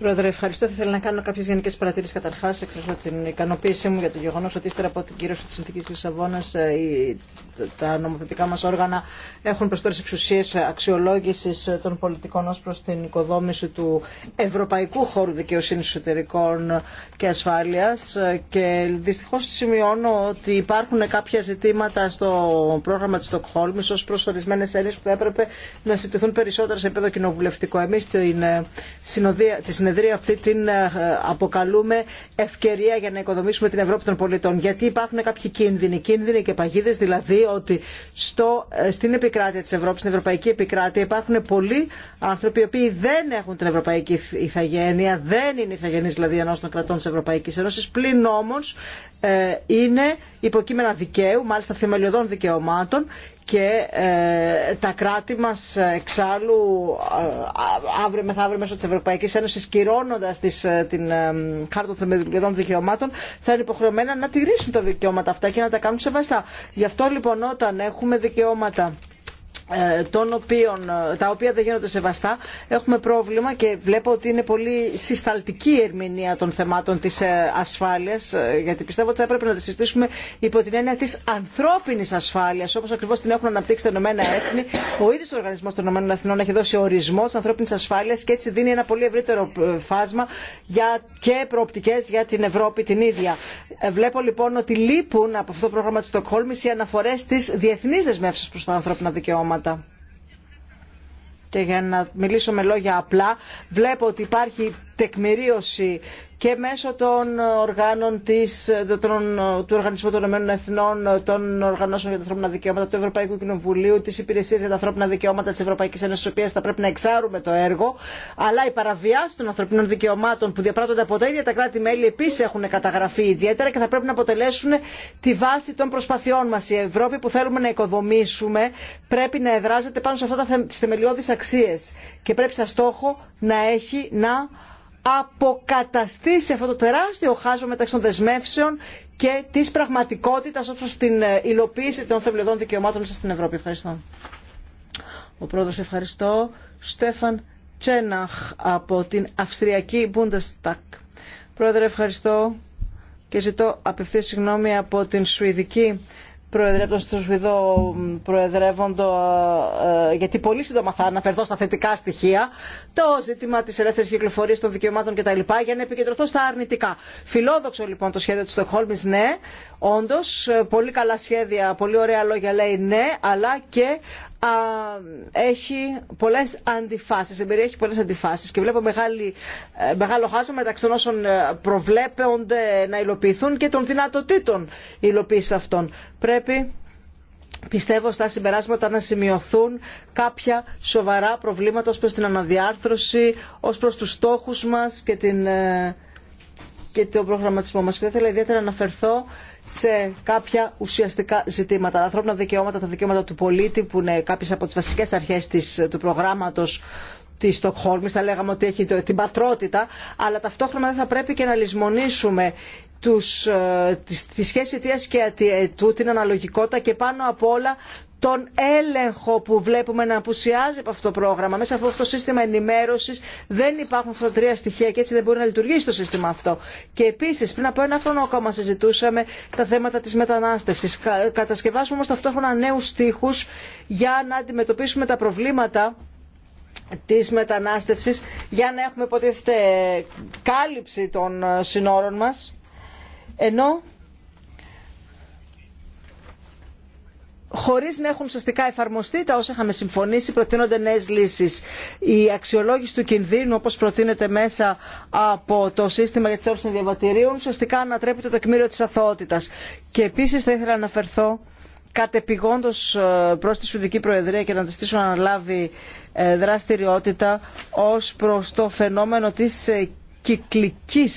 Speaker 4: Πρόεδρε, ευχαριστώ. Θα ήθελα να κάνω κάποιε γενικέ παρατηρήσει. Καταρχά, εκφράζω την ικανοποίησή μου για το γεγονό ότι ύστερα από την κύρωση τη συνθήκη Λισαβόνα ε, τα νομοθετικά μα όργανα έχουν προ τώρα εξουσίε αξιολόγηση των πολιτικών ω προ την οικοδόμηση του ευρωπαϊκού χώρου δικαιοσύνη εσωτερικών και ασφάλεια. Και δυστυχώ σημειώνω ότι υπάρχουν κάποια ζητήματα στο πρόγραμμα τη Στοκχόλμη ω προ ορισμένε έννοιε που θα έπρεπε να συζητηθούν περισσότερο σε επίπεδο κοινοβουλευτικό. Εμεί την ε, συνοδεία συνεδρία αυτή την ε, αποκαλούμε ευκαιρία για να οικοδομήσουμε την Ευρώπη των πολιτών. Γιατί υπάρχουν κάποιοι κίνδυνοι, κίνδυνοι και παγίδε, δηλαδή ότι στο, ε, στην επικράτεια τη Ευρώπη, στην ευρωπαϊκή επικράτεια, υπάρχουν πολλοί άνθρωποι οι οποίοι δεν έχουν την ευρωπαϊκή ηθαγένεια, δεν είναι ηθαγενεί δηλαδή ενό των κρατών τη Ευρωπαϊκή Ένωση, πλην όμω ε, είναι υποκείμενα δικαίου, μάλιστα θεμελιωδών δικαιωμάτων και ε, τα κράτη μας εξάλλου ε, αύριο μεθαύριο μέσω της Ευρωπαϊκής Ένωσης κυρώνοντας ε, την κάρτα των δικαιωμάτων θα είναι υποχρεωμένα να τηρήσουν τα δικαιώματα αυτά και να τα κάνουν σεβαστά. Γι' αυτό λοιπόν όταν έχουμε δικαιώματα ε, ε, τα οποία δεν γίνονται σεβαστά έχουμε πρόβλημα και βλέπω ότι είναι πολύ συσταλτική η ερμηνεία των θεμάτων της ε, ασφάλειας γιατί πιστεύω ότι θα έπρεπε να τη συζητήσουμε υπό την έννοια της ανθρώπινης ασφάλειας όπως ακριβώς την έχουν αναπτύξει τα Ηνωμένα Έθνη ο ίδιος ο Οργανισμός των Ηνωμένων Εθνών έχει δώσει ορισμό της ανθρώπινης ασφάλειας και έτσι δίνει ένα πολύ ευρύτερο φάσμα και προοπτικές για την Ευρώπη την ίδια. Βλέπω λοιπόν ότι λείπουν από αυτό το πρόγραμμα της Στοκχόλμης οι αναφορές στις διεθνείς δεσμεύσεις προς τα ανθρώπινα δικαιώματα και για να μιλήσω με λόγια απλά, βλέπω ότι υπάρχει τεκμηρίωση και μέσω των οργάνων της, των, του Οργανισμού των Ηνωμένων Εθνών, των Οργανώσεων για τα Ανθρώπινα Δικαιώματα, του Ευρωπαϊκού Κοινοβουλίου, της Υπηρεσίας για τα Ανθρώπινα Δικαιώματα της Ευρωπαϊκής Ένωσης, της οποίας θα πρέπει να εξάρουμε το έργο, αλλά οι παραβιάσεις των ανθρωπίνων δικαιωμάτων που διαπράττονται από τα ίδια τα κράτη-μέλη επίσης έχουν καταγραφεί ιδιαίτερα και θα πρέπει να αποτελέσουν τη βάση των προσπαθειών μα Η Ευρώπη που θέλουμε να οικοδομήσουμε πρέπει να εδράζεται πάνω σε αυτά τα θεμελιώδεις αξίες και πρέπει σαν στόχο να έχει να αποκαταστήσει αυτό το τεράστιο χάσμα μεταξύ των δεσμεύσεων και της πραγματικότητας όπω στην ε, υλοποίηση των θεμελιωδών δικαιωμάτων σας στην Ευρώπη. Ευχαριστώ. Ο πρόεδρος ευχαριστώ. Στέφαν Τσέναχ από την Αυστριακή Bundestag. Πρόεδρε ευχαριστώ και ζητώ απευθεία συγγνώμη από την Σουηδική Πρόεδρε, τους, τον Προεδρεύοντο, ε, ε, γιατί πολύ σύντομα θα αναφερθώ στα θετικά στοιχεία, το ζήτημα τη ελεύθερη κυκλοφορία των δικαιωμάτων κτλ. για να επικεντρωθώ στα αρνητικά. Φιλόδοξο λοιπόν το σχέδιο τη Στοκχόλμη, ναι, όντω, ε, πολύ καλά σχέδια, πολύ ωραία λόγια λέει ναι, αλλά και έχει πολλές αντιφάσεις, εμπεριέχει πολλές αντιφάσεις και βλέπω μεγάλη, ε, μεγάλο χάσμα μεταξύ των όσων ε, προβλέπονται να υλοποιηθούν και των δυνατοτήτων υλοποίηση αυτών. Πρέπει πιστεύω στα συμπεράσματα να σημειωθούν κάποια σοβαρά προβλήματα ως προς την αναδιάρθρωση, ως προς τους στόχους μας και, την, ε, και τον προγραμματισμό μας. Και θα ήθελα ιδιαίτερα να αναφερθώ σε κάποια ουσιαστικά ζητήματα. Τα ανθρώπινα δικαιώματα, τα δικαιώματα του πολίτη που είναι κάποιε από τις βασικές αρχές του προγράμματο τη Στοκχόλμη, θα λέγαμε ότι έχει την πατρότητα, αλλά ταυτόχρονα δεν θα πρέπει και να λησμονήσουμε τους, ε, τη, σχέση αιτία και αιτιετού, την αναλογικότητα και πάνω απ' όλα τον έλεγχο που βλέπουμε να απουσιάζει από αυτό το πρόγραμμα, μέσα από αυτό το σύστημα ενημέρωση, δεν υπάρχουν αυτά τα τρία στοιχεία και έτσι δεν μπορεί να λειτουργήσει το σύστημα αυτό. Και επίση, πριν από ένα χρόνο ακόμα συζητούσαμε τα θέματα τη μετανάστευση. Κατασκευάσουμε όμω ταυτόχρονα νέου στίχου για να αντιμετωπίσουμε τα προβλήματα της μετανάστευσης για να έχουμε υποτίθεται κάλυψη των ε, συνόρων μα, ενώ χωρί να έχουν ουσιαστικά εφαρμοστεί τα όσα είχαμε συμφωνήσει, προτείνονται νέε λύσει. Η αξιολόγηση του κινδύνου, όπω προτείνεται μέσα από το σύστημα για τη θεώρηση των διαβατηρίων, ουσιαστικά ανατρέπει το τεκμήριο τη αθωότητα. Και επίση θα ήθελα να αναφερθώ κατεπηγόντω ε, προ τη Σουδική Προεδρία και να τη στήσω να αναλάβει ε, δραστηριότητα ω προ το φαινόμενο τη ε, κυκλική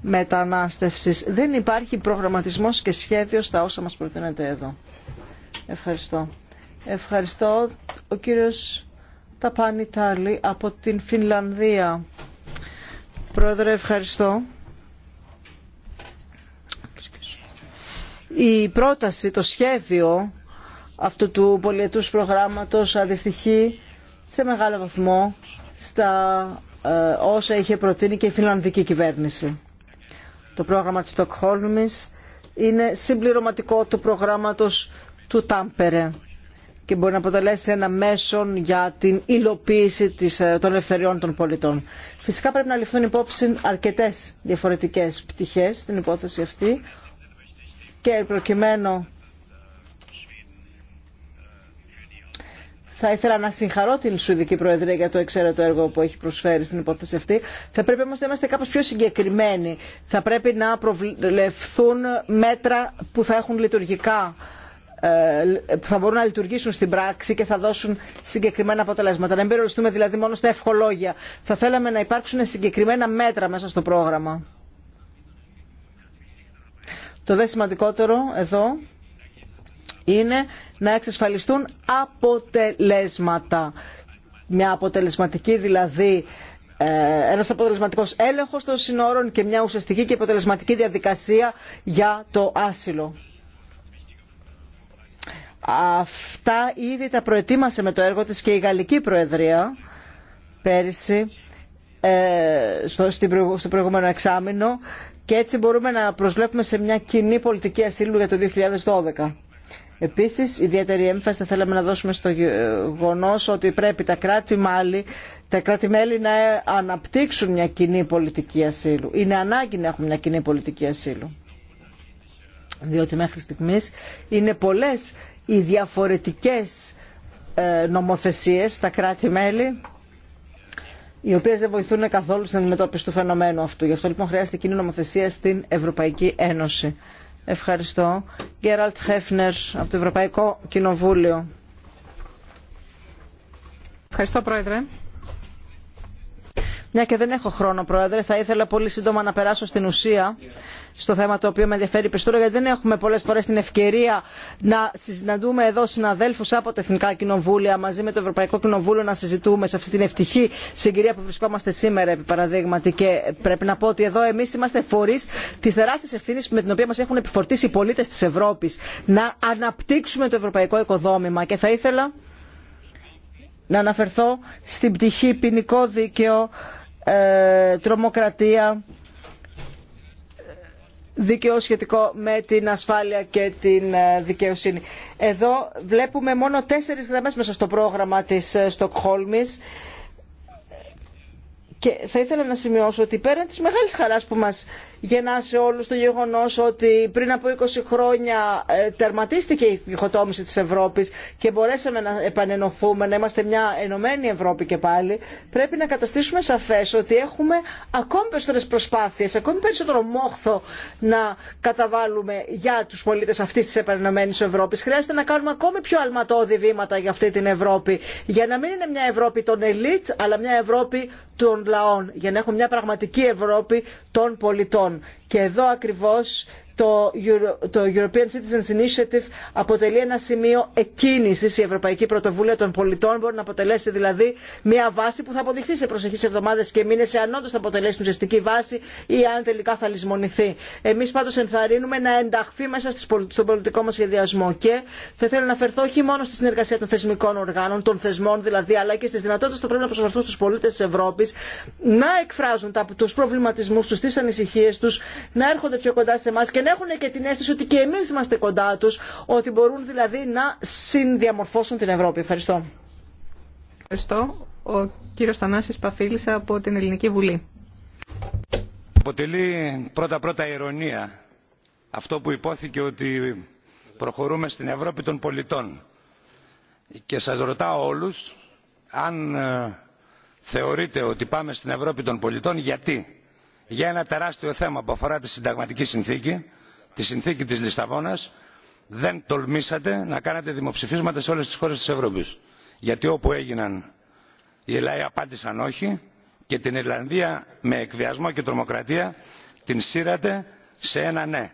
Speaker 4: μετανάστευση. Δεν υπάρχει προγραμματισμό και σχέδιο στα όσα μα προτείνεται εδώ. Ευχαριστώ. Ευχαριστώ. Ο κύριος Ταπάνη Τάλι από την Φινλανδία. Πρόεδρε, ευχαριστώ. Η πρόταση, το σχέδιο αυτού του πολιετούς προγράμματος αντιστοιχεί σε μεγάλο βαθμό στα ε, όσα είχε προτείνει και η φιλανδική κυβέρνηση. Το πρόγραμμα της Στοκχόλμης είναι συμπληρωματικό του προγράμματος του Τάμπερε και μπορεί να αποτελέσει ένα μέσο για την υλοποίηση της, ε, των ελευθεριών των πολιτών. Φυσικά πρέπει να ληφθούν υπόψη αρκετές διαφορετικές πτυχές στην υπόθεση αυτή και προκειμένου θα ήθελα να συγχαρώ την Σουηδική Προεδρία για το εξαίρετο έργο που έχει προσφέρει στην υπόθεση αυτή. Θα πρέπει όμω να είμαστε κάπω πιο συγκεκριμένοι. Θα πρέπει να προβλεφθούν μέτρα που θα έχουν λειτουργικά ε, θα μπορούν να λειτουργήσουν στην πράξη και θα δώσουν συγκεκριμένα αποτελέσματα. Να μην περιοριστούμε δηλαδή μόνο στα ευχολόγια. Θα θέλαμε να υπάρξουν συγκεκριμένα μέτρα μέσα στο πρόγραμμα. Το δε σημαντικότερο εδώ είναι να εξασφαλιστούν αποτελέσματα. Μια αποτελεσματική δηλαδή ε, ένας αποτελεσματικός έλεγχος των συνόρων και μια ουσιαστική και αποτελεσματική διαδικασία για το άσυλο. Αυτά ήδη τα προετοίμασε με το έργο της και η Γαλλική Προεδρία πέρυσι ε, στο, στο προηγούμενο εξάμεινο και έτσι μπορούμε να προσβλέπουμε σε μια κοινή πολιτική ασύλου για το 2012. Επίσης, ιδιαίτερη έμφαση θα θέλαμε να δώσουμε στο γεγονό ότι πρέπει τα κράτη-μέλη τα κράτη -μέλη να αναπτύξουν μια κοινή πολιτική ασύλου. Είναι ανάγκη να έχουμε μια κοινή πολιτική ασύλου. Διότι μέχρι στιγμής είναι πολλές οι διαφορετικές ε, νομοθεσίες στα κράτη-μέλη οι οποίες δεν βοηθούν καθόλου στην αντιμετώπιση του φαινομένου αυτού. Γι' αυτό λοιπόν χρειάζεται κοινή νομοθεσία στην Ευρωπαϊκή Ένωση. Ευχαριστώ. Γκέραλτ Χέφνερ από το Ευρωπαϊκό Κοινοβούλιο. Ευχαριστώ Πρόεδρε. Μια και δεν έχω χρόνο Πρόεδρε, θα ήθελα πολύ σύντομα να περάσω στην ουσία στο θέμα το οποίο με ενδιαφέρει περισσότερο, γιατί δεν έχουμε πολλέ φορέ την ευκαιρία να συναντούμε εδώ συναδέλφου από τα Εθνικά Κοινοβούλια μαζί με το Ευρωπαϊκό Κοινοβούλιο να συζητούμε σε αυτή την ευτυχή συγκυρία που βρισκόμαστε σήμερα, επί παραδείγματι. Και πρέπει να πω ότι εδώ εμεί είμαστε φορεί τη τεράστια ευθύνη με την οποία μα έχουν επιφορτήσει οι πολίτε τη Ευρώπη να αναπτύξουμε το ευρωπαϊκό οικοδόμημα. Και θα ήθελα να αναφερθώ στην πτυχή ποινικό δίκαιο, ε, τρομοκρατία δίκαιο σχετικό με την ασφάλεια και την ε, δικαιοσύνη. Εδώ βλέπουμε μόνο τέσσερις γραμμές μέσα στο πρόγραμμα της ε, Στοκχόλμης και θα ήθελα να σημειώσω ότι πέραν της μεγάλης χαράς που μας γεννά σε όλους το γεγονός ότι πριν από 20 χρόνια ε, τερματίστηκε η διχοτόμηση της Ευρώπης και μπορέσαμε να επανενωθούμε, να είμαστε μια ενωμένη Ευρώπη και πάλι, πρέπει να καταστήσουμε σαφές ότι έχουμε ακόμη περισσότερες προσπάθειες, ακόμη περισσότερο μόχθο να καταβάλουμε για τους πολίτες αυτής της επανενωμένης Ευρώπης. Χρειάζεται να κάνουμε ακόμη πιο αλματώδη βήματα για αυτή την Ευρώπη, για να μην είναι μια Ευρώπη των ελίτ, αλλά μια Ευρώπη των λαών, για να έχουμε μια πραγματική Ευρώπη των πολιτών. Και εδώ ακριβώς το, European Citizens Initiative αποτελεί ένα σημείο εκκίνησης η Ευρωπαϊκή Πρωτοβουλία των Πολιτών μπορεί να αποτελέσει δηλαδή μια βάση που θα αποδειχθεί σε προσεχείς εβδομάδες και μήνες εάν όντως θα αποτελέσει ουσιαστική βάση ή αν τελικά θα λησμονηθεί. Εμείς πάντως ενθαρρύνουμε να ενταχθεί μέσα στον πολιτικό μας σχεδιασμό και θα θέλω να αφαιρθώ όχι μόνο στη συνεργασία των θεσμικών οργάνων, των θεσμών δηλαδή, αλλά και στις δυνατότητες που πρέπει να προσφερθούν στους πολίτες της Ευρώπης να εκφράζουν τους προβληματισμούς τους, τις ανησυχίες τους, να έρχονται πιο κοντά σε δεν έχουν και την αίσθηση ότι και εμείς είμαστε κοντά τους, ότι μπορούν δηλαδή να συνδιαμορφώσουν την Ευρώπη. Ευχαριστώ. Ευχαριστώ. Ο
Speaker 1: κύριος Θανάσης Παφίλης από την Ελληνική Βουλή.
Speaker 3: Αποτελεί πρώτα-πρώτα ηρωνία αυτό που υπόθηκε ότι προχωρούμε στην Ευρώπη των πολιτών. Και σας ρωτάω όλους αν ε, θεωρείτε ότι πάμε στην Ευρώπη των πολιτών γιατί για ένα τεράστιο θέμα που αφορά τη συνταγματική συνθήκη, τη συνθήκη της Λισαβόνας, δεν τολμήσατε να κάνετε δημοψηφίσματα σε όλες τις χώρες της Ευρώπης. Γιατί όπου έγιναν οι Ελλάδα απάντησαν όχι και την Ιρλανδία με εκβιασμό και τρομοκρατία την σύρατε σε ένα ναι.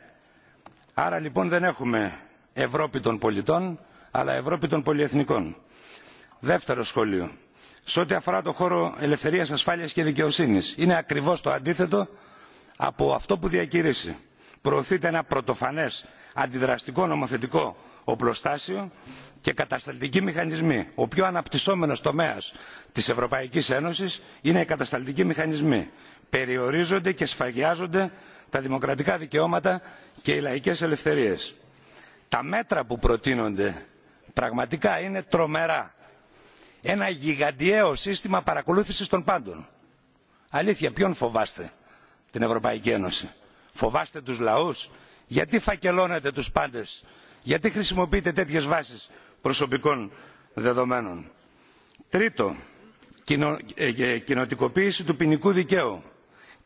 Speaker 3: Άρα λοιπόν δεν έχουμε Ευρώπη των πολιτών, αλλά Ευρώπη των πολιεθνικών. Δεύτερο σχόλιο σε ό,τι αφορά το χώρο ελευθερία, ασφάλεια και δικαιοσύνη, Είναι ακριβώ το αντίθετο από αυτό που διακήρυσε. Προωθείται ένα πρωτοφανέ αντιδραστικό νομοθετικό οπλοστάσιο και κατασταλτικοί μηχανισμοί. Ο πιο αναπτυσσόμενος τομέα τη Ευρωπαϊκή Ένωση είναι οι κατασταλτικοί μηχανισμοί. Περιορίζονται και σφαγιάζονται τα δημοκρατικά δικαιώματα και οι λαϊκές ελευθερίε. Τα μέτρα που προτείνονται πραγματικά είναι τρομερά ένα γιγαντιαίο σύστημα παρακολούθησης των πάντων. Αλήθεια, ποιον φοβάστε την Ευρωπαϊκή Ένωση. Φοβάστε τους λαούς. Γιατί φακελώνετε τους πάντες. Γιατί χρησιμοποιείτε τέτοιες βάσεις προσωπικών δεδομένων. Τρίτο, κοινο, ε, ε, κοινοτικοποίηση του ποινικού δικαίου.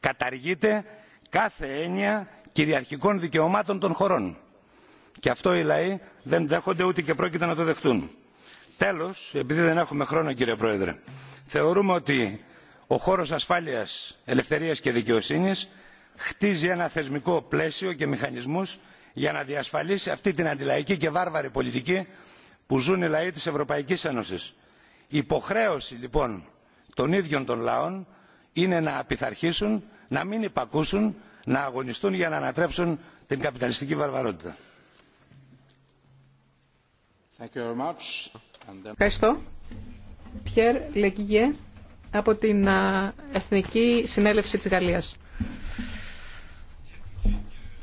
Speaker 3: Καταργείται κάθε έννοια κυριαρχικών δικαιωμάτων των χωρών. Και αυτό οι λαοί δεν δέχονται ούτε και πρόκειται να το δεχτούν. Τέλος, επειδή δεν έχουμε χρόνο κύριε Πρόεδρε, θεωρούμε ότι ο χώρος ασφάλειας, ελευθερίας και δικαιοσύνης χτίζει ένα θεσμικό πλαίσιο και μηχανισμούς για να διασφαλίσει αυτή την αντιλαϊκή και βάρβαρη πολιτική που ζουν οι λαοί της Ευρωπαϊκής Ένωσης. Η υποχρέωση λοιπόν των ίδιων των λαών είναι να απειθαρχήσουν, να μην υπακούσουν, να αγωνιστούν για να ανατρέψουν την καπιταλιστική βαρβαρότητα.
Speaker 1: Ευχαριστώ. Πιέρ Λεγγιέ από την Εθνική Συνέλευση της Γαλλίας.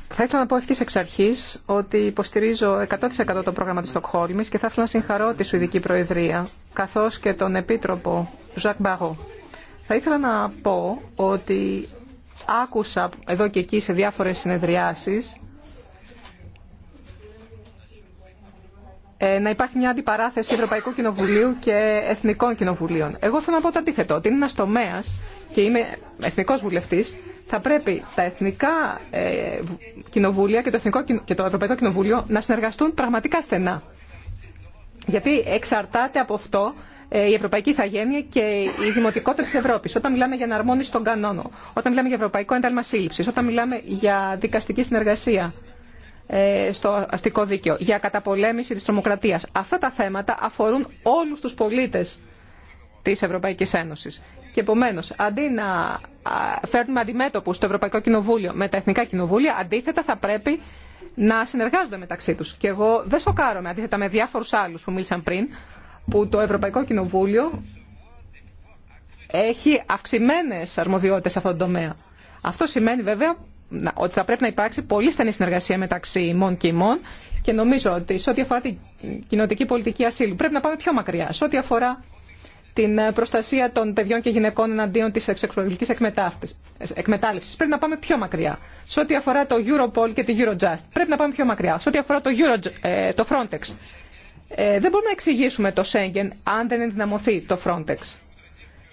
Speaker 1: Θα ήθελα να πω ευθύ εξ αρχή ότι υποστηρίζω 100% το πρόγραμμα τη Στοκχόλμη και θα ήθελα να συγχαρώ τη Σουηδική Προεδρία καθώ και τον Επίτροπο Ζακ Μπαγό. Θα ήθελα να πω ότι άκουσα εδώ και εκεί σε διάφορε συνεδριάσεις Ε, να υπάρχει μια αντιπαράθεση Ευρωπαϊκού Κοινοβουλίου και Εθνικών Κοινοβουλίων. Εγώ θέλω να πω το αντίθετο, ότι είναι ένα τομέα και είμαι εθνικό βουλευτή, θα πρέπει τα εθνικά ε, κοινοβούλια και το, Εθνικό, και το Ευρωπαϊκό Κοινοβούλιο να συνεργαστούν πραγματικά στενά. Γιατί εξαρτάται από αυτό ε, η ευρωπαϊκή Ιθαγένεια και η δημοτικότητα τη Ευρώπη. Όταν μιλάμε για αναρμόνιση των κανόνων, όταν μιλάμε για ευρωπαϊκό ένταλμα σύλληψη, όταν μιλάμε για δικαστική συνεργασία, ε, στο αστικό δίκαιο, για καταπολέμηση της τρομοκρατίας. Αυτά τα θέματα αφορούν όλους τους πολίτες της Ευρωπαϊκής Ένωσης. Και επομένως, αντί να φέρνουμε αντιμέτωπους στο Ευρωπαϊκό Κοινοβούλιο με τα Εθνικά Κοινοβούλια, αντίθετα θα πρέπει να συνεργάζονται μεταξύ τους. Και εγώ δεν σοκάρομαι, αντίθετα με διάφορους άλλους που μίλησαν πριν, που το Ευρωπαϊκό Κοινοβούλιο έχει αυξημένες αρμοδιότητες σε αυτόν τον τομέα. Αυτό σημαίνει βέβαια ότι θα πρέπει να υπάρξει πολύ στενή συνεργασία μεταξύ ημών και ημών και νομίζω ότι σε ό,τι αφορά την κοινωτική πολιτική ασύλου πρέπει να πάμε πιο μακριά. Σε ό,τι αφορά την ε, προστασία των παιδιών και γυναικών εναντίον τη εξεξουαλική εκμετάλλευση. Πρέπει να πάμε πιο μακριά. Σε ό,τι αφορά το Europol και τη Eurojust, πρέπει να πάμε πιο μακριά. Σε ό,τι αφορά το, Euro, ε, το Frontex, ε, δεν μπορούμε να εξηγήσουμε το Schengen αν δεν ενδυναμωθεί το Frontex.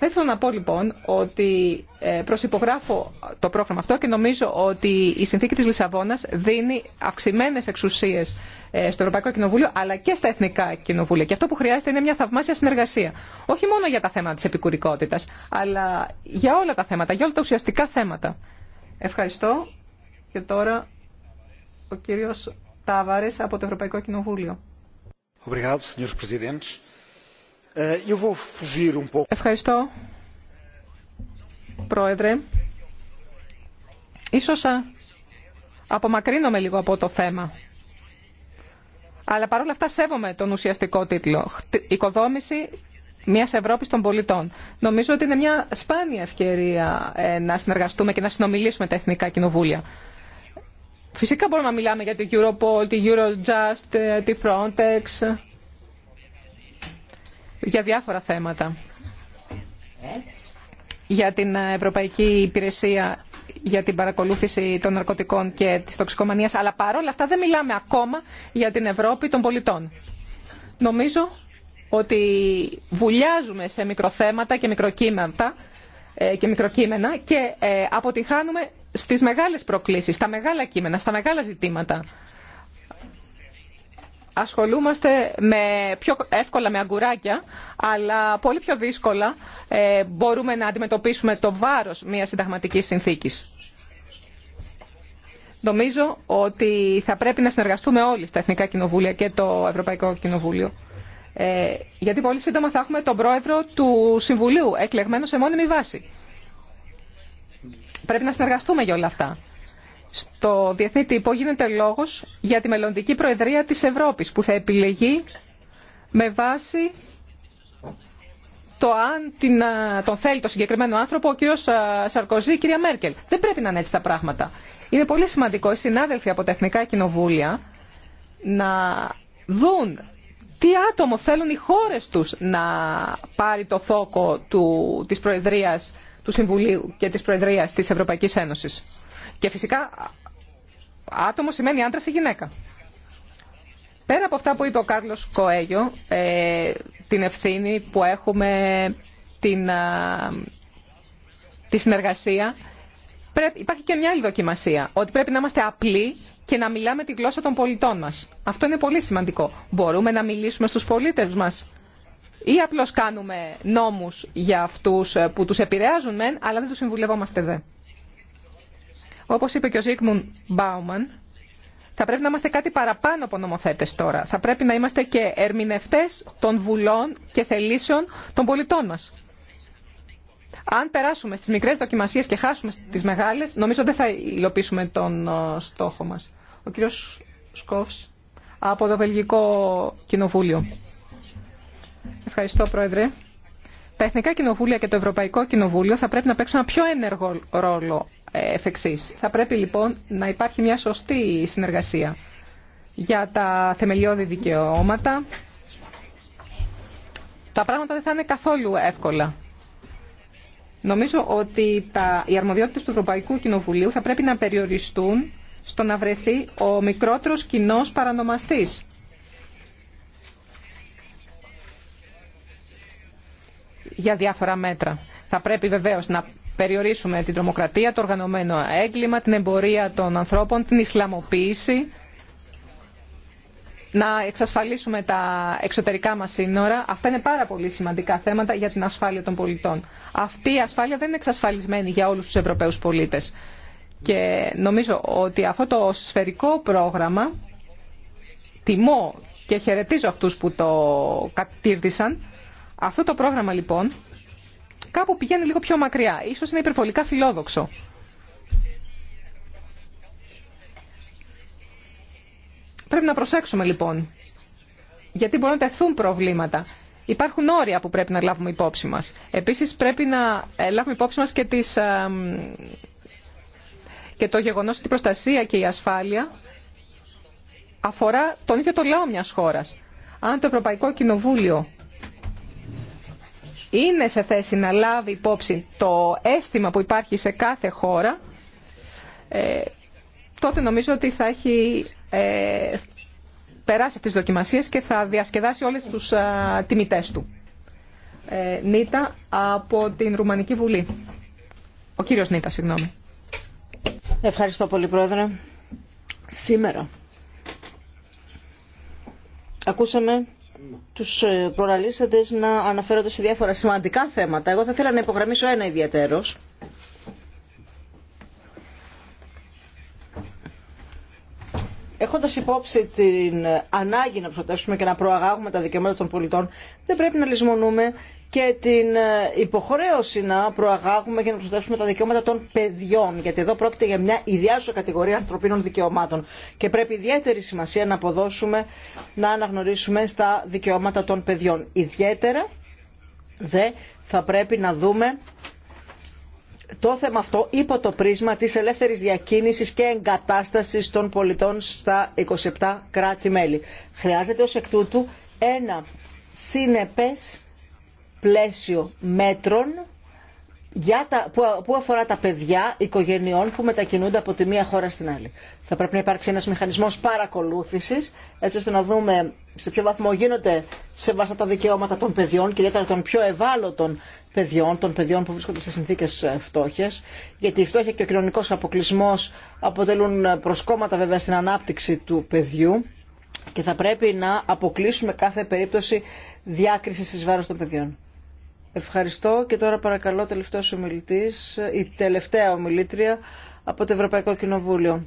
Speaker 1: Θα ήθελα να πω λοιπόν ότι ε, προσυπογράφω το πρόγραμμα αυτό και νομίζω ότι η συνθήκη της Λισαβόνας δίνει αυξημένες εξουσίες ε, στο Ευρωπαϊκό Κοινοβούλιο αλλά και στα Εθνικά Κοινοβούλια. Και αυτό που χρειάζεται είναι μια θαυμάσια συνεργασία. Όχι μόνο για τα θέματα της επικουρικότητας, αλλά για όλα τα θέματα, για όλα τα ουσιαστικά θέματα. Ευχαριστώ. Και τώρα ο κύριος Τάβαρες από το Ευρωπαϊκό Κοινοβούλιο. Ε, um Ευχαριστώ, Πρόεδρε. Ίσως απομακρύνομαι λίγο από το θέμα. Αλλά παρόλα αυτά σέβομαι τον ουσιαστικό τίτλο. Οικοδόμηση μιας Ευρώπης των πολιτών. Νομίζω ότι είναι μια σπάνια ευκαιρία ε, να συνεργαστούμε και να συνομιλήσουμε τα εθνικά κοινοβούλια. Φυσικά μπορούμε να μιλάμε για την Europol, την Eurojust, ε, τη Frontex για διάφορα θέματα. Για την Ευρωπαϊκή Υπηρεσία για την παρακολούθηση των ναρκωτικών και της τοξικομανίας, αλλά παρόλα αυτά δεν μιλάμε ακόμα για την Ευρώπη των πολιτών. Νομίζω ότι βουλιάζουμε σε μικροθέματα και μικροκείμενα ε, και, μικροκείμενα και ε, αποτυχάνουμε στις μεγάλες προκλήσεις, στα μεγάλα κείμενα, στα μεγάλα ζητήματα ασχολούμαστε με, πιο εύκολα με αγκουράκια, αλλά πολύ πιο δύσκολα ε, μπορούμε να αντιμετωπίσουμε το βάρος μιας συνταγματικής συνθήκης. Νομίζω ότι θα πρέπει να συνεργαστούμε όλοι στα Εθνικά Κοινοβούλια και το Ευρωπαϊκό Κοινοβούλιο. Ε, γιατί πολύ σύντομα θα έχουμε τον πρόεδρο του Συμβουλίου εκλεγμένο σε μόνιμη βάση. Πρέπει να συνεργαστούμε για όλα αυτά στο διεθνή τύπο γίνεται λόγος για τη μελλοντική Προεδρία της Ευρώπης που θα επιλεγεί με βάση το αν την, τον θέλει το συγκεκριμένο άνθρωπο ο κ. Σαρκοζή ή η κυρία Μέρκελ. Δεν πρέπει να είναι έτσι τα πράγματα. Είναι πολύ σημαντικό οι συνάδελφοι από τα Εθνικά Κοινοβούλια να δουν τι άτομο θέλουν οι χώρες τους να πάρει το θόκο του, της Προεδρίας του Συμβουλίου και της Προεδρίας της Ευρωπαϊκής Ένωσης. Και φυσικά άτομο σημαίνει άντρα ή γυναίκα. Πέρα από αυτά που είπε ο Κάρλος Κοέγιο, ε, την ευθύνη που έχουμε, την, τη συνεργασία, υπάρχει και μια άλλη δοκιμασία, ότι πρέπει να είμαστε απλοί και να μιλάμε τη γλώσσα των πολιτών μας. Αυτό είναι πολύ σημαντικό. Μπορούμε να μιλήσουμε στους πολίτες μας ή απλώς κάνουμε νόμους για αυτούς ε, που τους επηρεάζουν μεν, αλλά δεν τους συμβουλευόμαστε δε. Όπως είπε και ο Ζίγμουν Μπάουμαν, θα πρέπει να είμαστε κάτι παραπάνω από νομοθέτε τώρα. Θα πρέπει να είμαστε και ερμηνευτέ των βουλών και θελήσεων των πολιτών μα. Αν περάσουμε στι μικρέ δοκιμασίε και χάσουμε τι μεγάλε, νομίζω δεν θα υλοποιήσουμε τον ε, στόχο μα. Ο κύριο Σκόφ από το Βελγικό Κοινοβούλιο. Ευχαριστώ, Πρόεδρε. Τα Εθνικά Κοινοβούλια και το Ευρωπαϊκό Κοινοβούλιο θα πρέπει να παίξουν ένα πιο ένεργο ρόλο θα πρέπει λοιπόν να υπάρχει μια σωστή συνεργασία για τα θεμελιώδη δικαιώματα. Τα πράγματα δεν θα είναι καθόλου εύκολα. Νομίζω ότι τα, οι αρμοδιότητες του Ευρωπαϊκού Κοινοβουλίου θα πρέπει να περιοριστούν στο να βρεθεί ο μικρότερος κοινό παρανομαστής. Για διάφορα μέτρα. Θα πρέπει βεβαίως να περιορίσουμε την τρομοκρατία, το οργανωμένο έγκλημα, την εμπορία των ανθρώπων, την Ισλαμοποίηση, να εξασφαλίσουμε τα εξωτερικά μας σύνορα. Αυτά είναι πάρα πολύ σημαντικά θέματα για την ασφάλεια των πολιτών. Αυτή η ασφάλεια δεν είναι εξασφαλισμένη για όλους τους Ευρωπαίους πολίτες. Και νομίζω ότι αυτό το σφαιρικό πρόγραμμα τιμώ και χαιρετίζω αυτούς που το κατήρτισαν. Αυτό το πρόγραμμα λοιπόν κάπου πηγαίνει λίγο πιο μακριά. Ίσως είναι υπερβολικά φιλόδοξο. Πρέπει να προσέξουμε λοιπόν, γιατί μπορούν να τεθούν προβλήματα. Υπάρχουν όρια που πρέπει να λάβουμε υπόψη μας. Επίσης πρέπει να ε, λάβουμε υπόψη μας και, τις, και το γεγονός ότι η προστασία και η ασφάλεια αφορά τον ίδιο το λαό μιας χώρας. Αν το Ευρωπαϊκό Κοινοβούλιο είναι σε θέση να λάβει υπόψη το αίσθημα που υπάρχει σε κάθε χώρα, ε, τότε νομίζω ότι θα έχει ε, περάσει αυτές τις δοκιμασίες και θα διασκεδάσει όλες τους τιμητές του. Ε, Νίτα από
Speaker 4: την Ρουμανική Βουλή.
Speaker 1: Ο κύριος Νίτα, συγγνώμη.
Speaker 4: Ευχαριστώ πολύ, Πρόεδρε. Σήμερα ακούσαμε τους ε, προλαλήσατε να αναφέρονται σε διάφορα σημαντικά θέματα. Εγώ θα ήθελα να υπογραμμίσω ένα ιδιαίτερος. Έχοντα υπόψη την ανάγκη να προστατεύσουμε και να προαγάγουμε τα δικαιώματα των πολιτών, δεν πρέπει να λησμονούμε και την ε, υποχρέωση να προαγάγουμε και να προστατεύσουμε τα δικαιώματα των παιδιών. Γιατί εδώ πρόκειται για μια ιδιάζουσα κατηγορία ανθρωπίνων δικαιωμάτων. Και πρέπει ιδιαίτερη σημασία να αποδώσουμε, να αναγνωρίσουμε στα δικαιώματα των παιδιών. Ιδιαίτερα δε θα πρέπει να δούμε το θέμα αυτό υπό το πρίσμα της ελεύθερης διακίνησης και εγκατάστασης των πολιτών στα 27 κράτη-μέλη. Χρειάζεται ως εκ τούτου ένα συνεπές πλαίσιο μέτρων για τα, που, αφορά τα παιδιά οικογενειών που μετακινούνται από τη μία χώρα στην άλλη. Θα πρέπει να υπάρξει ένας μηχανισμός παρακολούθησης έτσι ώστε να δούμε σε ποιο βαθμό γίνονται σεβαστά τα δικαιώματα των παιδιών και ιδιαίτερα των πιο ευάλωτων παιδιών, των παιδιών που βρίσκονται σε συνθήκες ε, φτώχειας γιατί η φτώχεια και ο κοινωνικός αποκλεισμός αποτελούν ε, προσκόμματα βέβαια στην ανάπτυξη του παιδιού και θα πρέπει να αποκλείσουμε κάθε περίπτωση διάκρισης εις βάρος των παιδιών. Ευχαριστώ και τώρα παρακαλώ τελευταίος ομιλητής, η τελευταία ομιλήτρια από το Ευρωπαϊκό Κοινοβούλιο.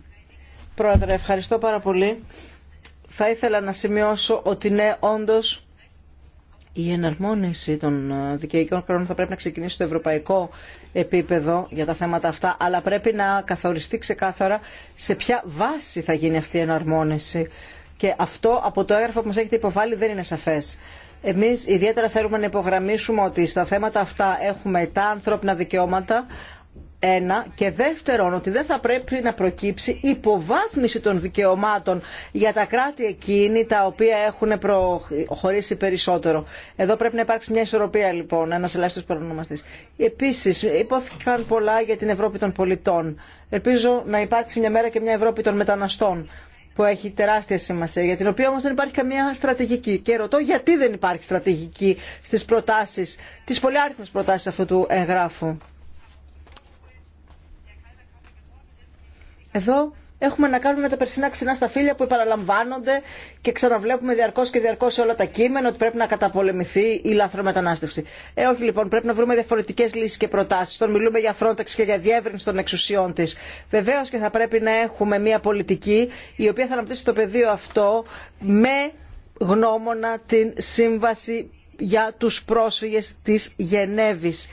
Speaker 4: Πρόεδρε, ευχαριστώ πάρα πολύ. Θα ήθελα να σημειώσω ότι ναι, όντως, η εναρμόνιση των δικαιωτικών χρόνων θα πρέπει να ξεκινήσει στο ευρωπαϊκό επίπεδο για τα θέματα αυτά, αλλά πρέπει να καθοριστεί ξεκάθαρα σε ποια βάση θα γίνει αυτή η εναρμόνιση. Και αυτό από το έγγραφο που μας έχετε υποβάλει δεν είναι σαφές. Εμεί, ιδιαίτερα θέλουμε να υπογραμμίσουμε ότι στα θέματα αυτά έχουμε τα ανθρώπινα δικαιώματα, ένα και δεύτερον ότι δεν θα πρέπει να προκύψει υποβάθμιση των δικαιωμάτων για τα κράτη εκείνη τα οποία έχουν προχωρήσει περισσότερο. Εδώ πρέπει να υπάρξει μια ισορροπία λοιπόν, ένα ελάχιστο προνομαστή. Επίση, υπόθηκαν πολλά για την Ευρώπη των πολιτών. Ελπίζω να υπάρξει μια μέρα και μια Ευρώπη των μεταναστών που έχει τεράστια σημασία, για την οποία όμως δεν υπάρχει καμία στρατηγική. Και ρωτώ γιατί δεν υπάρχει στρατηγική στις προτάσεις, τις πολυάριθμες προτάσεις αυτού του εγγράφου. Εδώ έχουμε να κάνουμε με τα περσινά ξινά στα φίλια που επαναλαμβάνονται και ξαναβλέπουμε διαρκώ και διαρκώ σε όλα τα κείμενα ότι πρέπει να καταπολεμηθεί η λαθρομετανάστευση. Ε, όχι λοιπόν, πρέπει να βρούμε διαφορετικέ λύσει και προτάσει. Τον μιλούμε για φρόνταξη και για διεύρυνση των εξουσιών τη. Βεβαίω και θα πρέπει να έχουμε μια πολιτική η οποία θα αναπτύσσει το πεδίο αυτό με γνώμονα την σύμβαση για τους πρόσφυγες της Γενέβης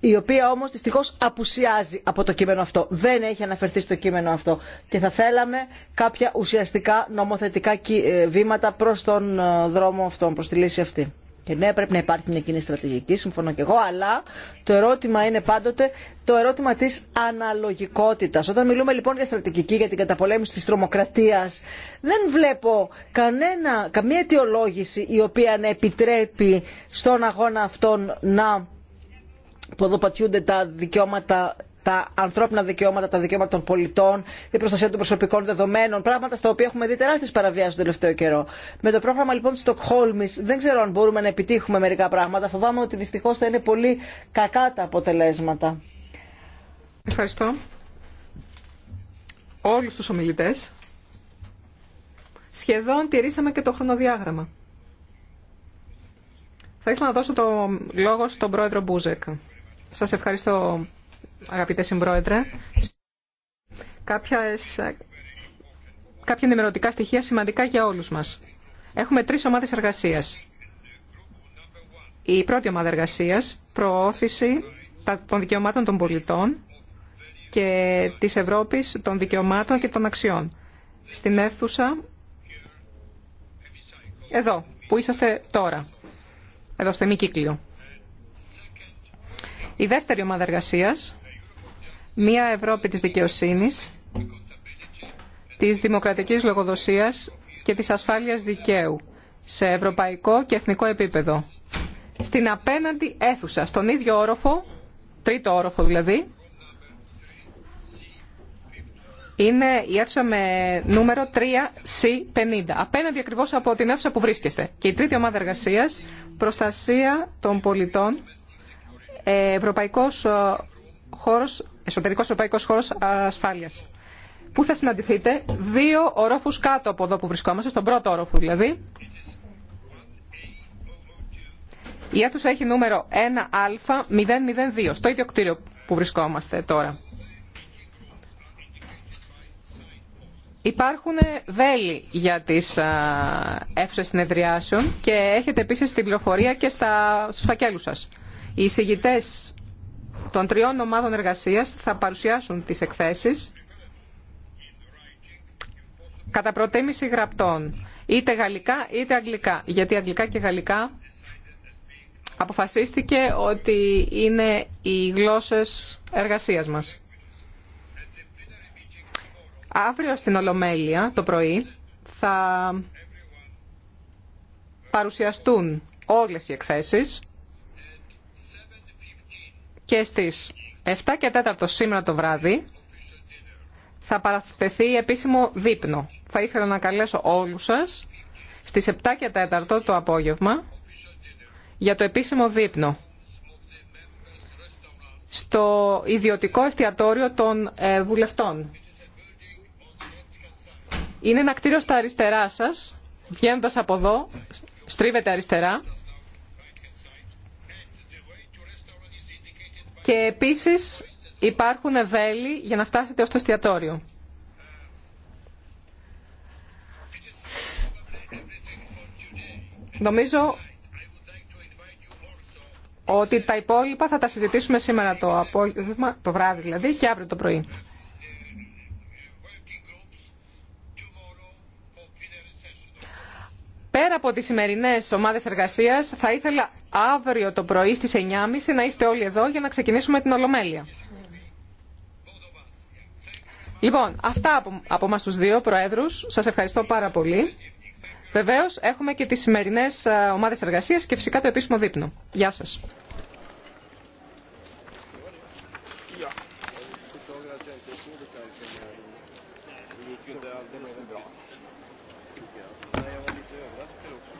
Speaker 4: η οποία όμω δυστυχώ απουσιάζει από το κείμενο αυτό. Δεν έχει αναφερθεί στο κείμενο αυτό και θα θέλαμε κάποια ουσιαστικά νομοθετικά ε, βήματα προ τον ε, δρόμο αυτό προ τη λύση αυτή. Και ναι, πρέπει να υπάρχει μια κοινή στρατηγική, συμφωνώ και εγώ, αλλά το ερώτημα είναι πάντοτε το ερώτημα τη αναλογικότητα. Όταν μιλούμε λοιπόν για στρατηγική, για την καταπολέμηση τη τρομοκρατία, δεν βλέπω κανένα, καμία αιτιολόγηση η οποία να επιτρέπει στον αγώνα αυτόν να ποδοπατιούνται τα δικαιώματα τα ανθρώπινα δικαιώματα, τα δικαιώματα των πολιτών, η προστασία των προσωπικών δεδομένων, πράγματα στα οποία έχουμε δει τεράστιε παραβιάσει τον τελευταίο καιρό. Με το πρόγραμμα λοιπόν τη Στοκχόλμη δεν ξέρω αν μπορούμε να επιτύχουμε μερικά πράγματα. Φοβάμαι ότι δυστυχώ θα είναι πολύ κακά τα αποτελέσματα. Ευχαριστώ
Speaker 1: Όλου του ομιλητέ. Σχεδόν τηρήσαμε και το χρονοδιάγραμμα. Θα ήθελα να δώσω το λόγο στον πρόεδρο Μπούζεκ. Σας ευχαριστώ αγαπητέ συμπρόεδρε. Κάποιες, κάποια ενημερωτικά στοιχεία σημαντικά για όλους μας. Έχουμε τρεις ομάδες εργασίας. Η πρώτη ομάδα εργασίας, προώθηση των δικαιωμάτων των πολιτών και της Ευρώπης των δικαιωμάτων και των αξιών. Στην αίθουσα, εδώ, που είσαστε τώρα, εδώ στο κύκλιο. Η δεύτερη ομάδα εργασίας, μια Ευρώπη της δικαιοσύνης, της δημοκρατικής λογοδοσίας και της ασφάλειας δικαίου σε ευρωπαϊκό και εθνικό επίπεδο. Στην απέναντι αίθουσα, στον ίδιο όροφο, τρίτο όροφο δηλαδή, είναι η αίθουσα με νούμερο 3C50, απέναντι ακριβώς από την αίθουσα που βρίσκεστε. Και η τρίτη ομάδα εργασίας, προστασία των πολιτών ευρωπαϊκός ε, χώρος, εσωτερικός ευρωπαϊκός χώρος ασφάλειας. Πού θα συναντηθείτε δύο ορόφους κάτω από εδώ που βρισκόμαστε, στον πρώτο όροφο δηλαδή. Η αίθουσα έχει νούμερο 1α002, στο ίδιο κτίριο που βρισκόμαστε τώρα. Υπάρχουν βέλη για τις αίθουσες συνεδριάσεων και έχετε επίσης την πληροφορία και στα, στους φακέλους σας. Οι εισηγητέ των τριών ομάδων εργασίας θα παρουσιάσουν τις εκθέσεις κατά προτίμηση γραπτών, είτε γαλλικά είτε αγγλικά, γιατί αγγλικά και γαλλικά αποφασίστηκε ότι είναι οι γλώσσες εργασίας μας. Αύριο στην Ολομέλεια το πρωί θα παρουσιαστούν όλες οι εκθέσεις και στις 7 και 4 σήμερα το βράδυ θα παραθεθεί επίσημο δείπνο. Θα ήθελα να καλέσω όλους σας στις 7 και 4 το απόγευμα για το επίσημο δείπνο στο ιδιωτικό εστιατόριο των ε, βουλευτών. Είναι ένα κτίριο στα αριστερά σας, βγαίνοντας από εδώ, στρίβετε αριστερά και επίσης υπάρχουν βέλη για να φτάσετε ως το εστιατόριο. Νομίζω ότι τα υπόλοιπα θα τα συζητήσουμε σήμερα το, απόγευμα, το βράδυ δηλαδή και αύριο το πρωί. πέρα από τις σημερινές ομάδες εργασίας, θα ήθελα αύριο το πρωί στις 9.30 να είστε όλοι εδώ για να ξεκινήσουμε την Ολομέλεια. Λοιπόν, αυτά από, από μας τους δύο προέδρους. Σας ευχαριστώ πάρα πολύ. Βεβαίως, έχουμε και τις σημερινές ε, ομάδες εργασίας και φυσικά το επίσημο δείπνο. Γεια σας.